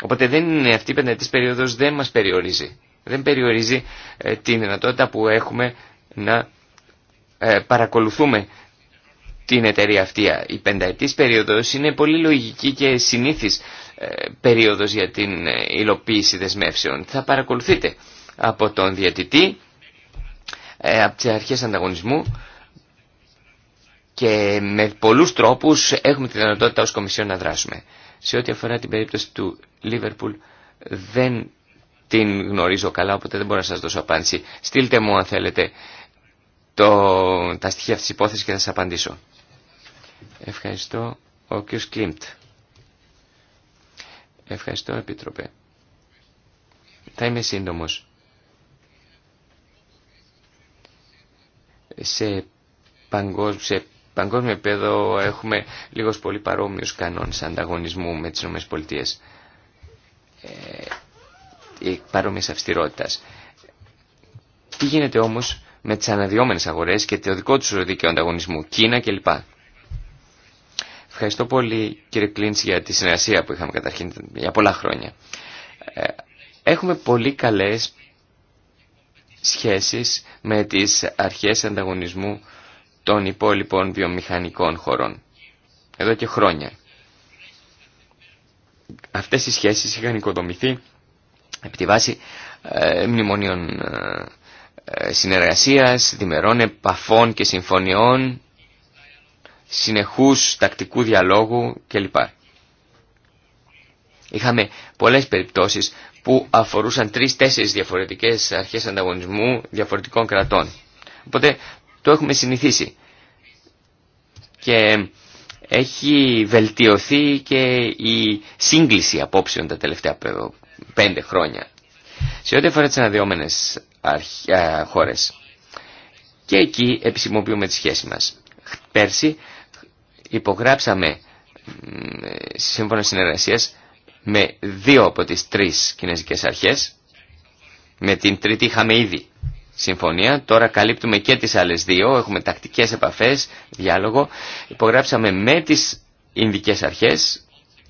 Οπότε δεν αυτή η πενταετής περίοδος δεν μας περιορίζει. Δεν περιορίζει ε, την δυνατότητα που έχουμε να ε, παρακολουθούμε την εταιρεία αυτή. Η πενταετής περίοδος είναι πολύ λογική και συνήθις ε, περίοδος για την ε, υλοποίηση δεσμεύσεων. Θα παρακολουθείτε από τον διαιτητή, ε, από τις αρχές ανταγωνισμού και με πολλούς τρόπους έχουμε τη δυνατότητα ως Κομισιόν να δράσουμε. Σε ό,τι αφορά την περίπτωση του Λίβερπουλ δεν την γνωρίζω καλά, οπότε δεν μπορώ να σας δώσω απάντηση. Στείλτε μου αν θέλετε το, τα στοιχεία αυτής της υπόθεσης και θα σας απαντήσω. Ευχαριστώ. Ο κ. Κλίμπτ. Ευχαριστώ, Επίτροπε. Θα είμαι σύντομος. Σε παγκόσμιο, σε επίπεδο έχουμε λίγος πολύ παρόμοιους κανόνες ανταγωνισμού με τις ΗΠΑ. Ε, παρόμοιες αυστηρότητας. Τι γίνεται όμως με τις αναδυόμενες αγορές και το δικό τους δίκαιο ανταγωνισμού, Κίνα κλπ. Ευχαριστώ πολύ κύριε Κλίντς για τη συνεργασία που είχαμε καταρχήν για πολλά χρόνια. Ε, έχουμε πολύ καλές σχέσεις με τις αρχές ανταγωνισμού των υπόλοιπων βιομηχανικών χωρών. Εδώ και χρόνια. Αυτές οι σχέσεις είχαν οικοδομηθεί επί τη βάση ε, μνημονίων ε, συνεργασίας, διμερών επαφών και συμφωνιών συνεχούς τακτικού διαλόγου κλπ. Είχαμε πολλές περιπτώσεις που αφορούσαν τρεις-τέσσερις διαφορετικές αρχές ανταγωνισμού διαφορετικών κρατών. Οπότε το έχουμε συνηθίσει. Και έχει βελτιωθεί και η σύγκληση απόψεων τα τελευταία πέντε χρόνια. Σε ό,τι αφορά τις αναδυόμενες χώρες. Και εκεί επισημοποιούμε τη σχέση μας. Πέρσι υπογράψαμε σύμφωνα συνεργασίας με δύο από τις τρεις κινέζικες αρχές. Με την τρίτη είχαμε ήδη συμφωνία. Τώρα καλύπτουμε και τις άλλες δύο. Έχουμε τακτικές επαφές, διάλογο. Υπογράψαμε με τις Ινδικές αρχές.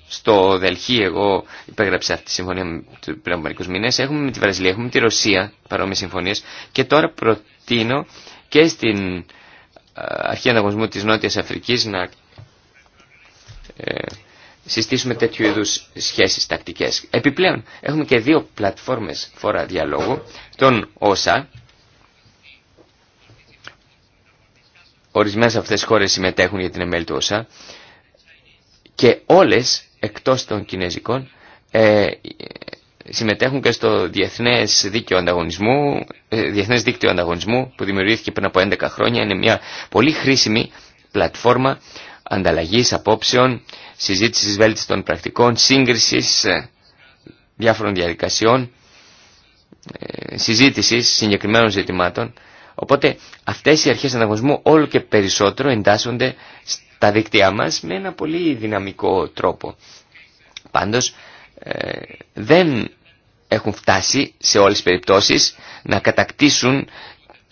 Στο Δελχή εγώ υπέγραψα αυτή τη συμφωνία πριν από μερικούς μήνες. Έχουμε με τη Βραζιλία, έχουμε με τη Ρωσία παρόμοιες συμφωνίες. Και τώρα προτείνω και στην ε, αρχή ανταγωνισμού της Νότιας Αφρικής να ε, συστήσουμε τέτοιου είδους σχέσεις τακτικές. Επιπλέον έχουμε και δύο πλατφόρμες φορά διαλόγου, τον ΩΣΑ, ορισμένες αυτές τις χώρες συμμετέχουν για την ΕΜΕΛ του ΩΣΑ και όλες εκτός των Κινέζικων ε, συμμετέχουν και στο Διεθνές, Δίκαιο Ανταγωνισμού, ε, Διεθνές Δίκτυο Ανταγωνισμού που δημιουργήθηκε πριν από 11 χρόνια. Είναι μια πολύ χρήσιμη πλατφόρμα ανταλλαγής απόψεων, συζήτησης βέλτιστων πρακτικών, σύγκρισης ε, διάφορων διαδικασιών, ε, συζήτησης συγκεκριμένων ζητημάτων. Οπότε αυτές οι αρχές ανταγωνισμού όλο και περισσότερο εντάσσονται στα δίκτυά μας με ένα πολύ δυναμικό τρόπο. Πάντως ε, δεν έχουν φτάσει σε όλες τις περιπτώσεις να κατακτήσουν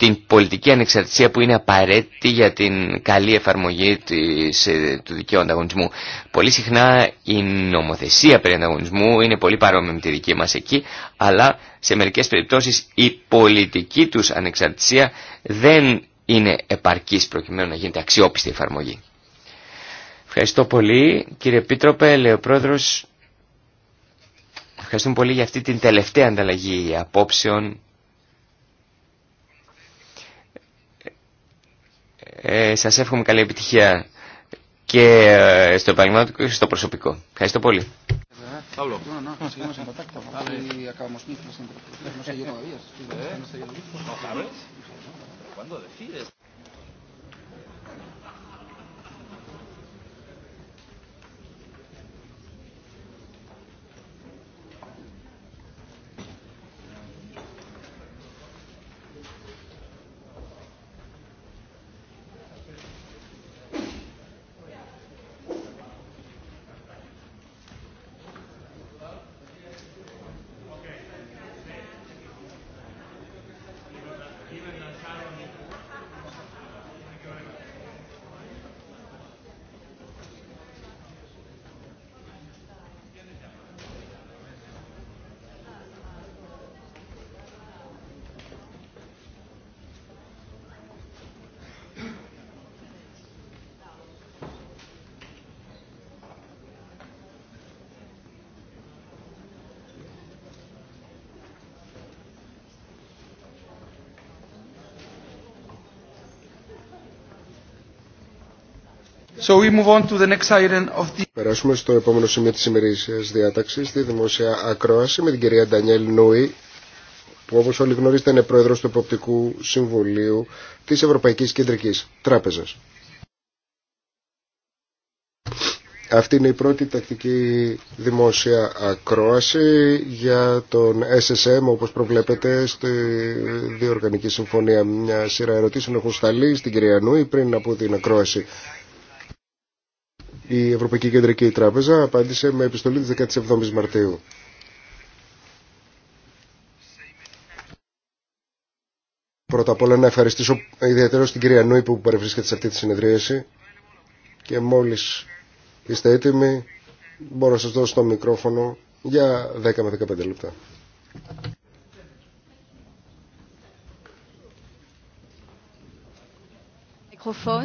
την πολιτική ανεξαρτησία που είναι απαραίτητη για την καλή εφαρμογή της, ε, του δικαίου ανταγωνισμού. Πολύ συχνά η νομοθεσία περί ανταγωνισμού είναι πολύ παρόμοια με τη δική μας εκεί, αλλά σε μερικές περιπτώσεις η πολιτική τους ανεξαρτησία δεν είναι επαρκής προκειμένου να γίνεται αξιόπιστη εφαρμογή. Ευχαριστώ πολύ κύριε Πίτροπε, λέει ο Πρόεδρος. Ευχαριστούμε πολύ για αυτή την τελευταία ανταλλαγή απόψεων Ε, σας εύχομαι καλή επιτυχία και ε, στο επαγγελματικό και στο προσωπικό. Ευχαριστώ πολύ. Περάσουμε στο επόμενο σημείο της ημερήσιας διάταξης, τη δημόσια ακρόαση με την κυρία Ντανιέλ Νούι, που όπως όλοι γνωρίζετε είναι πρόεδρος του Εποπτικού Συμβουλίου της Ευρωπαϊκής Κεντρικής Τράπεζας. Αυτή είναι η πρώτη τακτική δημόσια ακρόαση για τον SSM όπως προβλέπετε στη διοργανική συμφωνία. Μια σειρά ερωτήσεων έχουν σταλεί στην κυρία Νούη πριν από την ακρόαση η Ευρωπαϊκή Κεντρική Τράπεζα απάντησε με επιστολή της 17ης Μαρτίου. Πρώτα απ' όλα να ευχαριστήσω ιδιαίτερα στην κυρία Νούη που παρευρίσκεται σε αυτή τη συνεδρίαση και μόλις είστε έτοιμοι μπορώ να σας δώσω το μικρόφωνο για 10 με 15 λεπτά.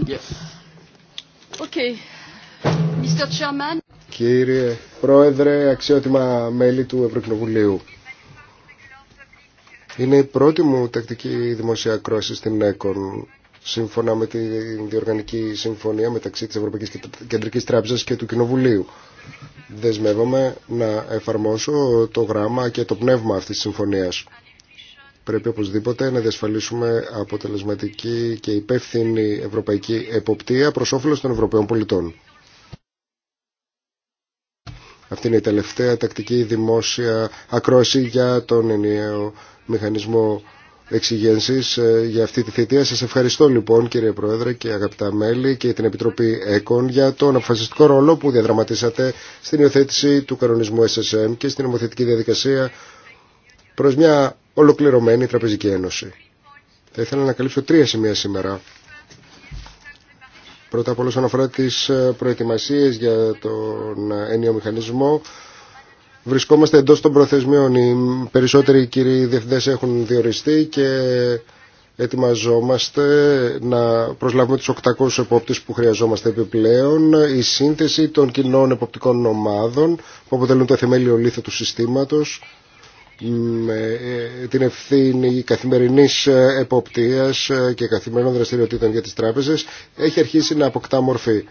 Yes. Okay. Κύριε Πρόεδρε, αξιότιμα μέλη του Ευρωκοινοβουλίου. Είναι η πρώτη μου τακτική δημοσία κρόση στην ΕΚΟΝ σύμφωνα με την διοργανική συμφωνία μεταξύ της Ευρωπαϊκής Κεντρικής Τράπεζας και του Κοινοβουλίου. Δεσμεύομαι να εφαρμόσω το γράμμα και το πνεύμα αυτής της συμφωνίας. Πρέπει οπωσδήποτε να διασφαλίσουμε αποτελεσματική και υπεύθυνη ευρωπαϊκή εποπτεία προς όφελος των Ευρωπαίων πολιτών. Αυτή είναι η τελευταία τακτική δημόσια ακρόση για τον ενιαίο μηχανισμό εξηγένσης ε, για αυτή τη θητεία. Σας ευχαριστώ λοιπόν κύριε Πρόεδρε και αγαπητά μέλη και την Επιτροπή ΕΚΟΝ για τον αποφασιστικό ρόλο που διαδραματίσατε στην υιοθέτηση του κανονισμού SSM και στην νομοθετική διαδικασία προς μια ολοκληρωμένη τραπεζική ένωση. Θα ήθελα να καλύψω τρία σημεία σήμερα Πρώτα απ' όλα όσον αφορά τις ε, προετοιμασίες για τον ε, ενίο μηχανισμό, βρισκόμαστε εντός των προθεσμίων. Οι περισσότεροι κύριοι διευθυντές έχουν διοριστεί και ετοιμαζόμαστε να προσλάβουμε τους 800 επόπτες που χρειαζόμαστε επιπλέον. Η σύνθεση των κοινών εποπτικών ομάδων που αποτελούν το θεμέλιο λίθο του συστήματος με ε, την ευθύνη καθημερινής ε, εποπτείας ε, και καθημερινών δραστηριοτήτων για τις τράπεζες έχει αρχίσει να αποκτά μορφή.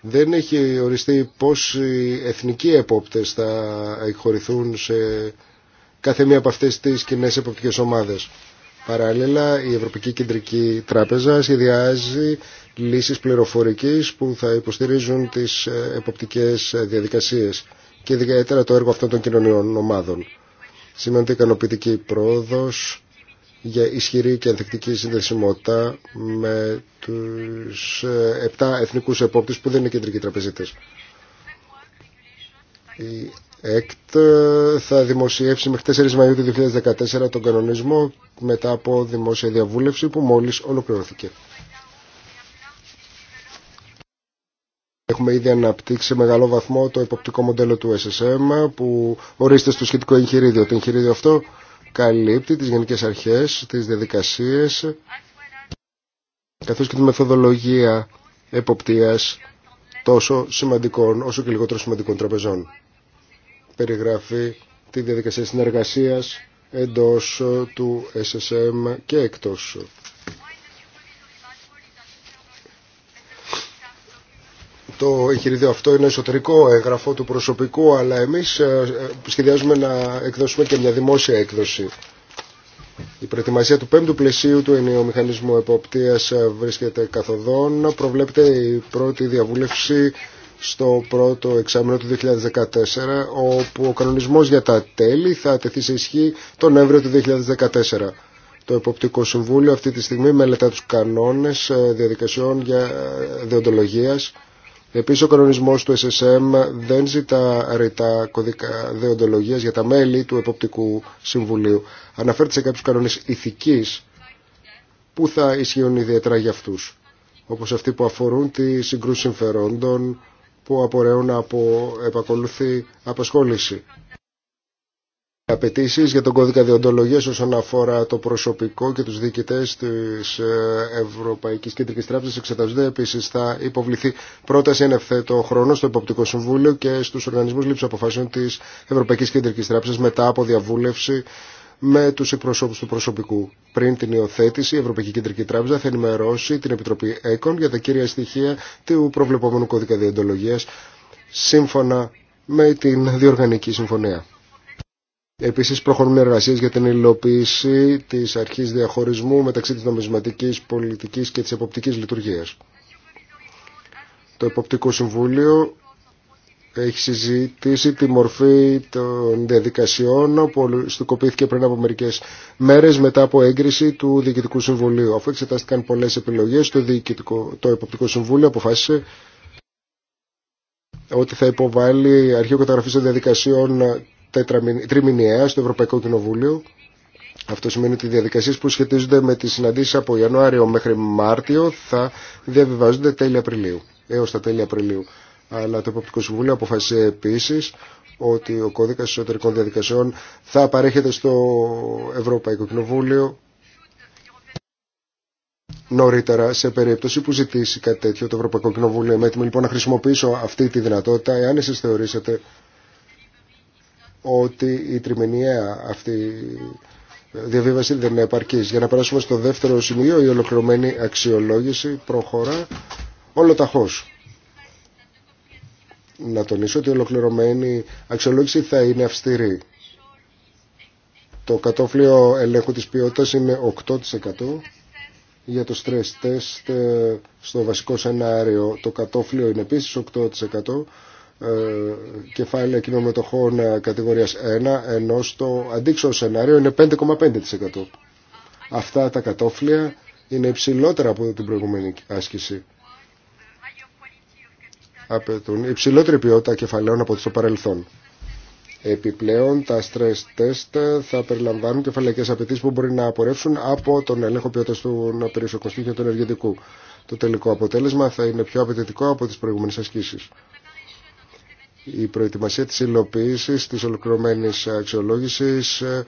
Δεν έχει οριστεί πώς οι εθνικοί επόπτες θα εκχωρηθούν σε κάθε μία από αυτές τις κοινέ εποπτικές ομάδες. Παράλληλα, η Ευρωπαϊκή Κεντρική Τράπεζα σχεδιάζει λύσεις πληροφορικής που θα υποστηρίζουν τις εποπτικές διαδικασίες και ιδιαίτερα το έργο αυτών των κοινωνιών ομάδων. Σημαίνεται ικανοποιητική πρόοδο για ισχυρή και ανθεκτική συνδεσιμότητα με τους 7 ε, εθνικούς επόπτες που δεν είναι κεντρικοί τραπεζίτες. Η ΕΚΤ θα δημοσιεύσει μέχρι 4 Μαΐου του 2014 τον κανονισμό μετά από δημόσια διαβούλευση που μόλις ολοκληρώθηκε. Έχουμε ήδη αναπτύξει σε μεγάλο βαθμό το εποπτικό μοντέλο του SSM που ορίζεται στο σχετικό εγχειρίδιο. Το εγχειρίδιο αυτό καλύπτει τις γενικές αρχές, τις διαδικασίες καθώς και τη μεθοδολογία εποπτείας τόσο σημαντικών όσο και λιγότερο σημαντικών τραπεζών. Περιγράφει τη διαδικασία συνεργασίας εντός του SSM και εκτός Το εγχειρίδιο αυτό είναι εσωτερικό έγγραφο του προσωπικού, αλλά εμείς ε, ε, σχεδιάζουμε να εκδώσουμε και μια δημόσια έκδοση. Η προετοιμασία του πέμπτου πλαισίου του ενιαίου μηχανισμού εποπτείας ε, βρίσκεται καθοδόν. Προβλέπεται η πρώτη διαβούλευση στο πρώτο εξάμεινο του 2014, όπου ο κανονισμός για τα τέλη θα τεθεί σε ισχύ τον Νοέμβριο του 2014. Το Εποπτικό Συμβούλιο αυτή τη στιγμή μελετά τους κανόνες διαδικασιών για διοντολογίας Επίσης ο κανονισμός του SSM δεν ζητά ρητά κωδικά δεοντολογίας για τα μέλη του Εποπτικού Συμβουλίου. Αναφέρεται σε κάποιους κανόνες ηθικής που θα ισχύουν ιδιαίτερα για αυτούς, όπως αυτοί που αφορούν τη συγκρούση συμφερόντων που απορρέουν από επακολουθή απασχόληση απαιτήσει για τον κώδικα διοντολογία όσον αφορά το προσωπικό και του διοικητέ τη ε, Ευρωπαϊκή Κεντρική Τράπεζας εξεταζονται. επίση θα υποβληθεί πρόταση εν ευθέτω χρόνο στο Εποπτικό Συμβούλιο και στου Οργανισμού λήψη αποφάσεων τη Ευρωπαϊκή Κεντρική Τράπεζας μετά από διαβούλευση με του εκπροσώπου του προσωπικού. Πριν την υιοθέτηση, η Ευρωπαϊκή Κεντρική Τράπεζα θα ενημερώσει την Επιτροπή ΕΚΟΝ για τα κύρια στοιχεία του προβλεπόμενου κώδικα διοντολογία σύμφωνα με την διοργανική συμφωνία. Επίσης προχωρούν εργασίες για την υλοποίηση τη αρχή διαχωρισμού μεταξύ τη νομισματικής πολιτική και τη εποπτική λειτουργία. Το Εποπτικό Συμβούλιο έχει συζητήσει τη μορφή των διαδικασιών που ολιστικοποιήθηκε πριν από μερικέ μέρες μετά από έγκριση του Διοικητικού Συμβουλίου. Αφού εξετάστηκαν πολλές επιλογέ το, το Εποπτικό Συμβούλιο αποφάσισε ότι θα υποβάλει αρχείο καταγραφή των διαδικασιών τριμηνιαία στο Ευρωπαϊκό Κοινοβούλιο. Αυτό σημαίνει ότι οι διαδικασίε που σχετίζονται με τι συναντήσει από Ιανουάριο μέχρι Μάρτιο θα διαβιβάζονται τέλη Απριλίου, έω τα τέλη Απριλίου. Αλλά το Εποπτικό Συμβούλιο αποφάσισε επίση ότι ο κώδικα εσωτερικών διαδικασιών θα παρέχεται στο Ευρωπαϊκό Κοινοβούλιο νωρίτερα σε περίπτωση που ζητήσει κάτι τέτοιο το Ευρωπαϊκό Κοινοβούλιο. Είμαι έτοιμο λοιπόν να χρησιμοποιήσω αυτή τη δυνατότητα εάν εσεί θεωρήσετε ότι η τριμηνιαία αυτή διαβίβαση δεν είναι επαρκής. Για να περάσουμε στο δεύτερο σημείο, η ολοκληρωμένη αξιολόγηση προχωρά όλο ταχώς. Να τονίσω ότι η ολοκληρωμένη αξιολόγηση θα είναι αυστηρή. Το κατόφλιο ελέγχου της ποιότητας είναι 8% για το stress test ε, στο βασικό σενάριο. Το κατόφλιο είναι επίσης 8% ε, κεφάλαια κοινομετοχών ε, κατηγορίας 1 ενώ στο αντίξωο σενάριο είναι 5,5%. Αυτά τα κατόφλια είναι υψηλότερα από την προηγούμενη άσκηση. Απαιτούν υψηλότερη ποιότητα κεφαλαίων από το παρελθόν. Επιπλέον, τα stress test θα περιλαμβάνουν κεφαλαϊκέ απαιτήσει που μπορεί να απορρεύσουν από τον έλεγχο ποιότητα του να και του ενεργητικού. Το τελικό αποτέλεσμα θα είναι πιο απαιτητικό από τι προηγούμενε ασκήσει. Η προετοιμασία της υλοποίησης, της ολοκληρωμένης αξιολόγησης ε,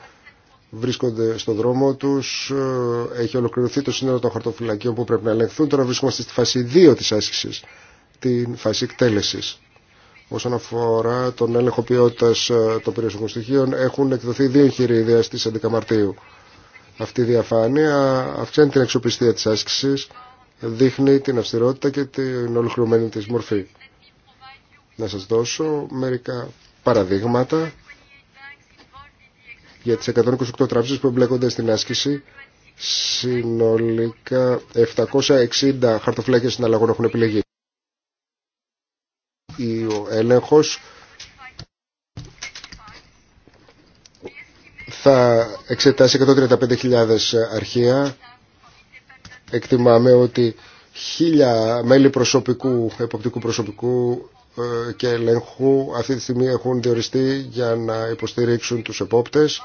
βρίσκονται στον δρόμο τους. Ε, έχει ολοκληρωθεί το σύνολο των χαρτοφυλακίων που πρέπει να ελεγχθούν. Τώρα βρίσκομαστε στη φάση 2 της άσκησης, την φάση εκτέλεσης. Όσον αφορά τον έλεγχο ποιότητα ε, των περιοριστικών στοιχείων, έχουν εκδοθεί δύο εγχειρίδια στι 11 Μαρτίου. Αυτή η διαφάνεια αυξάνει την αξιοπιστία τη άσκηση, δείχνει την αυστηρότητα και την ολοκληρωμένη τη μορφή να σας δώσω μερικά παραδείγματα για τις 128 τράπεζες που εμπλέκονται στην άσκηση. Συνολικά 760 στην συναλλαγών έχουν επιλεγεί. Ο έλεγχος θα εξετάσει 135.000 αρχεία. Εκτιμάμε ότι χίλια μέλη προσωπικού, εποπτικού προσωπικού ε, και ελεγχού αυτή τη στιγμή έχουν διοριστεί για να υποστηρίξουν τους επόπτες.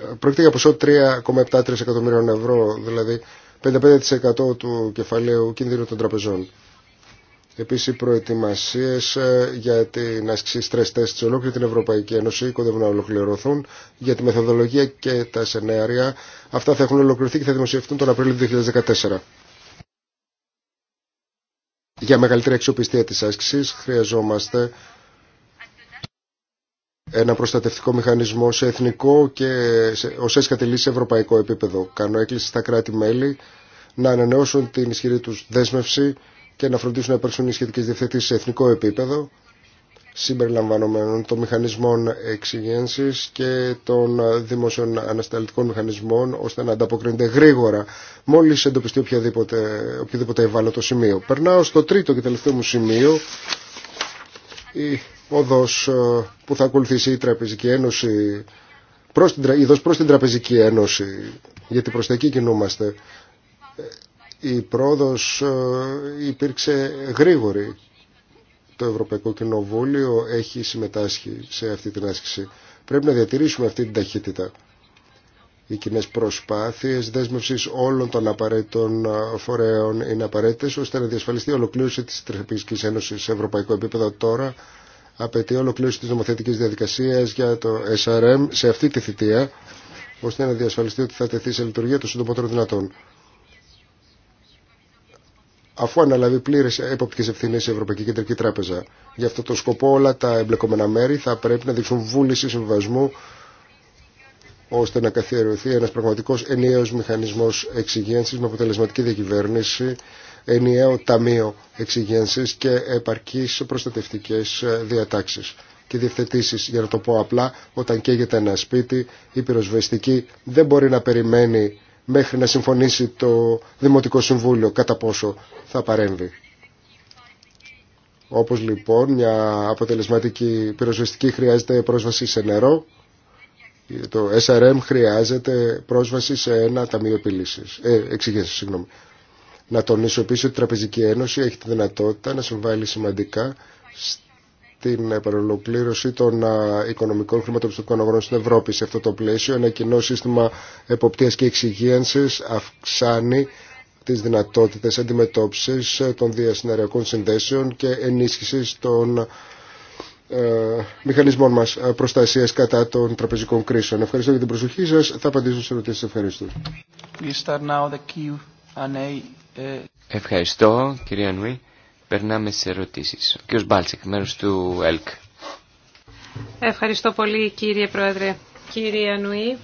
Ε, πρόκειται για ποσό 3,7 εκατομμυρίων ευρώ, δηλαδή 55% του κεφαλαίου κινδύνου των τραπεζών. Επίσης οι προετοιμασίες ε, για την άσκηση stress τεστ σε ολόκληρη την Ευρωπαϊκή Ένωση κοντεύουν να ολοκληρωθούν για τη μεθοδολογία και τα σενάρια. Αυτά θα έχουν ολοκληρωθεί και θα δημοσιευτούν τον Απρίλιο του 2014. Για μεγαλύτερη αξιοπιστία της άσκησης χρειαζόμαστε ένα προστατευτικό μηχανισμό σε εθνικό και ως έσκατη λύση σε ευρωπαϊκό επίπεδο. Κάνω έκκληση στα κράτη-μέλη να ανανεώσουν την ισχυρή τους δέσμευση και να φροντίσουν να υπάρξουν οι σχετικέ διευθετήσει σε εθνικό επίπεδο συμπεριλαμβανομένων των μηχανισμών εξηγένση και των δημόσιων ανασταλτικών μηχανισμών ώστε να ανταποκρίνεται γρήγορα μόλι εντοπιστεί οποιοδήποτε, ευάλωτο σημείο. Περνάω στο τρίτο και τελευταίο μου σημείο η οδό ε, που θα ακολουθήσει η Τραπεζική Ένωση προς την, την Τραπεζική Ένωση γιατί προς τα εκεί κινούμαστε η πρόοδος ε, υπήρξε γρήγορη. Το Ευρωπαϊκό Κοινοβούλιο έχει συμμετάσχει σε αυτή την άσκηση. Πρέπει να διατηρήσουμε αυτή την ταχύτητα. Οι κοινέ προσπάθειες δέσμευσης όλων των απαραίτητων ε, φορέων είναι απαραίτητες ώστε να διασφαλιστεί η ολοκλήρωση της Τρεπιστικής Ένωσης σε ευρωπαϊκό επίπεδο τώρα απαιτεί ολοκλήρωση της νομοθετικής διαδικασίας για το SRM σε αυτή τη θητεία ώστε να διασφαλιστεί ότι θα τεθεί σε λειτουργία το σύντομότερο δυνατόν αφού αναλαβεί πλήρε εποπτικέ ευθύνε η Ευρωπαϊκή Κεντρική Τράπεζα. Γι' αυτό το σκοπό όλα τα εμπλεκόμενα μέρη θα πρέπει να δείξουν βούληση συμβασμού ώστε να καθιερωθεί ένα πραγματικό ενιαίο μηχανισμό εξυγένση με αποτελεσματική διακυβέρνηση, ενιαίο ταμείο εξυγένση και επαρκή προστατευτικέ διατάξει και διευθετήσει. Για να το πω απλά, όταν καίγεται ένα σπίτι, η πυροσβεστική δεν μπορεί να περιμένει μέχρι να συμφωνήσει το Δημοτικό Συμβούλιο κατά πόσο θα παρέμβει. Όπως λοιπόν μια αποτελεσματική πυροσβεστική χρειάζεται πρόσβαση σε νερό, το SRM χρειάζεται πρόσβαση σε ένα ταμείο επιλύσεις, ε, εξηγήσεις, συγγνώμη. Να τονίσω επίσης ότι η Τραπεζική Ένωση έχει τη δυνατότητα να συμβάλλει σημαντικά την παρολοκλήρωση των οικονομικών χρηματοπιστωτικών αγορών στην Ευρώπη. Σε αυτό το πλαίσιο, ένα κοινό σύστημα εποπτείας και εξυγίανσης αυξάνει τις δυνατότητες αντιμετώπισης των διασυναριακών συνδέσεων και ενίσχυσης των ε, μηχανισμών μας προστασίας κατά των τραπεζικών κρίσεων. Ευχαριστώ για την προσοχή σας. Θα απαντήσω σε ερωτήσεις. Ευχαριστώ. Ε, Ευχαριστώ κυρία Νουή. Περνάμε σε ερωτήσει. Ο κ. Μπάλτσεκ, μέρο του ΕΛΚ. Ευχαριστώ πολύ κύριε Πρόεδρε. Κύριε Ανουή,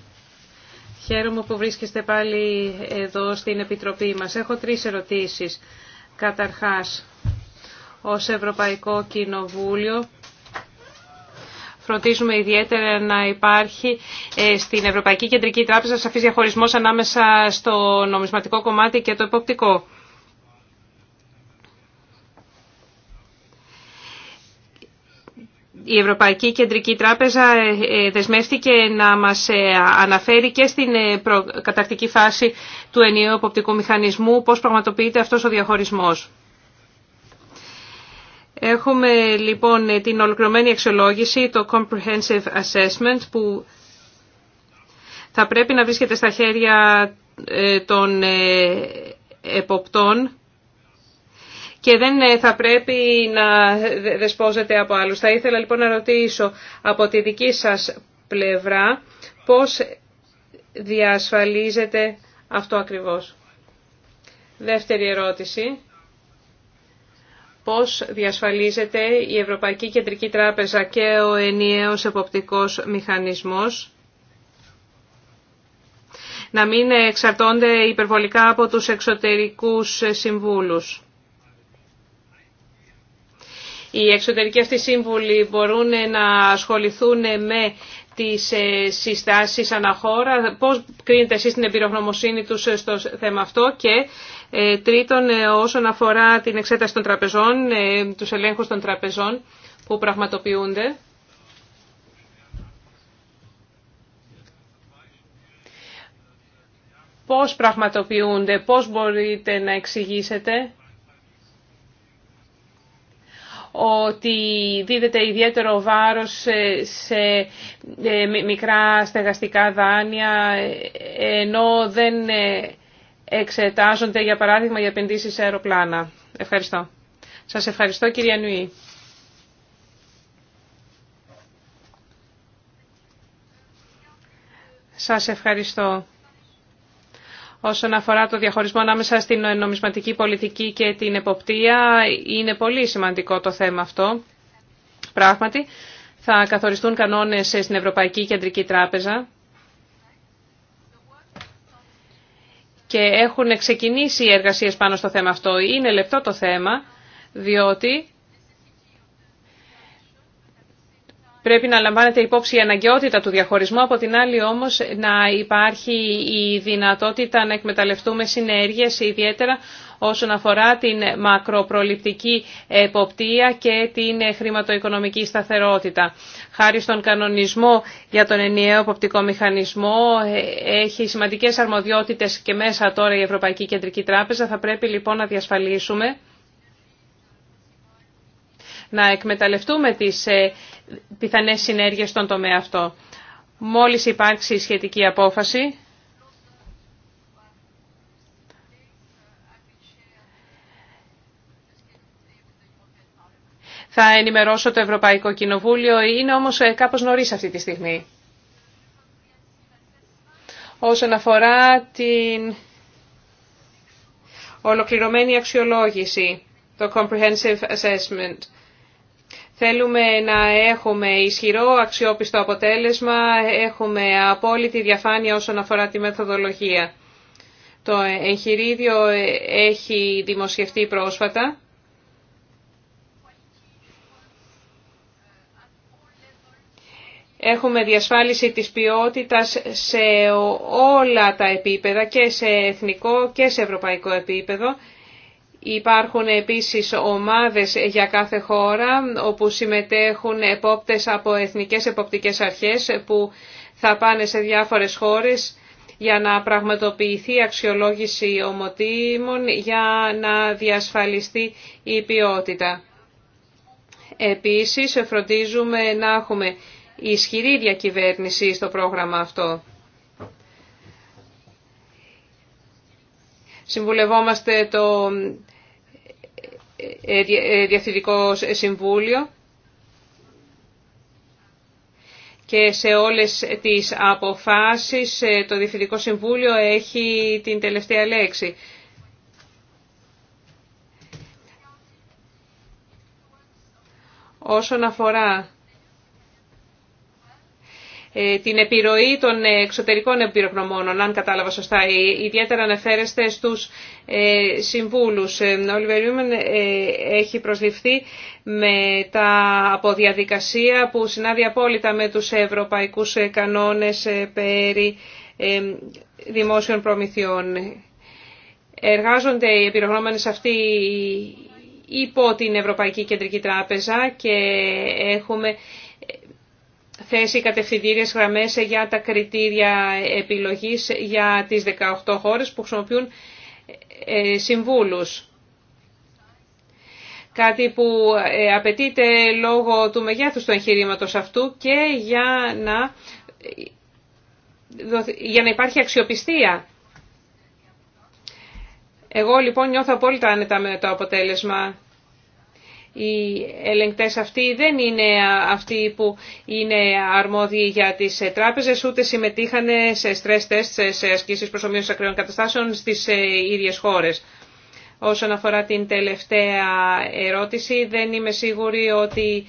χαίρομαι που βρίσκεστε πάλι εδώ στην Επιτροπή μας. Έχω τρει ερωτήσεις. Καταρχάς, ω Ευρωπαϊκό Κοινοβούλιο φροντίζουμε ιδιαίτερα να υπάρχει ε, στην Ευρωπαϊκή Κεντρική Τράπεζα σαφής διαχωρισμός ανάμεσα στο νομισματικό κομμάτι και το εποπτικό. η Ευρωπαϊκή Κεντρική Τράπεζα ε, ε, δεσμεύτηκε να μας ε, αναφέρει και στην κατακτική φάση του ενιαίου εποπτικού μηχανισμού πώς πραγματοποιείται αυτός ο διαχωρισμός. Έχουμε λοιπόν την ολοκληρωμένη αξιολόγηση, το Comprehensive Assessment, που θα πρέπει να βρίσκεται στα χέρια των εποπτών και δεν ε, θα πρέπει να δεσπόζεται από άλλους. Θα ήθελα λοιπόν να ρωτήσω από τη δική σας πλευρά πώς διασφαλίζεται αυτό ακριβώς. Δεύτερη ερώτηση. Πώς διασφαλίζεται η Ευρωπαϊκή Κεντρική Τράπεζα και ο ενιαίος εποπτικός μηχανισμός να μην εξαρτώνται υπερβολικά από τους εξωτερικούς συμβούλους. Οι εξωτερικοί αυτοί σύμβουλοι μπορούν να ασχοληθούν με τις ε, συστάσεις αναχώρα. Πώς κρίνετε εσείς την εμπειρογνωμοσύνη τους ε, στο θέμα αυτό και ε, τρίτον όσον αφορά την εξέταση των τραπεζών, τους ελέγχους των τραπεζών που πραγματοποιούνται. Πώς πραγματοποιούνται, πώς μπορείτε να εξηγήσετε ότι δίδεται ιδιαίτερο βάρος σε ε, μικρά στεγαστικά δάνεια, ενώ δεν ε, εξετάζονται, για παράδειγμα, για επενδύσεις σε αεροπλάνα. Ευχαριστώ. Σας ευχαριστώ, κυρία Νουή. Σας ευχαριστώ όσον αφορά το διαχωρισμό ανάμεσα στην νομισματική πολιτική και την εποπτεία. Είναι πολύ σημαντικό το θέμα αυτό. Πράγματι, θα καθοριστούν κανόνες στην Ευρωπαϊκή Κεντρική Τράπεζα και έχουν ξεκινήσει οι εργασίες πάνω στο θέμα αυτό. Είναι λεπτό το θέμα, διότι Πρέπει να λαμβάνεται υπόψη η αναγκαιότητα του διαχωρισμού, από την άλλη όμως να υπάρχει η δυνατότητα να εκμεταλλευτούμε συνέργειες, ιδιαίτερα όσον αφορά την μακροπροληπτική εποπτεία και την χρηματοοικονομική σταθερότητα. Χάρη στον κανονισμό για τον ενιαίο εποπτικό μηχανισμό ε, έχει σημαντικές αρμοδιότητες και μέσα τώρα η Ευρωπαϊκή Κεντρική Τράπεζα. Θα πρέπει λοιπόν να διασφαλίσουμε να εκμεταλλευτούμε τις ε, πιθανές συνέργειες στον τομέα αυτό. Μόλις υπάρξει σχετική απόφαση, θα ενημερώσω το Ευρωπαϊκό Κοινοβούλιο. Είναι όμως ε, κάπως νωρίς αυτή τη στιγμή. Όσον αφορά την ολοκληρωμένη αξιολόγηση, το Comprehensive Assessment, Θέλουμε να έχουμε ισχυρό, αξιόπιστο αποτέλεσμα, έχουμε απόλυτη διαφάνεια όσον αφορά τη μεθοδολογία. Το εγχειρίδιο έχει δημοσιευτεί πρόσφατα. Έχουμε διασφάλιση της ποιότητας σε όλα τα επίπεδα, και σε εθνικό και σε ευρωπαϊκό επίπεδο Υπάρχουν επίσης ομάδες για κάθε χώρα όπου συμμετέχουν επόπτες από εθνικές εποπτικές αρχές που θα πάνε σε διάφορες χώρες για να πραγματοποιηθεί αξιολόγηση ομοτήμων για να διασφαλιστεί η ποιότητα. Επίσης φροντίζουμε να έχουμε ισχυρή διακυβέρνηση στο πρόγραμμα αυτό. Συμβουλευόμαστε το ε, ε, Διευθυντικό Συμβούλιο και σε όλες τις αποφάσεις ε, το Διευθυντικό Συμβούλιο έχει την τελευταία λέξη. Όσον αφορά ε, την επιρροή των εξωτερικών εμπειρογνωμόνων, αν κατάλαβα σωστά. Ε, ιδιαίτερα αναφέρεστε στους ε, συμβούλους. Ο ε, έχει προσληφθεί με τα αποδιαδικασία που συνάδει απόλυτα με τους ευρωπαϊκούς κανόνες περί δημόσιων προμηθειών. Εργάζονται οι εμπειρογνώμενες αυτοί υπό την Ευρωπαϊκή Κεντρική Τράπεζα και έχουμε θέσει κατευθυντήριες γραμμές για τα κριτήρια επιλογής για τις 18 χώρες που χρησιμοποιούν ε, συμβούλους. Κάτι που ε, απαιτείται λόγω του μεγέθους του εγχειρήματος αυτού και για να, ε, για να υπάρχει αξιοπιστία. Εγώ λοιπόν νιώθω απόλυτα άνετα με το αποτέλεσμα οι ελεγκτές αυτοί δεν είναι αυτοί που είναι αρμόδιοι για τις τράπεζες, ούτε συμμετείχαν σε stress τεστ, σε ασκήσεις προσωμείωσης ακραίων καταστάσεων στις ε, ίδιες χώρες. Όσον αφορά την τελευταία ερώτηση, δεν είμαι σίγουρη ότι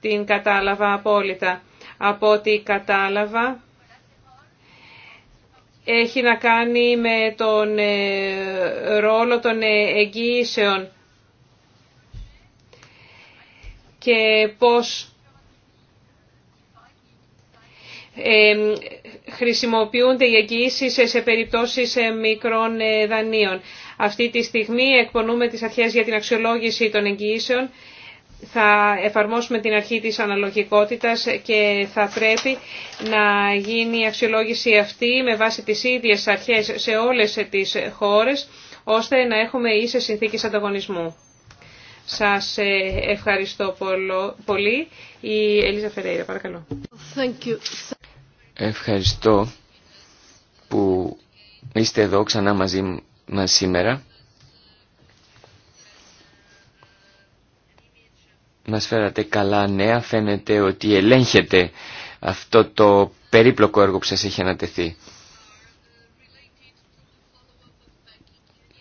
την κατάλαβα απόλυτα. Από ό,τι κατάλαβα, έχει να κάνει με τον ε, ρόλο των ε, εγγύησεων και πώς χρησιμοποιούνται οι εγγυήσεις σε περιπτώσεις ε, μικρών ε, δανείων. Αυτή τη στιγμή εκπονούμε τις αρχές για την αξιολόγηση των εγγυήσεων. Θα εφαρμόσουμε την αρχή της αναλογικότητας και θα πρέπει να γίνει η αξιολόγηση αυτή με βάση τις ίδιες αρχές σε όλες τις χώρες, ώστε να έχουμε ίσες συνθήκες ανταγωνισμού. Σας ε, ευχαριστώ πολύ. Η Ελίζα Φερέιρα, παρακαλώ. Thank Ευχαριστώ που είστε εδώ ξανά μαζί μας σήμερα. Μας φέρατε καλά νέα. Φαίνεται ότι ελέγχετε αυτό το περίπλοκο έργο που σας έχει ανατεθεί.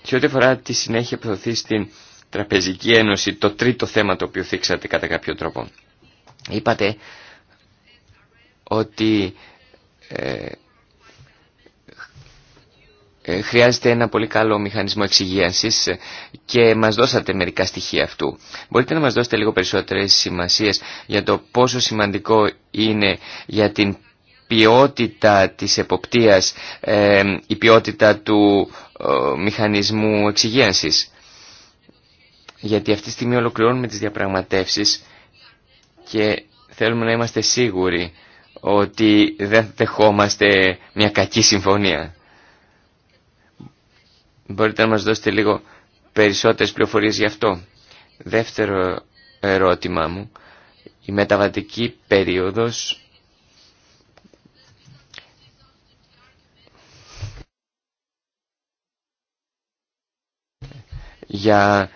Και ό,τι αφορά τη συνέχεια που στην Τραπεζική Ένωση, το τρίτο θέμα το οποίο θίξατε κατά κάποιο τρόπο. Είπατε ότι ε, ε, χρειάζεται ένα πολύ καλό μηχανισμό εξυγίανσης και μας δώσατε μερικά στοιχεία αυτού. Μπορείτε να μας δώσετε λίγο περισσότερες σημασίες για το πόσο σημαντικό είναι για την ποιότητα της εποπτείας ε, η ποιότητα του μηχανισμού εξυγίανσης γιατί αυτή τη στιγμή ολοκληρώνουμε τις διαπραγματεύσεις και θέλουμε να είμαστε σίγουροι ότι δεν δεχόμαστε μια κακή συμφωνία. Μπορείτε να μας δώσετε λίγο περισσότερες πληροφορίες γι' αυτό. Δεύτερο ερώτημά μου, η μεταβατική περίοδος για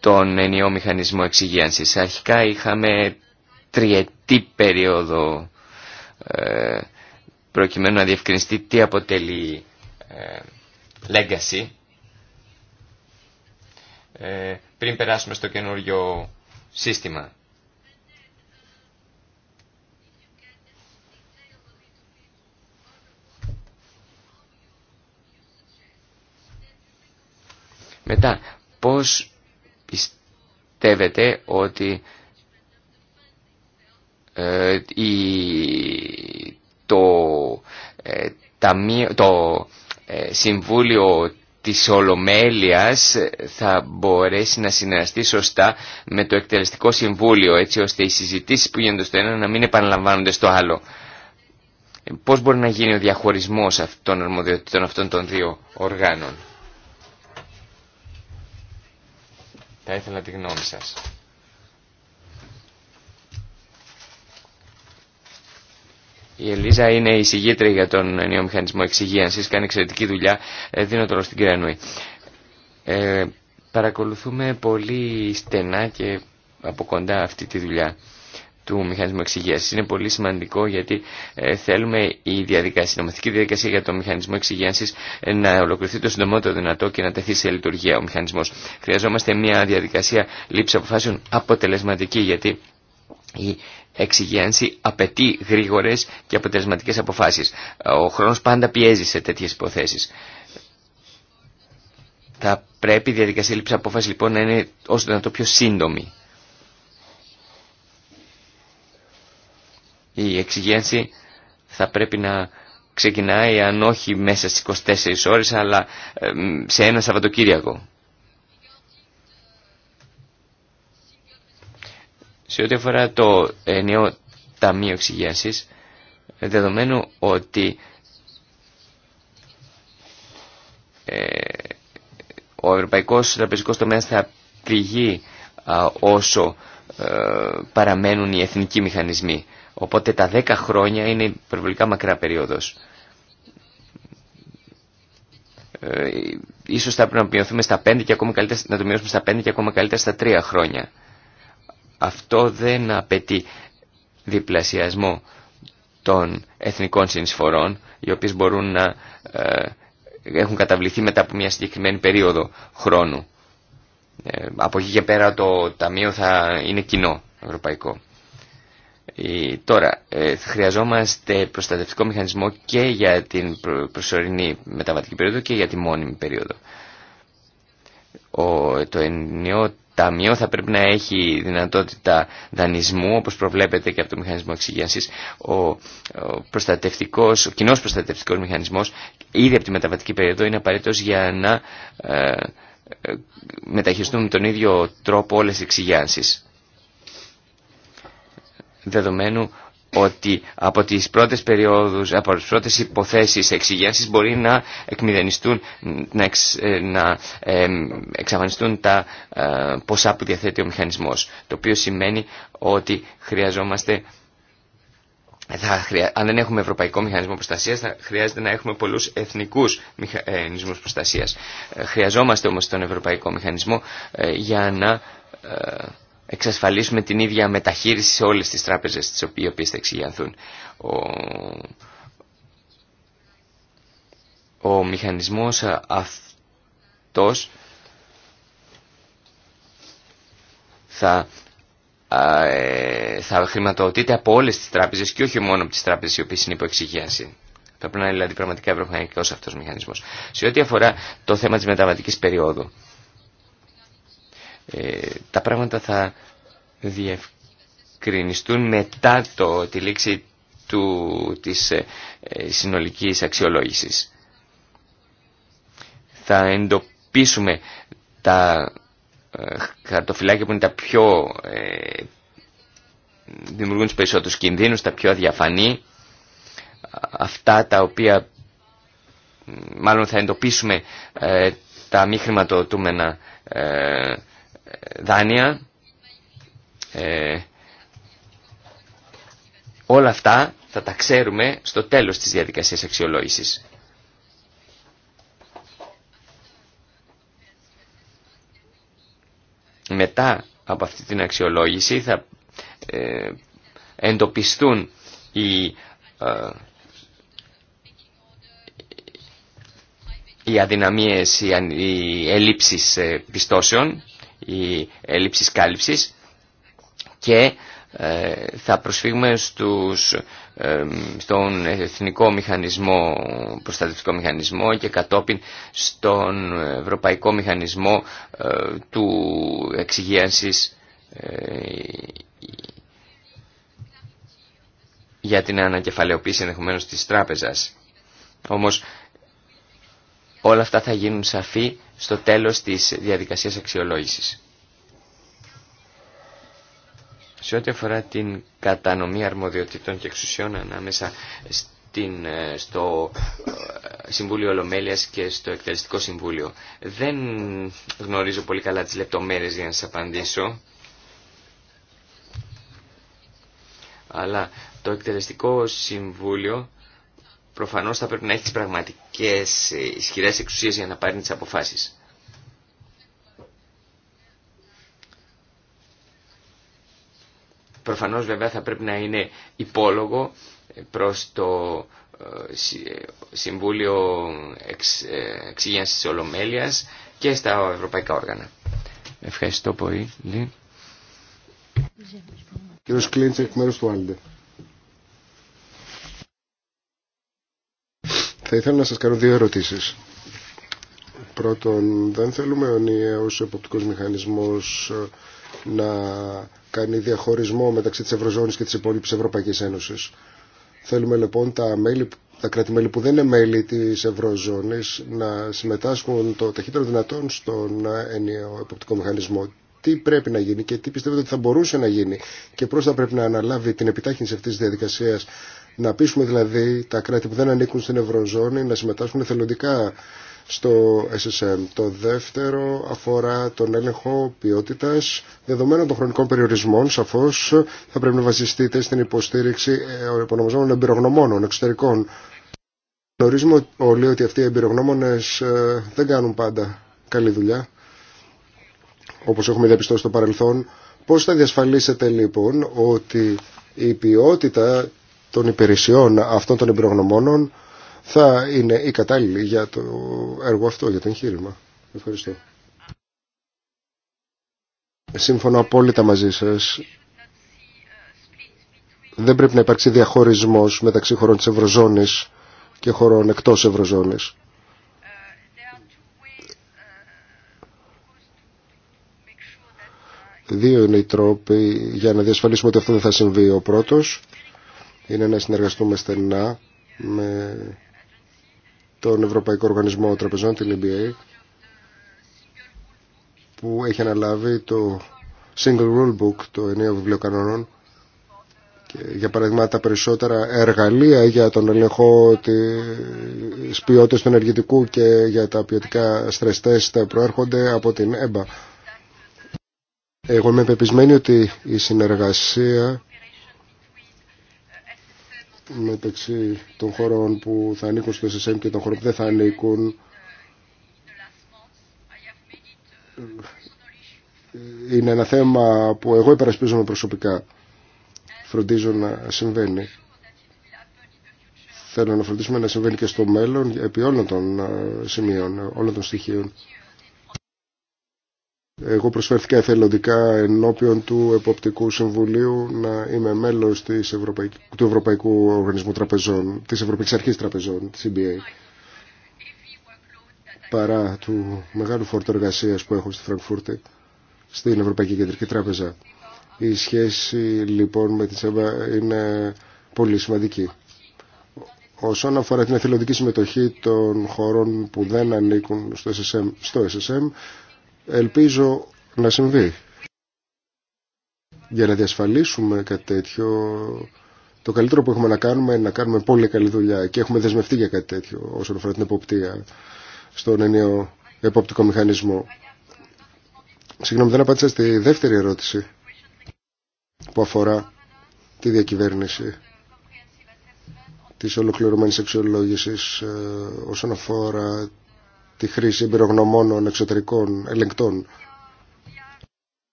τον ενιαίο μηχανισμό εξυγίανσης. Αρχικά είχαμε τριετή περίοδο ε, προκειμένου να διευκρινιστεί τι αποτελεί ε, legacy ε, πριν περάσουμε στο καινούριο σύστημα. Μετά, πώς πιστεύετε ότι ε, η, το, ε, το ε, Συμβούλιο της Ολομέλειας θα μπορέσει να συνεργαστεί σωστά με το Εκτελεστικό Συμβούλιο έτσι ώστε οι συζητήσεις που γίνονται στο ένα να μην επαναλαμβάνονται στο άλλο. Πώς μπορεί να γίνει ο διαχωρισμός αυτών των αρμοδιοτήτων αυτών των δύο οργάνων. Θα ήθελα τη γνώμη σας. Η Ελίζα είναι η συγγήτρια για τον νέο μηχανισμό εξυγίανσης, κάνει εξαιρετική δουλειά, ε, δίνω τώρα στην κυρία Νουή. Ε, παρακολουθούμε πολύ στενά και από κοντά αυτή τη δουλειά του μηχανισμού Είναι πολύ σημαντικό γιατί ε, θέλουμε η διαδικασία, η νομοθετική διαδικασία για το μηχανισμό εξυγίανσης ε, να ολοκληρωθεί το συντομότερο δυνατό και να τεθεί σε λειτουργία ο μηχανισμός. Χρειαζόμαστε μια διαδικασία λήψη αποφάσεων αποτελεσματική γιατί η εξυγένση απαιτεί γρήγορες και αποτελεσματικές αποφάσεις. Ο χρόνος πάντα πιέζει σε τέτοιες υποθέσεις. Θα πρέπει η διαδικασία λήψη απόφαση λοιπόν να είναι όσο δυνατό πιο σύντομη. η εξυγένση θα πρέπει να ξεκινάει αν όχι μέσα στις 24 ώρες αλλά ε, σε ένα Σαββατοκύριακο. Σε ό,τι αφορά το ενιαίο Ταμείο Εξυγένσης, δεδομένου ότι ε, ο ευρωπαϊκός τραπεζικός τομέας θα πληγεί όσο ε, παραμένουν οι εθνικοί μηχανισμοί. Οπότε τα 10 χρόνια είναι υπερβολικά μακρά περίοδος. Ε, ίσως θα πρέπει να μειωθούμε στα και ακόμα καλύτερα, να το μειώσουμε στα 5 και ακόμα καλύτερα στα 3 χρόνια. Αυτό δεν απαιτεί διπλασιασμό των εθνικών συνεισφορών, οι οποίες μπορούν να ε, έχουν καταβληθεί μετά από μια συγκεκριμένη περίοδο χρόνου. Ε, από εκεί και πέρα το ταμείο θα είναι κοινό ευρωπαϊκό. Ε, τώρα, ε, χρειαζόμαστε προστατευτικό μηχανισμό και για την προσωρινή μεταβατική περίοδο και για τη μόνιμη περίοδο. Ο, το ενιαίο ταμείο θα πρέπει να έχει δυνατότητα δανεισμού, όπως προβλέπεται και από το μηχανισμό εξυγένσης. Ο, ο, προστατευτικός, ο κοινός προστατευτικός μηχανισμός, ήδη από τη μεταβατική περίοδο, είναι απαραίτητος για να ε, ε τον ίδιο τρόπο όλες τις δεδομένου ότι από τις πρώτες περιόδους, από τις πρώτες υποθέσεις εξηγένσης μπορεί να εκμηδενιστούν, να, ε, να εξαφανιστούν τα ε, ποσά που διαθέτει ο μηχανισμός. Το οποίο σημαίνει ότι χρειαζόμαστε, θα αν δεν έχουμε ευρωπαϊκό μηχανισμό προστασίας, θα χρειάζεται να έχουμε πολλούς εθνικούς μηχανισμούς ε, προστασίας. Χρειαζόμαστε όμως τον ευρωπαϊκό μηχανισμό για να εξασφαλίσουμε την ίδια μεταχείριση σε όλες τις τράπεζες τις οποίες θα εξηγιανθούν. Ο, ο μηχανισμός αυτός θα, ε, θα χρηματοδοτείται από όλες τις τράπεζες και όχι μόνο από τις τράπεζες οι οποίες είναι υπό εξηγίαση. Θα πρέπει να είναι δηλαδή πραγματικά ευρωπαϊκός αυτός ο μηχανισμός. Σε ό,τι αφορά το θέμα της μεταβατικής περίοδου. Ε, τα πράγματα θα διευκρινιστούν μετά το, τη λήξη του, της ε, συνολικής αξιολόγησης. Θα εντοπίσουμε τα ε, χαρτοφυλάκια που είναι τα πιο ε, δημιουργούν τους περισσότερους κινδύνους, τα πιο αδιαφανή, αυτά τα οποία μάλλον θα εντοπίσουμε τα μη χρηματοδοτούμενα δάνεια, ε, όλα αυτά θα τα ξέρουμε στο τέλος της διαδικασίας αξιολόγησης. Μετά από αυτή την αξιολόγηση θα ε, εντοπιστούν οι, ε, οι αδυναμίες, οι, οι ελλείψεις ε, πιστώσεων η έλλειψη κάλυψης και ε, θα προσφύγουμε στους, ε, στον Εθνικό Μηχανισμό, Προστατευτικό Μηχανισμό και κατόπιν στον Ευρωπαϊκό Μηχανισμό ε, του Εξυγίανσης για την ανακεφαλαιοποίηση ενδεχομένως της τράπεζας. Όμως όλα αυτά θα γίνουν σαφή στο τέλος της διαδικασίας αξιολόγησης. Σε ό,τι αφορά την κατανομή αρμοδιοτήτων και εξουσιών ανάμεσα στην, ε, στο ε, Συμβούλιο Ολομέλειας και στο Εκτελεστικό Συμβούλιο. Δεν γνωρίζω πολύ καλά τις λεπτομέρειες για να σας απαντήσω. Αλλά το Εκτελεστικό Συμβούλιο προφανώς θα πρέπει να έχει πραγματικές ισχυρές εξουσίες για να πάρει τις αποφάσεις. Προφανώς βέβαια θα πρέπει να είναι υπόλογο προς το ε, ε, Συμβούλιο Εξ, ε, της Ολομέλειας και στα ευρωπαϊκά όργανα. Ευχαριστώ πολύ. Κύριος του Θα ήθελα να σας κάνω δύο ερωτήσεις. Πρώτον, δεν θέλουμε ο νέος εποπτικός μηχανισμός ε, να κάνει διαχωρισμό μεταξύ της Ευρωζώνης και της υπόλοιπης Ευρωπαϊκής Ένωσης. Θέλουμε λοιπόν τα μέλη τα κράτη-μέλη που δεν είναι μέλη της Ευρωζώνης να συμμετάσχουν το ταχύτερο δυνατόν στον ενιαίο εποπτικό μηχανισμό τι πρέπει να γίνει και τι πιστεύετε ότι θα μπορούσε να γίνει και πώς θα πρέπει να αναλάβει την επιτάχυνση αυτής της διαδικασίας. Να πείσουμε δηλαδή τα κράτη που δεν ανήκουν στην Ευρωζώνη να συμμετάσχουν εθελοντικά στο SSM. Το δεύτερο αφορά τον έλεγχο ποιότητας δεδομένων των χρονικών περιορισμών. Σαφώς θα πρέπει να βασιστείτε στην υποστήριξη των ε, εμπειρογνωμόνων εξωτερικών. Γνωρίζουμε όλοι ότι αυτοί οι εμπειρογνώμονες ε, δεν κάνουν πάντα καλή δουλειά όπως έχουμε διαπιστώσει στο παρελθόν. Πώς θα διασφαλίσετε λοιπόν ότι η ποιότητα των υπηρεσιών αυτών των εμπειρογνωμόνων θα είναι η κατάλληλη για το έργο αυτό, για το εγχείρημα. Ευχαριστώ. Σύμφωνα απόλυτα μαζί σας, δεν πρέπει να υπάρξει διαχωρισμός μεταξύ χωρών της Ευρωζώνης και χωρών εκτός Ευρωζώνης. Δύο είναι οι τρόποι για να διασφαλίσουμε ότι αυτό δεν θα συμβεί. Ο πρώτος είναι να συνεργαστούμε στενά με τον Ευρωπαϊκό Οργανισμό Τραπεζών, την EBA, που έχει αναλάβει το Single Rule Book, το ενίο βιβλίο κανονών, και για παράδειγμα τα περισσότερα εργαλεία για τον ελεγχό της ποιότητας του ενεργητικού και για τα ποιοτικά stress προέρχονται από την ΕΜΠΑ. Εγώ είμαι πεπισμένη ότι η συνεργασία μεταξύ των χωρών που θα ανήκουν στο SSM και των χωρών που δεν θα ανήκουν είναι ένα θέμα που εγώ υπερασπίζομαι προσωπικά. Φροντίζω να συμβαίνει. Θέλω να φροντίσουμε να συμβαίνει και στο μέλλον επί όλων των ε, σημείων, όλων των στοιχείων. Εγώ προσφέρθηκα εθελοντικά ενώπιον του Εποπτικού Συμβουλίου να είμαι μέλος του Ευρωπαϊκού Οργανισμού Τραπεζών, της Ευρωπαϊκής Αρχής Τραπεζών, της EBA. Παρά του μεγάλου φόρτου εργασία που έχω στη Φραγκφούρτη, στην Ευρωπαϊκή Κεντρική Τράπεζα. Η σχέση λοιπόν με την ΣΕΒΑ είναι πολύ σημαντική. Όσον αφορά την εθελοντική συμμετοχή των χωρών που δεν ανήκουν στο SSM, στο SSM ελπίζω να συμβεί. Για να διασφαλίσουμε κάτι τέτοιο, το καλύτερο που έχουμε να κάνουμε είναι να κάνουμε πολύ καλή δουλειά και έχουμε δεσμευτεί για κάτι τέτοιο όσον αφορά την εποπτεία στον ενιαίο εποπτικό μηχανισμό. Συγγνώμη, δεν απάντησα στη δεύτερη ερώτηση που αφορά τη διακυβέρνηση της ολοκληρωμένης αξιολόγησης ε, όσον αφορά τη χρήση εμπειρογνωμόνων εξωτερικών ελεγκτών.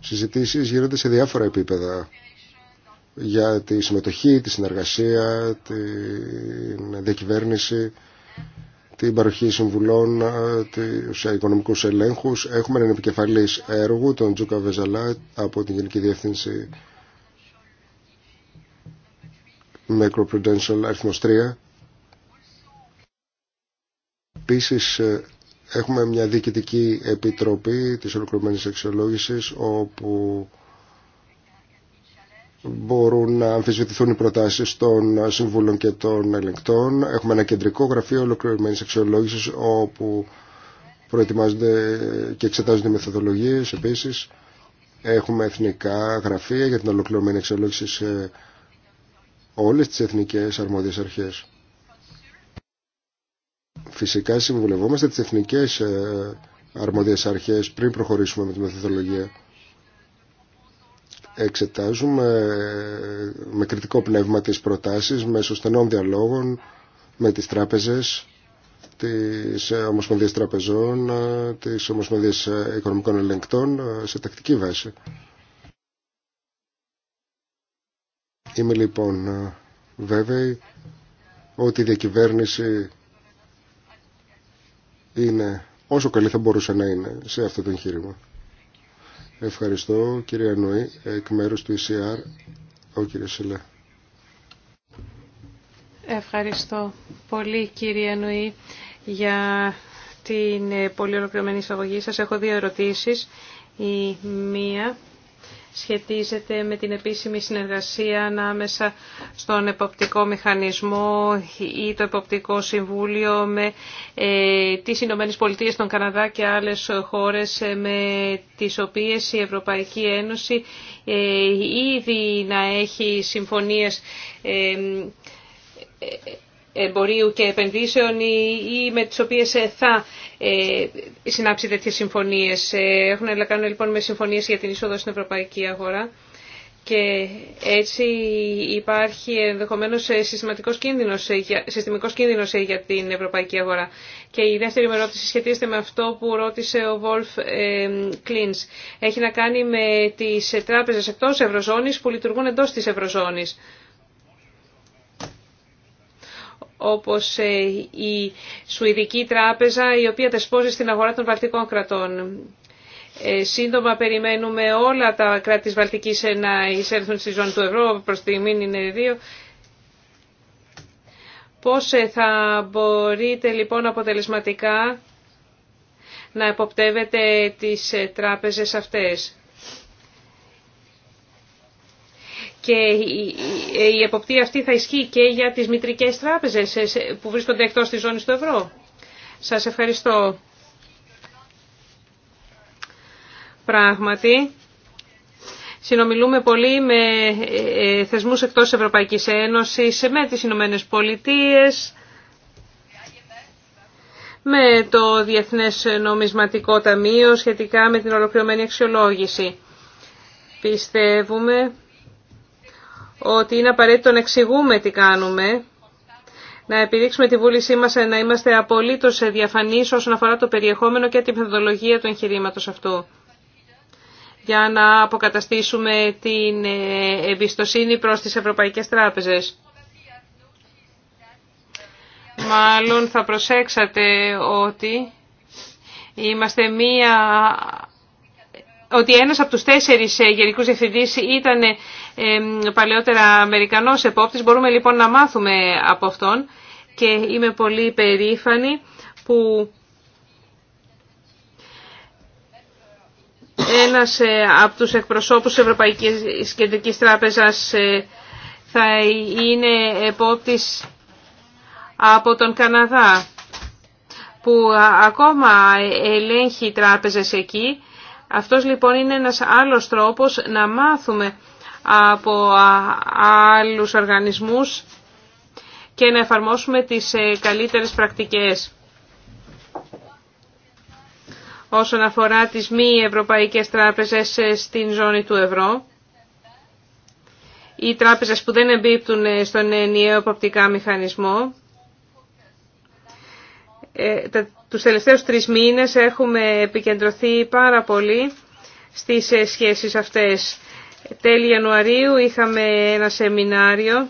Συζητήσεις γίνονται σε διάφορα επίπεδα για τη συμμετοχή, τη συνεργασία, την διακυβέρνηση, την παροχή συμβουλών, τους οικονομικούς ελέγχους. Έχουμε έναν επικεφαλής έργου, τον Τζούκα Βεζαλά, από την Γενική Διεύθυνση Macroprudential αριθμός 3. Επίσης ε, έχουμε μια διοικητική επιτροπή της ολοκληρωμένης αξιολόγησης όπου μπορούν να αμφισβητηθούν οι προτάσεις των συμβούλων και των ελεγκτών. Έχουμε ένα κεντρικό γραφείο ολοκληρωμένης αξιολόγησης όπου προετοιμάζονται και εξετάζονται μεθοδολογίες επίσης. Έχουμε εθνικά γραφεία για την ολοκληρωμένη αξιολόγηση σε όλες τις εθνικές αρμόδιες αρχές. Φυσικά συμβουλευόμαστε τις εθνικές ε, αρμόδιες αρχές πριν προχωρήσουμε με τη μεθοδολογία. Εξετάζουμε ε, με κριτικό πνεύμα τις προτάσεις, με στενών διαλόγων, με τις τράπεζες, τις ε, Ομοσπονδίες Τραπεζών, τις Ομοσπονδίες Οικονομικών Ελεγκτών σε τακτική βάση. Είμαι λοιπόν ε, βέβαιη ότι η διακυβέρνηση είναι όσο καλή θα μπορούσε να είναι σε αυτό το εγχείρημα. Ευχαριστώ κύριε Νοή εκ μέρους του ECR, ο κύριος Σιλέ. Ευχαριστώ πολύ κύριε Νοή για την ε, πολύ ολοκληρωμένη εισαγωγή σας. Έχω δύο ερωτήσεις. Η μία σχετίζεται με την επίσημη συνεργασία ανάμεσα στον εποπτικό μηχανισμό ή το εποπτικό συμβούλιο με ε, τις Ηνωμένε Πολιτείες, τον Καναδά και άλλες χώρες ε, με τις οποίες η Ευρωπαϊκή Ένωση ε, ήδη να έχει συμφωνίες εμπορίου και επενδύσεων ή με τις οποίες ε, θα ε, συνάψει τέτοιες συμφωνίες. Ε, έχουν να κάνουν λοιπόν με συμφωνίες για την είσοδο στην ευρωπαϊκή αγορά και έτσι υπάρχει ενδεχομένως συστηματικός κίνδυνος, συστημικός κίνδυνος για την ευρωπαϊκή αγορά. Και η δεύτερη μερότηση ερώτηση σχετίζεται με αυτό που ρώτησε ο Βολφ Κλίνς. Έχει να κάνει με τις τράπεζες εκτός Ευρωζώνης που λειτουργούν εντός της Ευρωζώνης όπως ε, η Σουηδική Τράπεζα, η οποία τεσπόζει στην αγορά των βαλτικών κρατών. Ε, σύντομα περιμένουμε όλα τα κράτη της Βαλτικής ε, να εισέλθουν στη ζώνη του ευρώ, προς τη μήνυνη είναι δύο. Πώς θα μπορείτε λοιπόν αποτελεσματικά να εποπτεύετε τις τράπεζες αυτές. και η εποπτεία αυτή θα ισχύει και για τις μητρικές τράπεζες που βρίσκονται εκτός της ζώνης του ευρώ. Σας ευχαριστώ. Πράγματι, συνομιλούμε πολύ με ε, ε, θεσμούς εκτός Ευρωπαϊκής Ένωσης, με τις Ηνωμένες Πολιτείες, με το Διεθνές Νομισματικό Ταμείο σχετικά με την ολοκληρωμένη αξιολόγηση. Πιστεύουμε ότι είναι απαραίτητο να εξηγούμε τι κάνουμε, να επιδείξουμε τη βούλησή μας να είμαστε απολύτως διαφανείς όσον αφορά το περιεχόμενο και τη μεθοδολογία του εγχειρήματος αυτού για να αποκαταστήσουμε την ε, εμπιστοσύνη προς τις Ευρωπαϊκές Τράπεζες. Μάλλον θα προσέξατε ότι είμαστε μία ότι ένας από τους τέσσερις ε, γενικούς διευθυντής ήταν ε, παλαιότερα Αμερικανός επόπτης. Μπορούμε λοιπόν να μάθουμε από αυτόν και είμαι πολύ περήφανη που ένας ε, από τους εκπροσώπους της Ευρωπαϊκής Κεντρικής Τράπεζας ε, θα είναι επόπτης από τον Καναδά που ακόμα ελέγχει τράπεζες εκεί. Αυτός λοιπόν είναι ένας άλλος τρόπος να μάθουμε από άλλους οργανισμούς και να εφαρμόσουμε τις ε, καλύτερες πρακτικές. Όσον αφορά τις μη ευρωπαϊκές τράπεζες ε, στην ζώνη του ευρώ, οι τράπεζες που δεν εμπίπτουν ε, στον ενιαίο υποπτικά μηχανισμό, τους τελευταίους τρεις μήνες έχουμε επικεντρωθεί πάρα πολύ στις σχέσεις αυτές. Τέλη Ιανουαρίου είχαμε ένα σεμινάριο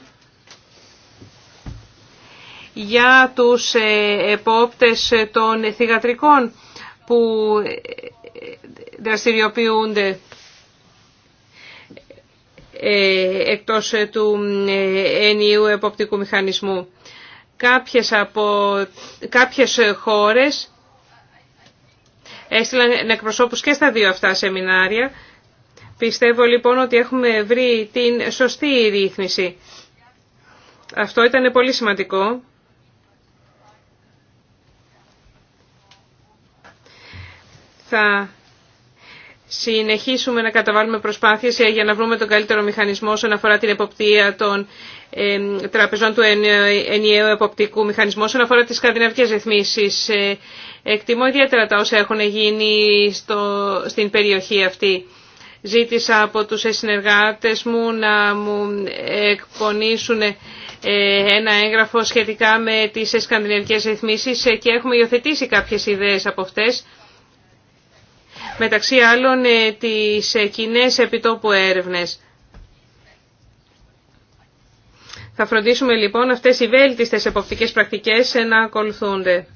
για τους ε, επόπτες των θηγατρικών που δραστηριοποιούνται ε, εκτός ε, του ενιού εποπτικού μηχανισμού. Κάποιες, από, κάποιες χώρες έστειλαν εκπροσώπους και στα δύο αυτά σεμινάρια Πιστεύω λοιπόν ότι έχουμε βρει την σωστή ρύθμιση. Αυτό ήταν πολύ σημαντικό. Θα συνεχίσουμε να καταβάλουμε προσπάθειες για να βρούμε τον καλύτερο μηχανισμό όσον αφορά την εποπτεία των τραπεζών του ενιαίου εποπτικού μηχανισμού όσον αφορά τις σκανδιναβικές ρυθμίσεις. Ε, εκτιμώ ιδιαίτερα τα όσα έχουν γίνει στο, στην περιοχή αυτή. Ζήτησα από τους συνεργάτες μου να μου εκπονήσουν ε, ένα έγγραφο σχετικά με τις σκανδιναβικές ρυθμίσεις και έχουμε υιοθετήσει κάποιες ιδέες από αυτές. Μεταξύ άλλων ε, τις ε, κοινέ επιτόπου έρευνες. Θα φροντίσουμε λοιπόν αυτές οι βέλτιστες εποπτικές πρακτικές να ακολουθούνται.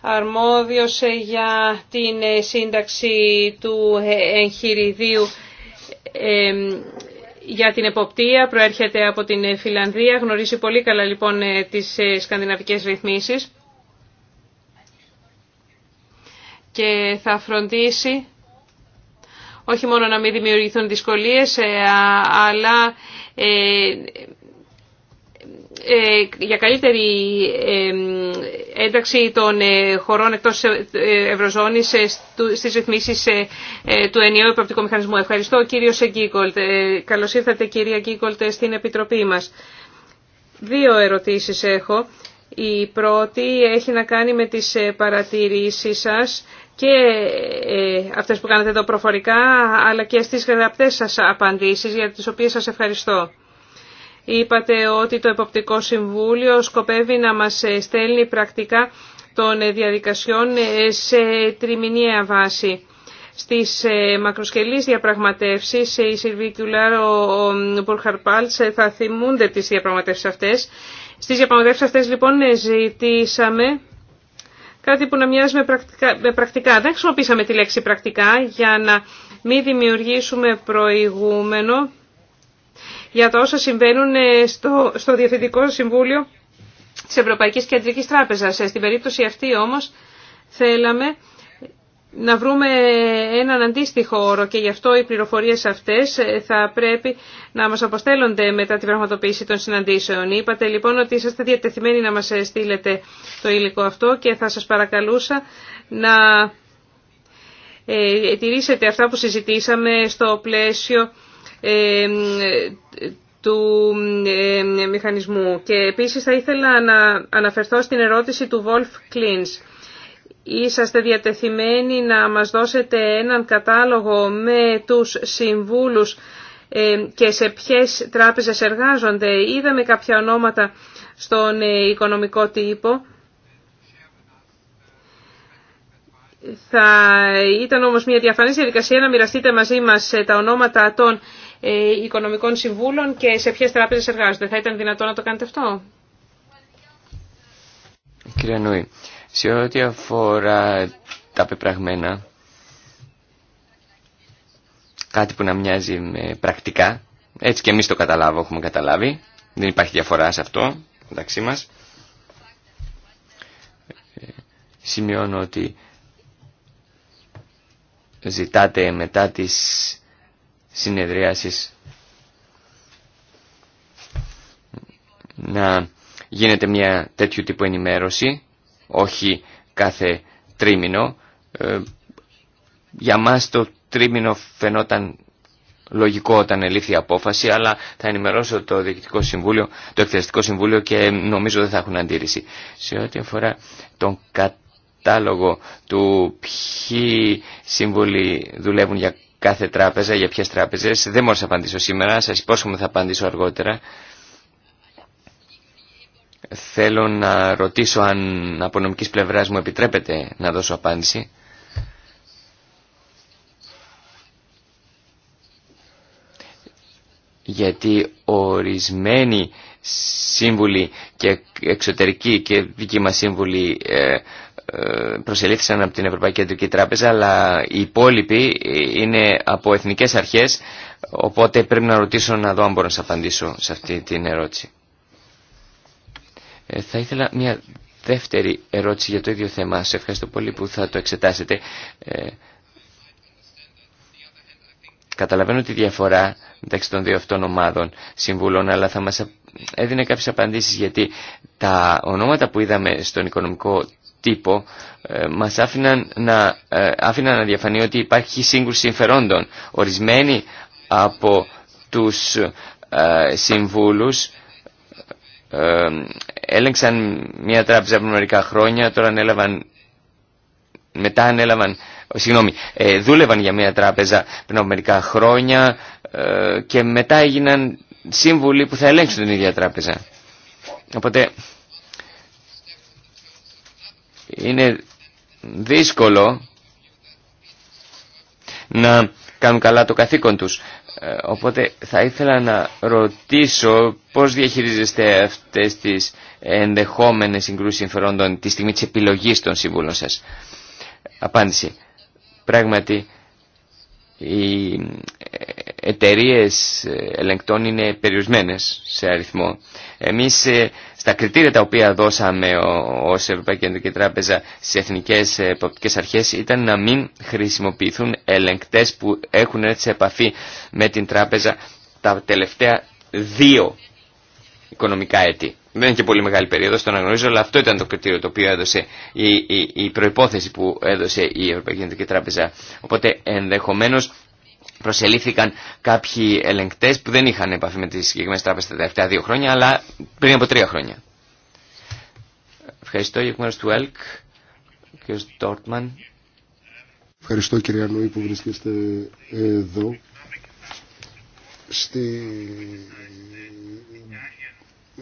αρμόδιος ε, για την ε, σύνταξη του ε, εγχειριδίου για την εποπτεία, προέρχεται από την Φιλανδία, γνωρίζει πολύ καλά λοιπόν τις σκανδιναβικές ρυθμίσεις και θα φροντίσει όχι μόνο να μην δημιουργηθούν δυσκολίες, αλλά ε, για καλύτερη ένταξη των ε, χωρών εκτός ε, Ευρωζώνης στις ρυθμίσεις του ενιαίου υποπτικού μηχανισμού. Ευχαριστώ κύριο Σεγκίκολτ. Καλώς ήρθατε κυρία Γκίκολτ στην Επιτροπή μας. Δύο ερωτήσεις έχω. Η πρώτη έχει να κάνει με τις παρατηρήσεις σας και αυτές που κάνετε εδώ προφορικά αλλά και στις γραπτές σας απαντήσεις για τις οποίες σας ευχαριστώ. Είπατε ότι το Εποπτικό Συμβούλιο σκοπεύει να μας στέλνει πρακτικά των διαδικασιών σε τριμηνία βάση. Στις ε, μακροσκελείς διαπραγματεύσεις, η Σιλβί ο ε, θα θυμούνται τις διαπραγματεύσεις αυτές. Στις διαπραγματεύσεις αυτές λοιπόν ε, ζητήσαμε κάτι που να μοιάζει πρακτικά. Με πρακτικά. Δεν χρησιμοποίησαμε τη λέξη πρακτικά για να μην δημιουργήσουμε προηγούμενο για τα όσα συμβαίνουν ε, στο, στο Διευθυντικό Συμβούλιο της Ευρωπαϊκής Κεντρικής Τράπεζας. Ε, στην περίπτωση αυτή όμως θέλαμε να βρούμε έναν αντίστοιχο όρο και γι' αυτό οι πληροφορίες αυτές ε, θα πρέπει να μας αποστέλλονται μετά την πραγματοποίηση των συναντήσεων. Είπατε λοιπόν ότι είσαστε διατεθειμένοι να μας στείλετε το υλικό αυτό και θα σας παρακαλούσα να τηρήσετε αυτά που συζητήσαμε στο πλαίσιο του μηχανισμού. Και επίσης θα ήθελα να αναφερθώ στην ερώτηση του Wolf Klins. Είσαστε διατεθειμένοι να μας δώσετε έναν κατάλογο με τους συμβούλους και σε ποιες τράπεζες εργάζονται. Είδαμε κάποια ονόματα στον ε, οικονομικό τύπο. Θα ήταν όμως μια διαφανής διαδικασία να μοιραστείτε μαζί μας ε, τα ονόματα των ε, οικονομικών συμβούλων και σε ποιες τράπεζες εργάζονται. Θα ήταν δυνατό να το κάνετε αυτό. Κύριε Νούη, σε ό,τι αφορά τα πεπραγμένα, κάτι που να μοιάζει με πρακτικά, έτσι και εμείς το καταλάβω, έχουμε καταλάβει, δεν υπάρχει διαφορά σε αυτό μεταξύ μας. Σημειώνω ότι ζητάτε μετά τις συνεδρίασης να γίνεται μια τέτοιου τύπου ενημέρωση, όχι κάθε τρίμηνο. Ε, για μας το τρίμηνο φαινόταν λογικό όταν ελήφθη η απόφαση, αλλά θα ενημερώσω το Διοικητικό Συμβούλιο, το Εκθεστικό Συμβούλιο και νομίζω δεν θα έχουν αντίρρηση. Σε ό,τι αφορά τον κατάλογο του ποιοι συμβούλοι δουλεύουν για κάθε τράπεζα, για ποιες τράπεζες. Δεν μπορώ να απαντήσω σήμερα, σας υπόσχομαι θα απαντήσω αργότερα. Θέλω να ρωτήσω αν από νομικής πλευράς μου επιτρέπεται να δώσω απάντηση. Γιατί ορισμένοι σύμβουλοι και εξωτερικοί και δικοί μας σύμβουλοι ε, ε, προσελήφθησαν από την Ευρωπαϊκή Κεντρική Τράπεζα, αλλά οι υπόλοιποι είναι από εθνικές αρχές, οπότε πρέπει να ρωτήσω να δω αν μπορώ να σας απαντήσω σε αυτή την ερώτηση. Ε, θα ήθελα μια δεύτερη ερώτηση για το ίδιο θέμα. Σε ευχαριστώ πολύ που θα το εξετάσετε. Ε, καταλαβαίνω τη διαφορά μεταξύ των δύο αυτών ομάδων συμβούλων, αλλά θα μας έδινε κάποιες απαντήσεις γιατί τα ονόματα που είδαμε στον οικονομικό τύπο ε, μας άφηναν να, ε, άφηναν να διαφανεί ότι υπάρχει σύγκρουση συμφερόντων. Ορισμένοι από τους ε, συμβούλους έλεγξαν μια τράπεζα από μερικά χρόνια, τώρα ανέλαβαν, μετά ανέλαβαν, συγγνώμη, δούλευαν για μια τράπεζα πριν μερικά χρόνια και μετά έγιναν σύμβουλοι που θα ελέγξουν την ίδια τράπεζα. Οπότε είναι δύσκολο να κάνουν καλά το καθήκον τους. Ε, οπότε θα ήθελα να ρωτήσω πώς διαχειρίζεστε αυτές τις ενδεχόμενες συγκρούσεις συμφερόντων τη στιγμή της επιλογής των συμβούλων σας. Απάντηση. Πράγματι, οι εταιρείες ελεγκτών είναι περιορισμένες σε αριθμό. Εμείς ε, στα κριτήρια τα οποία δώσαμε ως Ευρωπαϊκή Κεντρική Τράπεζα στις εθνικές ε, εποπτικές αρχές ήταν να μην χρησιμοποιηθούν ελεγκτές που έχουν έρθει σε επαφή με την τράπεζα τα τελευταία δύο οικονομικά έτη. Δεν είναι και πολύ μεγάλη περίοδο, το αναγνωρίζω, αλλά αυτό ήταν το κριτήριο το οποίο έδωσε η, η, η προπόθεση που έδωσε η Ευρωπαϊκή Κεντρική Τράπεζα. Οπότε ενδεχομένω Προσελήθηκαν κάποιοι ελεγκτές που δεν είχαν επαφή με τις συγκεκριμένες τράπεζες τα τελευταία δύο χρόνια, αλλά πριν από τρία χρόνια. Ευχαριστώ για μέρος του ΕΛΚ, κ. Ντόρτμαν. Ευχαριστώ κυρία Νόη που βρίσκεστε εδώ. Στη...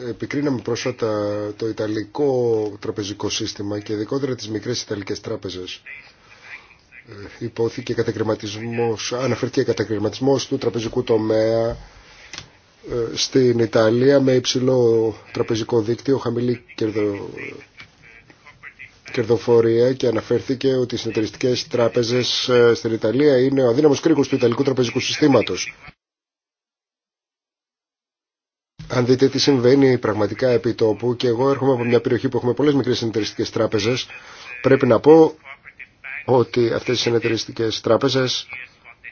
Επικρίναμε πρόσφατα το Ιταλικό τραπεζικό σύστημα και ειδικότερα τις μικρές Ιταλικές τράπεζες υπόθηκε κατακριματισμός, αναφέρθηκε κατακριματισμός του τραπεζικού τομέα ε, στην Ιταλία με υψηλό τραπεζικό δίκτυο, χαμηλή κερδο... κερδοφορία και αναφέρθηκε ότι οι συνεταιριστικές τράπεζες ε, στην Ιταλία είναι ο αδύναμος κρίκος του Ιταλικού τραπεζικού συστήματος. Αν δείτε τι συμβαίνει πραγματικά επί τόπου και εγώ έρχομαι από μια περιοχή που έχουμε πολλές μικρές συνεταιριστικές τράπεζες πρέπει να πω ότι αυτές οι συνεταιριστικές τράπεζες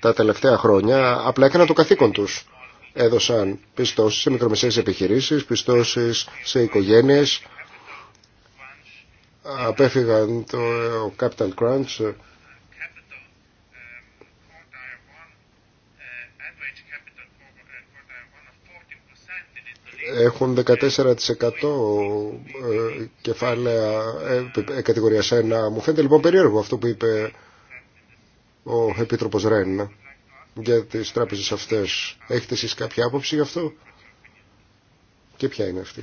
τα τελευταία χρόνια απλά έκαναν το καθήκον τους. Έδωσαν πιστώσεις σε μικρομεσαίες επιχειρήσεις, πιστώσεις σε οικογένειες, απέφυγαν το capital crunch έχουν 14% ε, κεφάλαια ε, κατηγορία 1. Μου φαίνεται λοιπόν περίεργο αυτό που είπε ο Επίτροπος Ρέν για τις τράπεζες αυτές. Έχετε εσείς κάποια άποψη γι' αυτό και ποια είναι αυτή.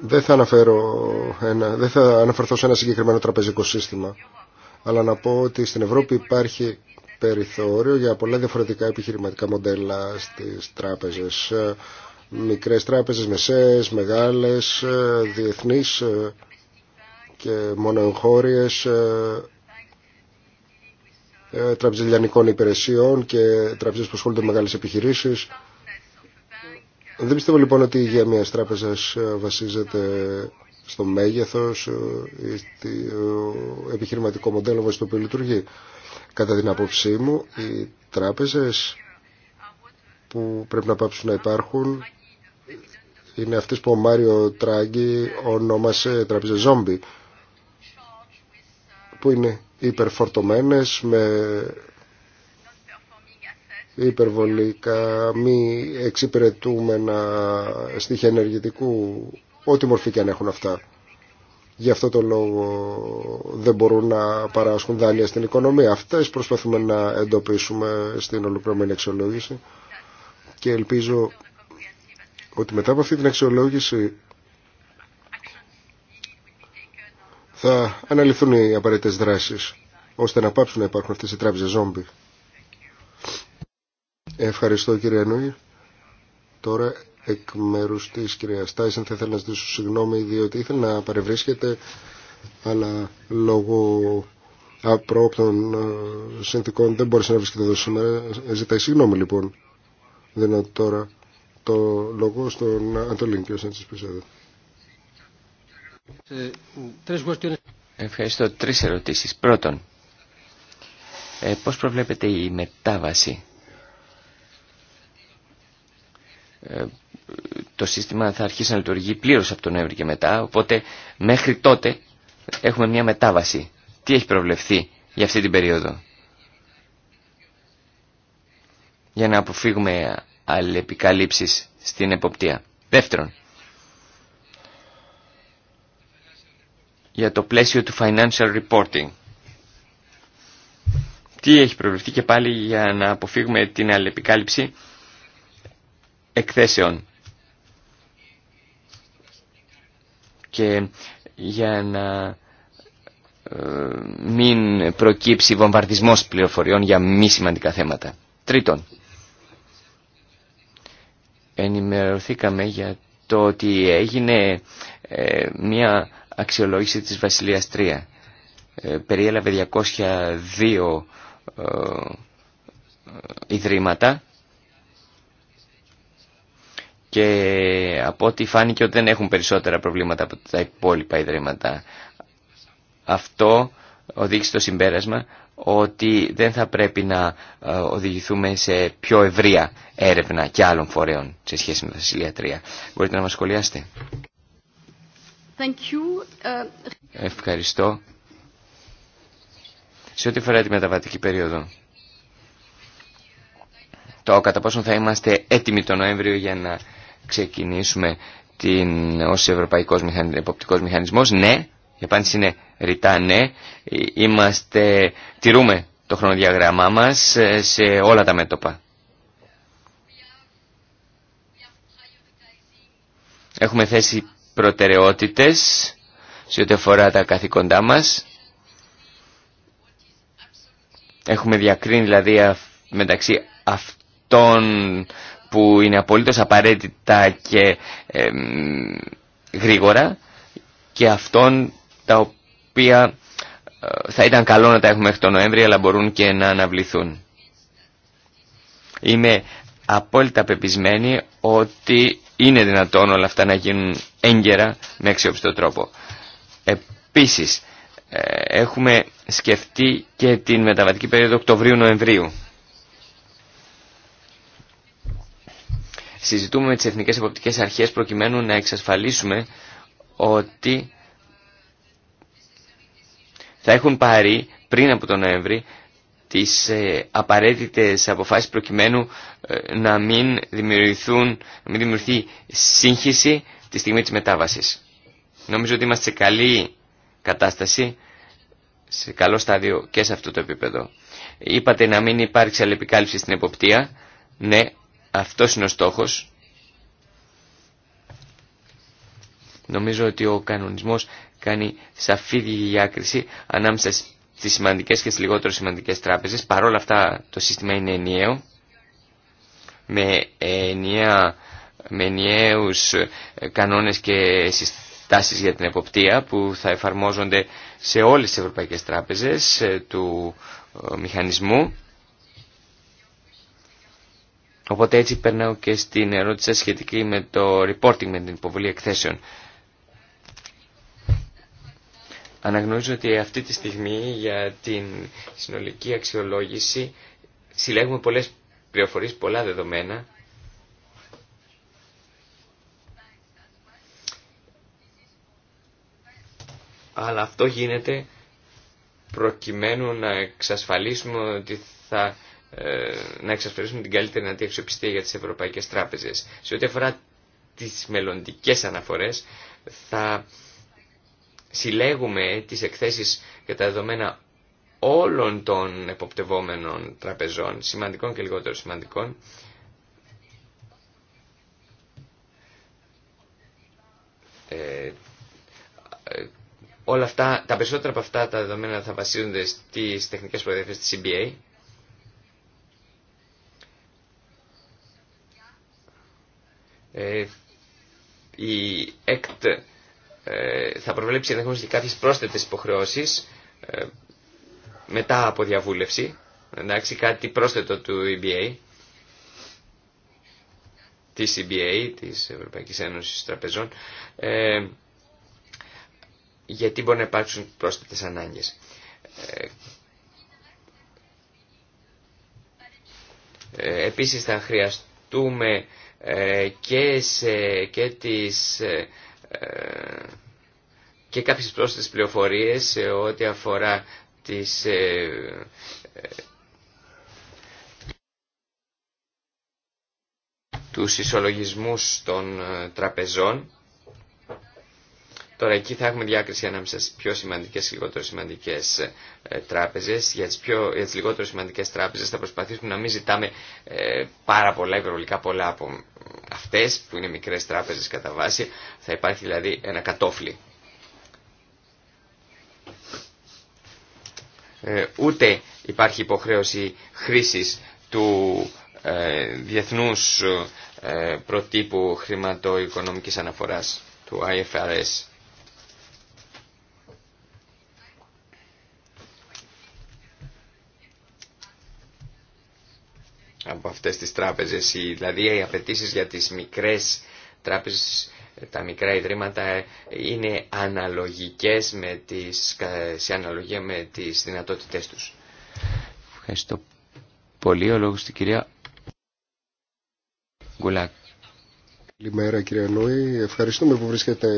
Δεν θα, αναφέρω ένα, δεν θα αναφερθώ σε ένα συγκεκριμένο τραπεζικό σύστημα αλλά να πω ότι στην Ευρώπη υπάρχει περιθώριο για πολλά διαφορετικά επιχειρηματικά μοντέλα στις τράπεζες. Μικρές τράπεζες, μεσαίες, μεγάλες, διεθνείς και μονοεγχώριες ε, λιανικών υπηρεσιών και τραπεζές που ασχολούνται με μεγάλες επιχειρήσεις. Δεν πιστεύω λοιπόν ότι η υγεία μιας τράπεζας ε, βασίζεται στο μέγεθος, στο ε, ε, ε, επιχειρηματικό μοντέλο βάσει το οποίο λειτουργεί. Κατά την απόψή μου, οι τράπεζες που πρέπει να πάψουν να υπάρχουν είναι αυτές που ο Μάριο Τράγκη ονόμασε τράπεζες ζόμπι που είναι υπερφορτωμένες με υπερβολικά μη εξυπηρετούμενα στοιχεία ενεργητικού ό,τι μορφή και αν έχουν αυτά. Γι' αυτό το λόγο δεν μπορούν να παράσχουν δάλια στην οικονομία. Αυτές προσπαθούμε να εντοπίσουμε στην ολοκληρωμένη αξιολόγηση και ελπίζω ότι μετά από αυτή την αξιολόγηση θα αναλυθούν οι απαραίτητες δράσεις ώστε να πάψουν να υπάρχουν αυτές οι τράπεζες ζόμπι. Ευχαριστώ κύριε Τώρα εκ μέρου τη κυρία Τάισεν. Θα ήθελα να ζητήσω συγγνώμη, διότι ήθελα να παρευρίσκεται, αλλά λόγω απρόπτων ε, συνθήκων δεν μπόρεσε να βρίσκεται εδώ σήμερα. Ζητάει συγγνώμη, λοιπόν. Δίνω τώρα το λόγο στον Αντολίν και ο Σάντσες Ευχαριστώ. τρει ερωτήσει. Πρώτον, ε, πώς προβλέπετε η μετάβαση ε, το σύστημα θα αρχίσει να λειτουργεί πλήρως από τον Νοέμβρη και μετά, οπότε μέχρι τότε έχουμε μια μετάβαση. Τι έχει προβλεφθεί για αυτή την περίοδο. Για να αποφύγουμε αλληλεπικαλύψεις στην εποπτεία. Δεύτερον, για το πλαίσιο του financial reporting. Τι έχει προβλεφθεί και πάλι για να αποφύγουμε την αλληλεπικάλυψη εκθέσεων και για να ε, μην προκύψει βομβαρδισμός πληροφοριών για μη σημαντικά θέματα. Τρίτον, ενημερωθήκαμε για το ότι έγινε ε, μια αξιολόγηση της Βασιλείας 3. Ε, περιέλαβε 202 ιδρύματα και από ό,τι φάνηκε ότι δεν έχουν περισσότερα προβλήματα από τα υπόλοιπα ιδρύματα. Αυτό οδήγησε το συμπέρασμα ότι δεν θα πρέπει να ε, οδηγηθούμε σε πιο ευρία έρευνα και άλλων φορέων σε σχέση με τα Βασιλεία 3. Μπορείτε να μας σχολιάσετε. Thank you. Ε, Ευχαριστώ. Σε ό,τι φορά τη μεταβατική περίοδο, το κατά πόσο θα είμαστε έτοιμοι το Νοέμβριο για να ξεκινήσουμε την, ως ευρωπαϊκός μηχανισμός, εποπτικός μηχανισμός. Ναι, η απάντηση είναι ρητά ναι. Ε, είμαστε, τηρούμε το χρονοδιαγράμμά μας ε, σε όλα τα μέτωπα. Έχουμε θέσει προτεραιότητες σε ό,τι αφορά τα καθήκοντά μας. Έχουμε διακρίνει δηλαδή μεταξύ αυτών που είναι απολύτως απαραίτητα και γρήγορα και αυτών τα οποία ε, θα ήταν καλό να τα έχουμε μέχρι τον Νοέμβρη αλλά μπορούν και να αναβληθούν. Είμαι απόλυτα πεπισμένη ότι είναι δυνατόν όλα αυτά να γίνουν έγκαιρα με αξιόπιστο τρόπο. Επίσης, ε, έχουμε σκεφτεί και την μεταβατική περίοδο Οκτωβρίου-Νοεμβρίου. συζητούμε με τις Εθνικές Εποπτικές Αρχές προκειμένου να εξασφαλίσουμε ότι θα έχουν πάρει πριν από τον Νοέμβρη τις ε, απαραίτητες αποφάσεις προκειμένου ε, να μην, δημιουργηθούν, να μην δημιουργηθεί σύγχυση τη στιγμή της μετάβασης. Νομίζω ότι είμαστε σε καλή κατάσταση, σε καλό στάδιο και σε αυτό το επίπεδο. Είπατε να μην υπάρξει αλληλεπικάλυψη στην εποπτεία. Ναι, αυτός είναι ο στόχος. Νομίζω ότι ο κανονισμός κάνει σαφή διάκριση ανάμεσα στις σημαντικές και στις λιγότερο σημαντικές τράπεζες. Παρ' όλα αυτά το σύστημα είναι ενιαίο, με, ενιαία, με ενιαίους ε, κανόνες και συστάσεις για την εποπτεία που θα εφαρμόζονται σε όλες τις ευρωπαϊκές τράπεζες ε, του ε, μηχανισμού. Οπότε έτσι περνάω και στην ερώτηση σχετική με το reporting, με την υποβολή εκθέσεων. Αναγνωρίζω ότι αυτή τη στιγμή για την συνολική αξιολόγηση συλλέγουμε πολλές πληροφορίες, πολλά δεδομένα. Αλλά αυτό γίνεται προκειμένου να εξασφαλίσουμε ότι θα ε, να εξασφαλίσουμε την καλύτερη δυνατή αξιοπιστία για τις ευρωπαϊκές τράπεζες. Σε ό,τι αφορά τις μελλοντικέ αναφορές θα συλλέγουμε τις εκθέσεις για τα δεδομένα όλων των εποπτευόμενων τραπεζών, σημαντικών και λιγότερο σημαντικών, ε, ε όλα αυτά, τα περισσότερα από αυτά τα δεδομένα θα βασίζονται στις τεχνικές προδιαθέσεις της CBA Ε, η ΕΚΤ ε, θα προβλέψει να και κάποιες πρόσθετες υποχρεώσεις ε, μετά από διαβούλευση, εντάξει, κάτι πρόσθετο του EBA, της EBA, της Ευρωπαϊκής Ένωσης Τραπεζών, γιατί μπορεί να υπάρξουν πρόσθετες ανάγκες. Επίσης θα χρειαστούμε ε, και, σε, και, τις, ε, ε, και κάποιες πρόσθετες πληροφορίες σε ό,τι αφορά τις, τους ισολογισμούς των τραπεζών Τώρα εκεί θα έχουμε διάκριση ανάμεσα στις πιο σημαντικές και λιγότερο σημαντικές ε, τράπεζες. Για τις, πιο, για τις λιγότερο σημαντικές τράπεζες θα προσπαθήσουμε να μην ζητάμε ε, πάρα πολλά, υπερβολικά πολλά από αυτές που είναι μικρές τράπεζες κατά βάση. Θα υπάρχει δηλαδή ένα κατόφλι. Ε, ούτε υπάρχει υποχρέωση χρήσης του διεθνούς προτύπου χρηματοοικονομικής αναφοράς του IFRS. από αυτές τις τράπεζες. Δηλαδή οι απαιτήσει για τις μικρές τράπεζες, τα μικρά ιδρύματα είναι αναλογικές με τις, σε αναλογία με τις δυνατότητές τους. Ευχαριστώ πολύ. Ο λόγος στην κυρία Γκουλάκ. Καλημέρα κύριε Νούη. Ευχαριστούμε που βρίσκετε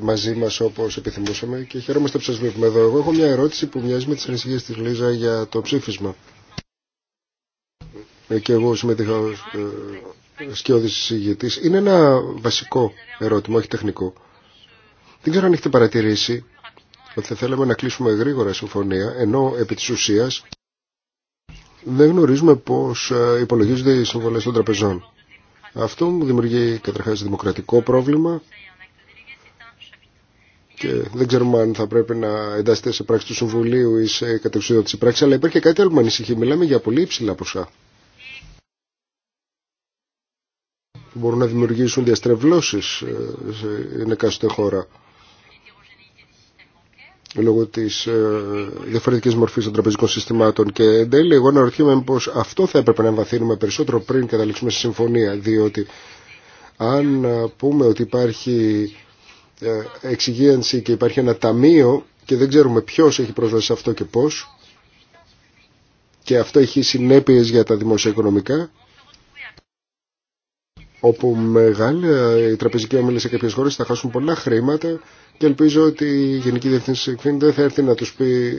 μαζί μας όπως επιθυμούσαμε και χαιρόμαστε που σας βλέπουμε εδώ. Εγώ έχω μια ερώτηση που μοιάζει με τις ανησυχίες της Λίζα για το ψήφισμα. Ε, και εγώ συμμετείχα ως ε, σκιώδης είναι ένα βασικό ερώτημα, όχι τεχνικό. Δεν ξέρω αν έχετε παρατηρήσει ότι θα θέλαμε να κλείσουμε γρήγορα συμφωνία, ενώ επί της ουσίας δεν γνωρίζουμε πώς ε, υπολογίζονται οι συμβολές των τραπεζών. Αυτό μου δημιουργεί καταρχάς δημοκρατικό πρόβλημα και δεν ξέρουμε αν θα πρέπει να εντάσσεται σε πράξη του Συμβουλίου ή σε τη πράξη, αλλά υπάρχει και κάτι άλλο που ανησυχεί. Μιλάμε για πολύ υψηλά ποσά. που μπορούν να δημιουργήσουν διαστρεβλώσεις ε, στην εκάστοτε χώρα λόγω τη ε, διαφορετική μορφή των τραπεζικών συστημάτων. Και εν τέλει, εγώ αναρωτιέμαι πω αυτό θα έπρεπε να εμβαθύνουμε περισσότερο πριν καταλήξουμε σε συμφωνία. Διότι αν ε, πούμε ότι υπάρχει ε, εξυγίανση και υπάρχει ένα ταμείο και δεν ξέρουμε ποιο έχει πρόσβαση σε αυτό και πώ, και αυτό έχει συνέπειε για τα δημοσιοοικονομικά, όπου μεγάλη οι ε, τραπεζικοί όμιλοι σε κάποιες χώρες θα χάσουν πολλά χρήματα και ελπίζω ότι η Γενική Διευθύνση Εκφήνη δεν θα έρθει να τους πει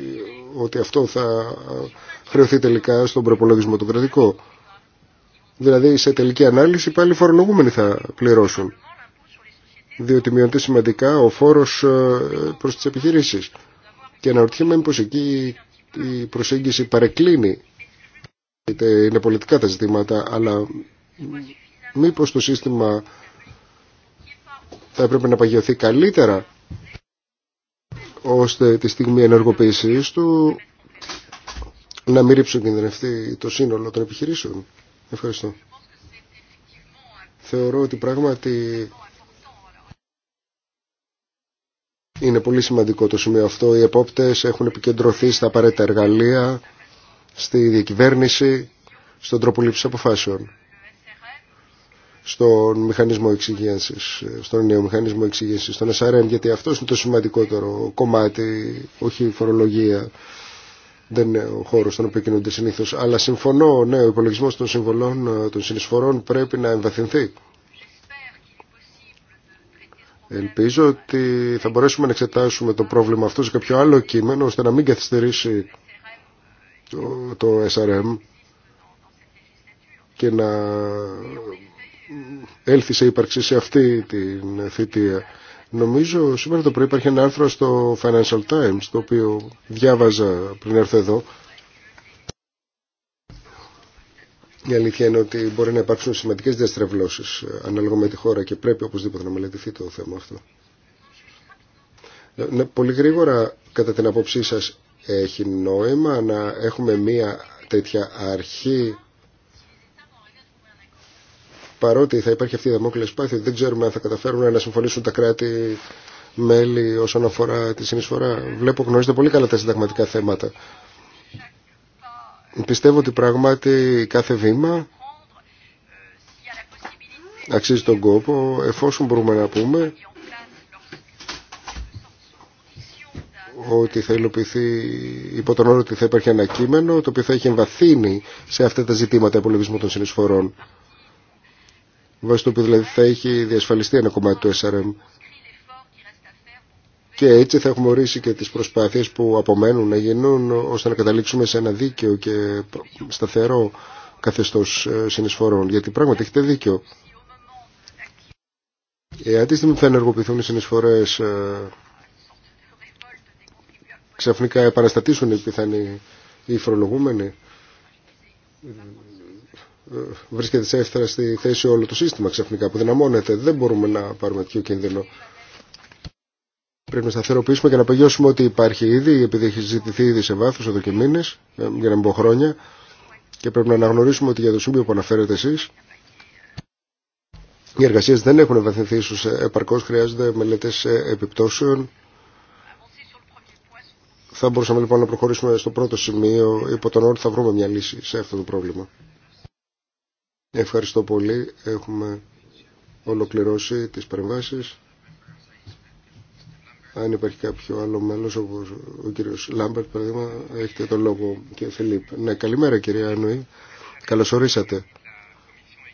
ότι αυτό θα ε, χρεωθεί τελικά στον προπολογισμό του κρατικού. Δηλαδή σε τελική ανάλυση πάλι οι φορολογούμενοι θα πληρώσουν. Διότι μειώνεται σημαντικά ο φόρος ε, προς τις επιχειρήσεις. Και αναρωτιέμαι πως εκεί η προσέγγιση παρεκκλίνει. Είναι πολιτικά τα ζητήματα, αλλά Μήπως το σύστημα θα έπρεπε να παγιωθεί καλύτερα ώστε τη στιγμή ενεργοποίησης του να μην ρίψουν κινδυνευτεί το σύνολο των επιχειρήσεων. Ευχαριστώ. Θεωρώ ότι πράγματι είναι πολύ σημαντικό το σημείο αυτό. Οι επόπτες έχουν επικεντρωθεί στα απαραίτητα εργαλεία, στη διακυβέρνηση, στον τρόπο λήψης αποφάσεων στον μηχανισμό εξυγένσης, στον νέο μηχανισμό εξυγένσης, στον SRM, γιατί αυτό είναι το σημαντικότερο κομμάτι, όχι η φορολογία. Δεν είναι ο χώρο στον οποίο κινούνται συνήθω. Αλλά συμφωνώ, ναι, ο υπολογισμό των συμβολών των συνεισφορών πρέπει να εμβαθυνθεί. Ελπίζω ότι θα μπορέσουμε να εξετάσουμε το πρόβλημα αυτό σε κάποιο άλλο κείμενο ώστε να μην καθυστερήσει το, το SRM και να έλθει σε ύπαρξη σε αυτή την θητεία. Νομίζω σήμερα το πρωί υπάρχει ένα άρθρο στο Financial Times το οποίο διάβαζα πριν έρθω εδώ. Η αλήθεια είναι ότι μπορεί να υπάρξουν σημαντικές διαστρεβλώσεις ε, ανάλογα με τη χώρα και πρέπει οπωσδήποτε να μελετηθεί το θέμα αυτό. Ναι, πολύ γρήγορα, κατά την απόψή σας, έχει νόημα να έχουμε μία τέτοια αρχή παρότι θα υπάρχει αυτή η δαμόκλειο σπάθη, δεν ξέρουμε αν θα καταφέρουν να συμφωνήσουν τα κράτη μέλη όσον αφορά τη συνεισφορά. Βλέπω, γνωρίζετε πολύ καλά τα συνταγματικά θέματα. Πιστεύω ότι πράγματι κάθε βήμα αξίζει τον κόπο, εφόσον μπορούμε να πούμε ότι θα υλοποιηθεί υπό τον όρο ότι θα υπάρχει ένα κείμενο το οποίο θα έχει εμβαθύνει σε αυτά τα ζητήματα υπολογισμού των συνεισφορών βάσει του οποίο δηλαδή θα έχει διασφαλιστεί ένα κομμάτι του SRM. Και έτσι θα έχουμε ορίσει και τις προσπάθειες που απομένουν να γίνουν ώστε να καταλήξουμε σε ένα δίκαιο και σταθερό καθεστώς ε, συνεισφορών. Γιατί πράγματι έχετε δίκιο. Εάν τη θα ενεργοποιηθούν οι συνεισφορές ε, ξαφνικά επαναστατήσουν οι πιθανοί οι φορολογούμενοι βρίσκεται σε στη θέση όλο το σύστημα ξαφνικά που δυναμώνεται. Δεν μπορούμε να πάρουμε τέτοιο κίνδυνο. Πρέπει να σταθεροποιήσουμε και να παγιώσουμε ότι υπάρχει ήδη, επειδή έχει ζητηθεί ήδη σε βάθο εδώ και μήνε, ε, για να μην πω χρόνια, και πρέπει να αναγνωρίσουμε ότι για το Σούμπιο που αναφέρετε εσεί, οι εργασίε δεν έχουν βαθυνθεί ίσω ε, επαρκώ, χρειάζονται μελέτε ε, επιπτώσεων. Θα μπορούσαμε λοιπόν να προχωρήσουμε στο πρώτο σημείο, υπό τον όρο θα βρούμε μια λύση σε αυτό το πρόβλημα. Ευχαριστώ πολύ. Έχουμε ολοκληρώσει τις παρεμβάσεις. Αν υπάρχει κάποιο άλλο μέλος, όπως ο κύριος Λάμπερτ, παραδείγμα, έχετε τον λόγο, κύριε Φιλίπ. Ναι, καλημέρα κυρία Ανουή. Καλώς ορίσατε.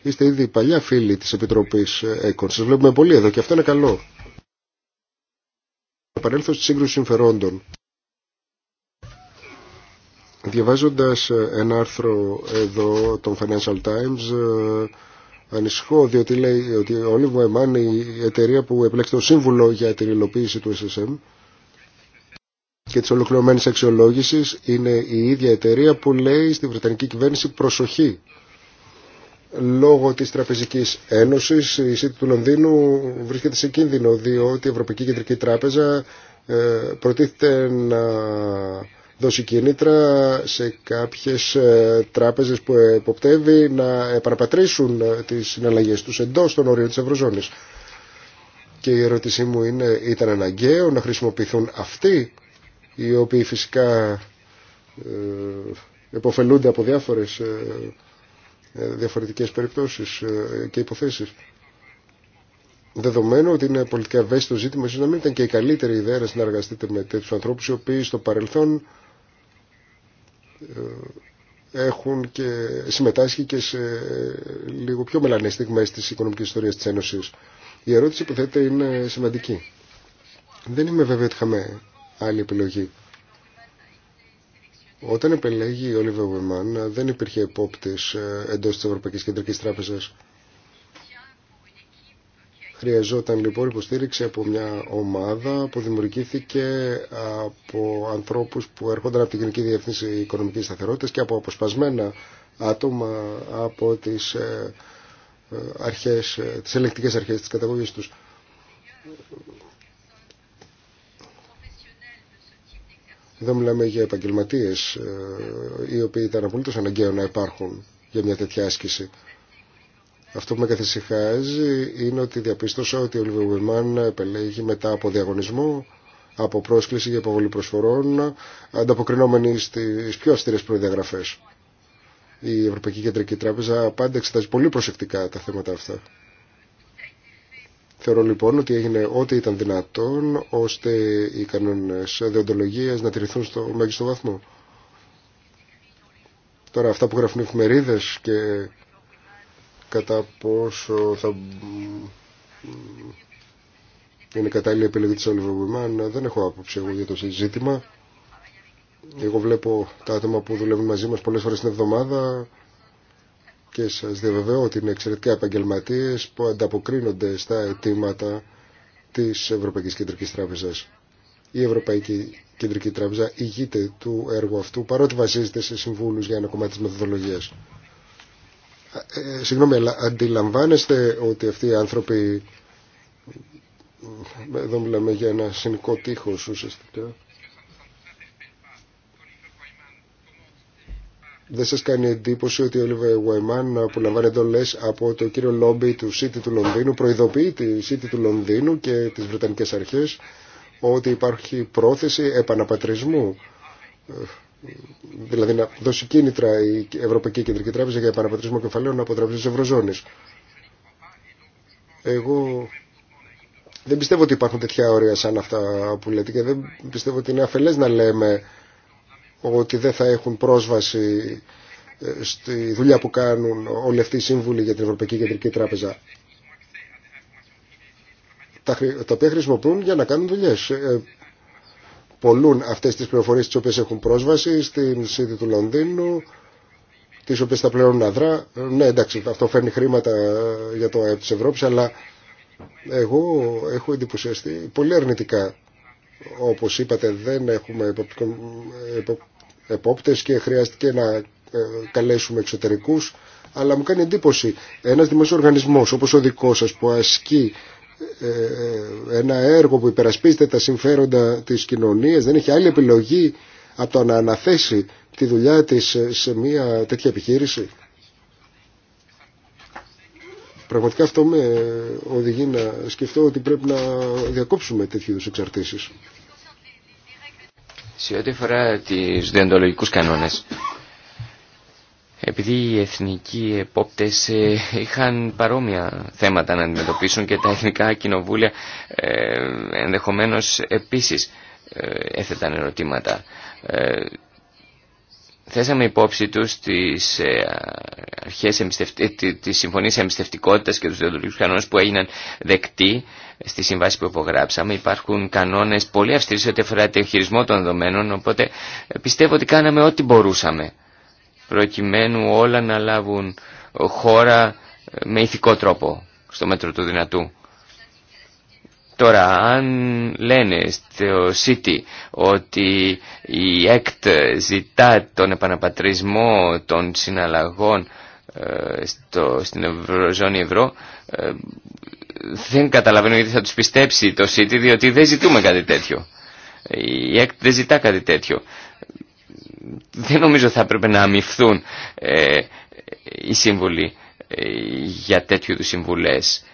Είστε ήδη παλιά φίλοι της Επιτροπής ΕΚΟΝ. Σας βλέπουμε πολύ εδώ και αυτό είναι καλό. Παρέλθω στη σύγκρουση συμφερόντων. Διαβάζοντας ε, ένα άρθρο εδώ των Financial Times ε, ανησυχώ διότι λέει ότι όλοι μου εμάνει η εταιρεία που επιλέξει το σύμβουλο για την υλοποίηση του SSM και της ολοκληρωμένης αξιολόγησης είναι η ίδια εταιρεία που λέει στη Βρετανική κυβέρνηση προσοχή λόγω της Τραπεζικής Ένωσης η ΣΥΤ του Λονδίνου βρίσκεται σε κίνδυνο διότι η Ευρωπαϊκή Κεντρική Τράπεζα ε, προτίθεται να δώσει κίνητρα σε κάποιες ε, τράπεζες που εποπτεύει να επαναπατρίσουν ε, τις συναλλαγές τους εντός των ορίων της Ευρωζώνης. Και η ερώτησή μου είναι, ήταν αναγκαίο να χρησιμοποιηθούν αυτοί οι οποίοι φυσικά ε, εποφελούνται από διάφορες διαφορετικές περιπτώσεις και υποθέσεις. Δεδομένου ότι είναι πολιτικά ευαίσθητο ζήτημα, ίσω να μην ήταν και η καλύτερη ιδέα να συνεργαστείτε με τέτοιου ανθρώπου οι οποίοι στο παρελθόν ε, έχουν και συμμετάσχει και σε λίγο πιο μελανές στιγμές της οικονομικής ιστορίας της Ένωσης. Η ερώτηση που θέτε είναι σημαντική. Δεν είμαι βέβαιο ότι είχαμε άλλη επιλογή. Όταν επελέγει η Όλιβε δεν υπήρχε επόπτης ε, εντός της Ευρωπαϊκής Κεντρικής Τράπεζας. Χρειαζόταν λοιπόν υποστήριξη από μια ομάδα που δημιουργήθηκε από ανθρώπους που έρχονταν από την Γενική Διευθύνση Οικονομικής Σταθερότητας και από αποσπασμένα άτομα από τις, ε, ε, αρχές, ε, τις ελεκτικές αρχές της καταγωγής τους. Εδώ μιλάμε για επαγγελματίες οι οποίοι ήταν απολύτως αναγκαίο να υπάρχουν για μια τέτοια άσκηση. Αυτό που με καθησυχάζει είναι ότι διαπίστωσα ότι ο Λιβερμαν επελέγει μετά από διαγωνισμό, από πρόσκληση για υποβολή προσφορών, ανταποκρινόμενοι στις πιο αυστηρέ προδιαγραφές. Η Ευρωπαϊκή Κεντρική Τράπεζα πάντα εξετάζει πολύ προσεκτικά τα θέματα αυτά. Θεωρώ λοιπόν ότι έγινε ό,τι ήταν δυνατόν ώστε οι κανόνες δεοντολογίας να τηρηθούν στο μέγιστο βαθμό. Τώρα αυτά που γράφουν οι εφημερίδες και κατά πόσο θα είναι κατάλληλη η επιλογή της Wiman Δεν έχω άποψη εγώ για το συζήτημα. Εγώ βλέπω τα άτομα που δουλεύουν μαζί μας πολλές φορές την εβδομάδα και σας διαβεβαιώ ότι είναι εξαιρετικά επαγγελματίε που ανταποκρίνονται στα αιτήματα της Ευρωπαϊκής Κεντρικής Τράπεζας. Η Ευρωπαϊκή Κεντρική Τράπεζα ηγείται του έργου αυτού παρότι βασίζεται σε συμβούλους για ένα κομμάτι μεθοδολογίας. Ε, συγγνώμη, αλλά αντιλαμβάνεστε ότι αυτοί οι άνθρωποι, εδώ μιλάμε για ένα συνικό τείχος ουσιαστικά, δεν σας κάνει εντύπωση ότι ο Λίβε Γουαϊμάν που λαμβάνει λες από το κύριο Λόμπι του City του Λονδίνου προειδοποιεί τη City του Λονδίνου και τις Βρετανικές Αρχές ότι υπάρχει πρόθεση επαναπατρισμού ε, δηλαδή να δώσει κίνητρα η Ευρωπαϊκή Κεντρική Τράπεζα για επαναπατρισμό κεφαλαίων από τράπεζε τη Ευρωζώνης. Εγώ δεν πιστεύω ότι υπάρχουν τέτοια όρια σαν αυτά που λέτε και δεν πιστεύω ότι είναι αφελέ να λέμε ότι δεν θα έχουν πρόσβαση ε, στη δουλειά που κάνουν όλοι αυτοί οι σύμβουλοι για την Ευρωπαϊκή Κεντρική Τράπεζα τα οποία χρησιμοποιούν για να κάνουν δουλειέ. Ε, πολλούν αυτές τις πληροφορίες τις οποίες έχουν πρόσβαση στην ΣΥΔΙ του Λονδίνου τις οποίες θα πληρώνουν αδρά. Ναι, εντάξει, αυτό φέρνει χρήματα ε, για το ΑΕΠ της Ευρώπης, αλλά εγώ έχω εντυπωσιαστεί πολύ αρνητικά. Όπως είπατε, δεν έχουμε επόπτες και χρειάστηκε να ε, καλέσουμε εξωτερικούς, αλλά μου κάνει εντύπωση ένας δημόσιο οργανισμός όπως ο δικός σας που ασκεί ε, ε, ένα έργο που υπερασπίζεται τα συμφέροντα της κοινωνίας δεν έχει άλλη επιλογή από το να αναθέσει τη δουλειά της σε μια τέτοια επιχείρηση. Πραγματικά αυτό με οδηγεί να σκεφτώ ότι πρέπει να διακόψουμε τέτοιου είδους εξαρτήσεις. Σε ό,τι αφορά τις διοντολογικούς κανόνες, επειδή οι εθνικοί επόπτες ε, είχαν παρόμοια θέματα να αντιμετωπίσουν και τα εθνικά κοινοβούλια ε, ενδεχομένως επίσης ε, έθεταν ερωτήματα. Θέσαμε υπόψη τους τις, αρχές τις συμφωνίες εμπιστευτικότητας και τους διοντολικούς κανόνες που έγιναν δεκτοί στη συμβάση που υπογράψαμε. Υπάρχουν κανόνες πολύ αυστηροί ό,τι αφορά το χειρισμό των δεδομένων, οπότε πιστεύω ότι κάναμε ό,τι μπορούσαμε προκειμένου όλα να λάβουν χώρα με ηθικό τρόπο στο μέτρο του δυνατού. Τώρα, αν λένε στο City ότι η ΕΚΤ ζητά τον επαναπατρισμό των συναλλαγών ε, στο, στην Ευρωζώνη Ευρώ, ε, δεν καταλαβαίνω γιατί θα τους πιστέψει το City, διότι δεν ζητούμε κάτι τέτοιο. Η ΕΚΤ δεν ζητά κάτι τέτοιο δεν νομίζω θα έπρεπε να αμυφθούν ε, οι σύμβουλοι ε, για τέτοιου είδους συμβουλές.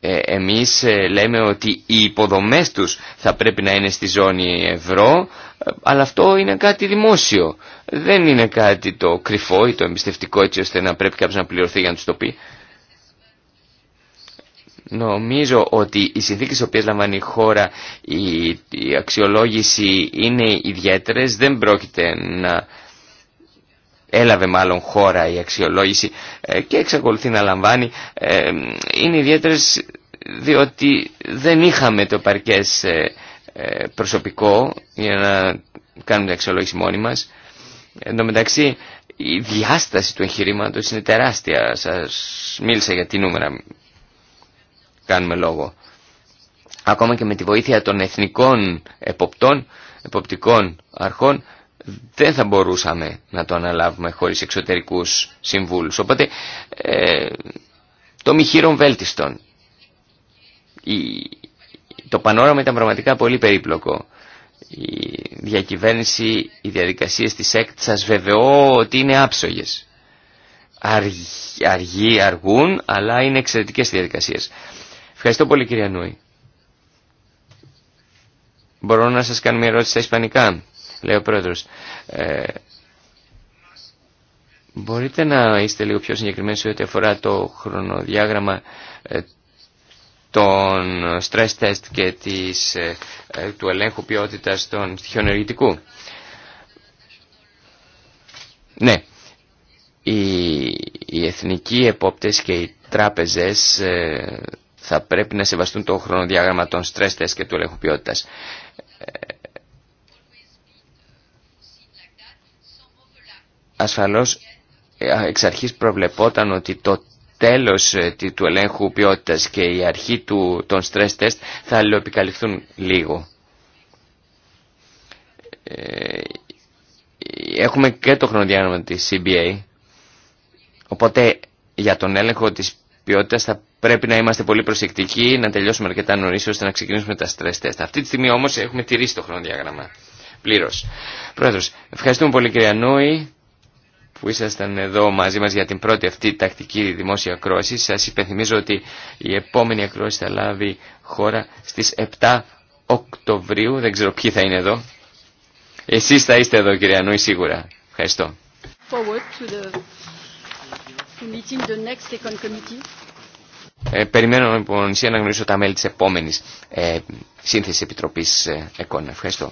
Ε, εμείς ε, λέμε ότι οι υποδομές τους θα πρέπει να είναι στη ζώνη ευρώ, ε, αλλά αυτό είναι κάτι δημόσιο. Δεν είναι κάτι το κρυφό ή το εμπιστευτικό έτσι ώστε να πρέπει κάποιος να πληρωθεί για να τους το πει. Νομίζω ότι οι συνθήκες στις οποίες λαμβάνει η χώρα η, αξιολόγηση είναι ιδιαίτερες. Δεν πρόκειται να έλαβε μάλλον χώρα η αξιολόγηση ε, και εξακολουθεί να λαμβάνει. Ε, είναι ιδιαίτερες διότι δεν είχαμε το παρκές ε, προσωπικό για να κάνουμε την αξιολόγηση μόνοι μας. Εν τω μεταξύ η διάσταση του εγχειρήματο είναι τεράστια. Σας μίλησα για τι νούμερα κάνουμε λόγο. Ακόμα και με τη βοήθεια των εθνικών εποπτών, εποπτικών αρχών, δεν θα μπορούσαμε να το αναλάβουμε χωρίς εξωτερικούς συμβούλους. Οπότε ε, το μη χείρον βέλτιστον. Η, το πανόραμα ήταν πραγματικά πολύ περίπλοκο. Η διακυβέρνηση, οι διαδικασίες της ΕΚΤ σας βεβαιώ ότι είναι άψογες. Αργ, αργοί αργούν, αλλά είναι εξαιρετικές διαδικασίες. Ευχαριστώ πολύ κυρία Νούη. Μπορώ να σας κάνω μια ερώτηση στα ισπανικά, λέει ο πρόεδρος. Ε, μπορείτε να είστε λίγο πιο συγκεκριμένοι σε ό,τι αφορά το χρονοδιάγραμμα ε, των stress test και της, ε, του ελέγχου ποιότητας των στοιχείων ενεργητικού. Ναι, οι, οι εθνικοί επόπτες και οι τράπεζες θα πρέπει να σεβαστούν το χρονοδιάγραμμα των stress test και του ελέγχου ποιότητας. Ασφαλώς εξ αρχής προβλεπόταν ότι το τέλος ε, του ελέγχου ποιότητας και η αρχή του, των stress test θα αλληλοεπικαλυφθούν λίγο. Ε, έχουμε και το χρονοδιάγραμμα της CBA, οπότε για τον έλεγχο της ποιότητας θα πρέπει να είμαστε πολύ προσεκτικοί, να τελειώσουμε αρκετά νωρί ώστε να ξεκινήσουμε τα stress test. Αυτή τη στιγμή όμω έχουμε τηρήσει το χρονοδιάγραμμα πλήρω. Πρόεδρο, ευχαριστούμε πολύ κυρία Νόη που ήσασταν εδώ μαζί μα για την πρώτη αυτή τακτική δημόσια ακρόαση. Σα υπενθυμίζω ότι η επόμενη ακρόαση θα λάβει χώρα στι 7 Οκτωβρίου. Δεν ξέρω ποιοι θα είναι εδώ. Εσεί θα είστε εδώ κυρία Νόη σίγουρα. Ευχαριστώ. Ε, περιμένω λοιπόν να γνωρίσω τα μέλη της επόμενης ε, σύνθεσης Επιτροπής ε, ΕΚΟΝ. Ευχαριστώ.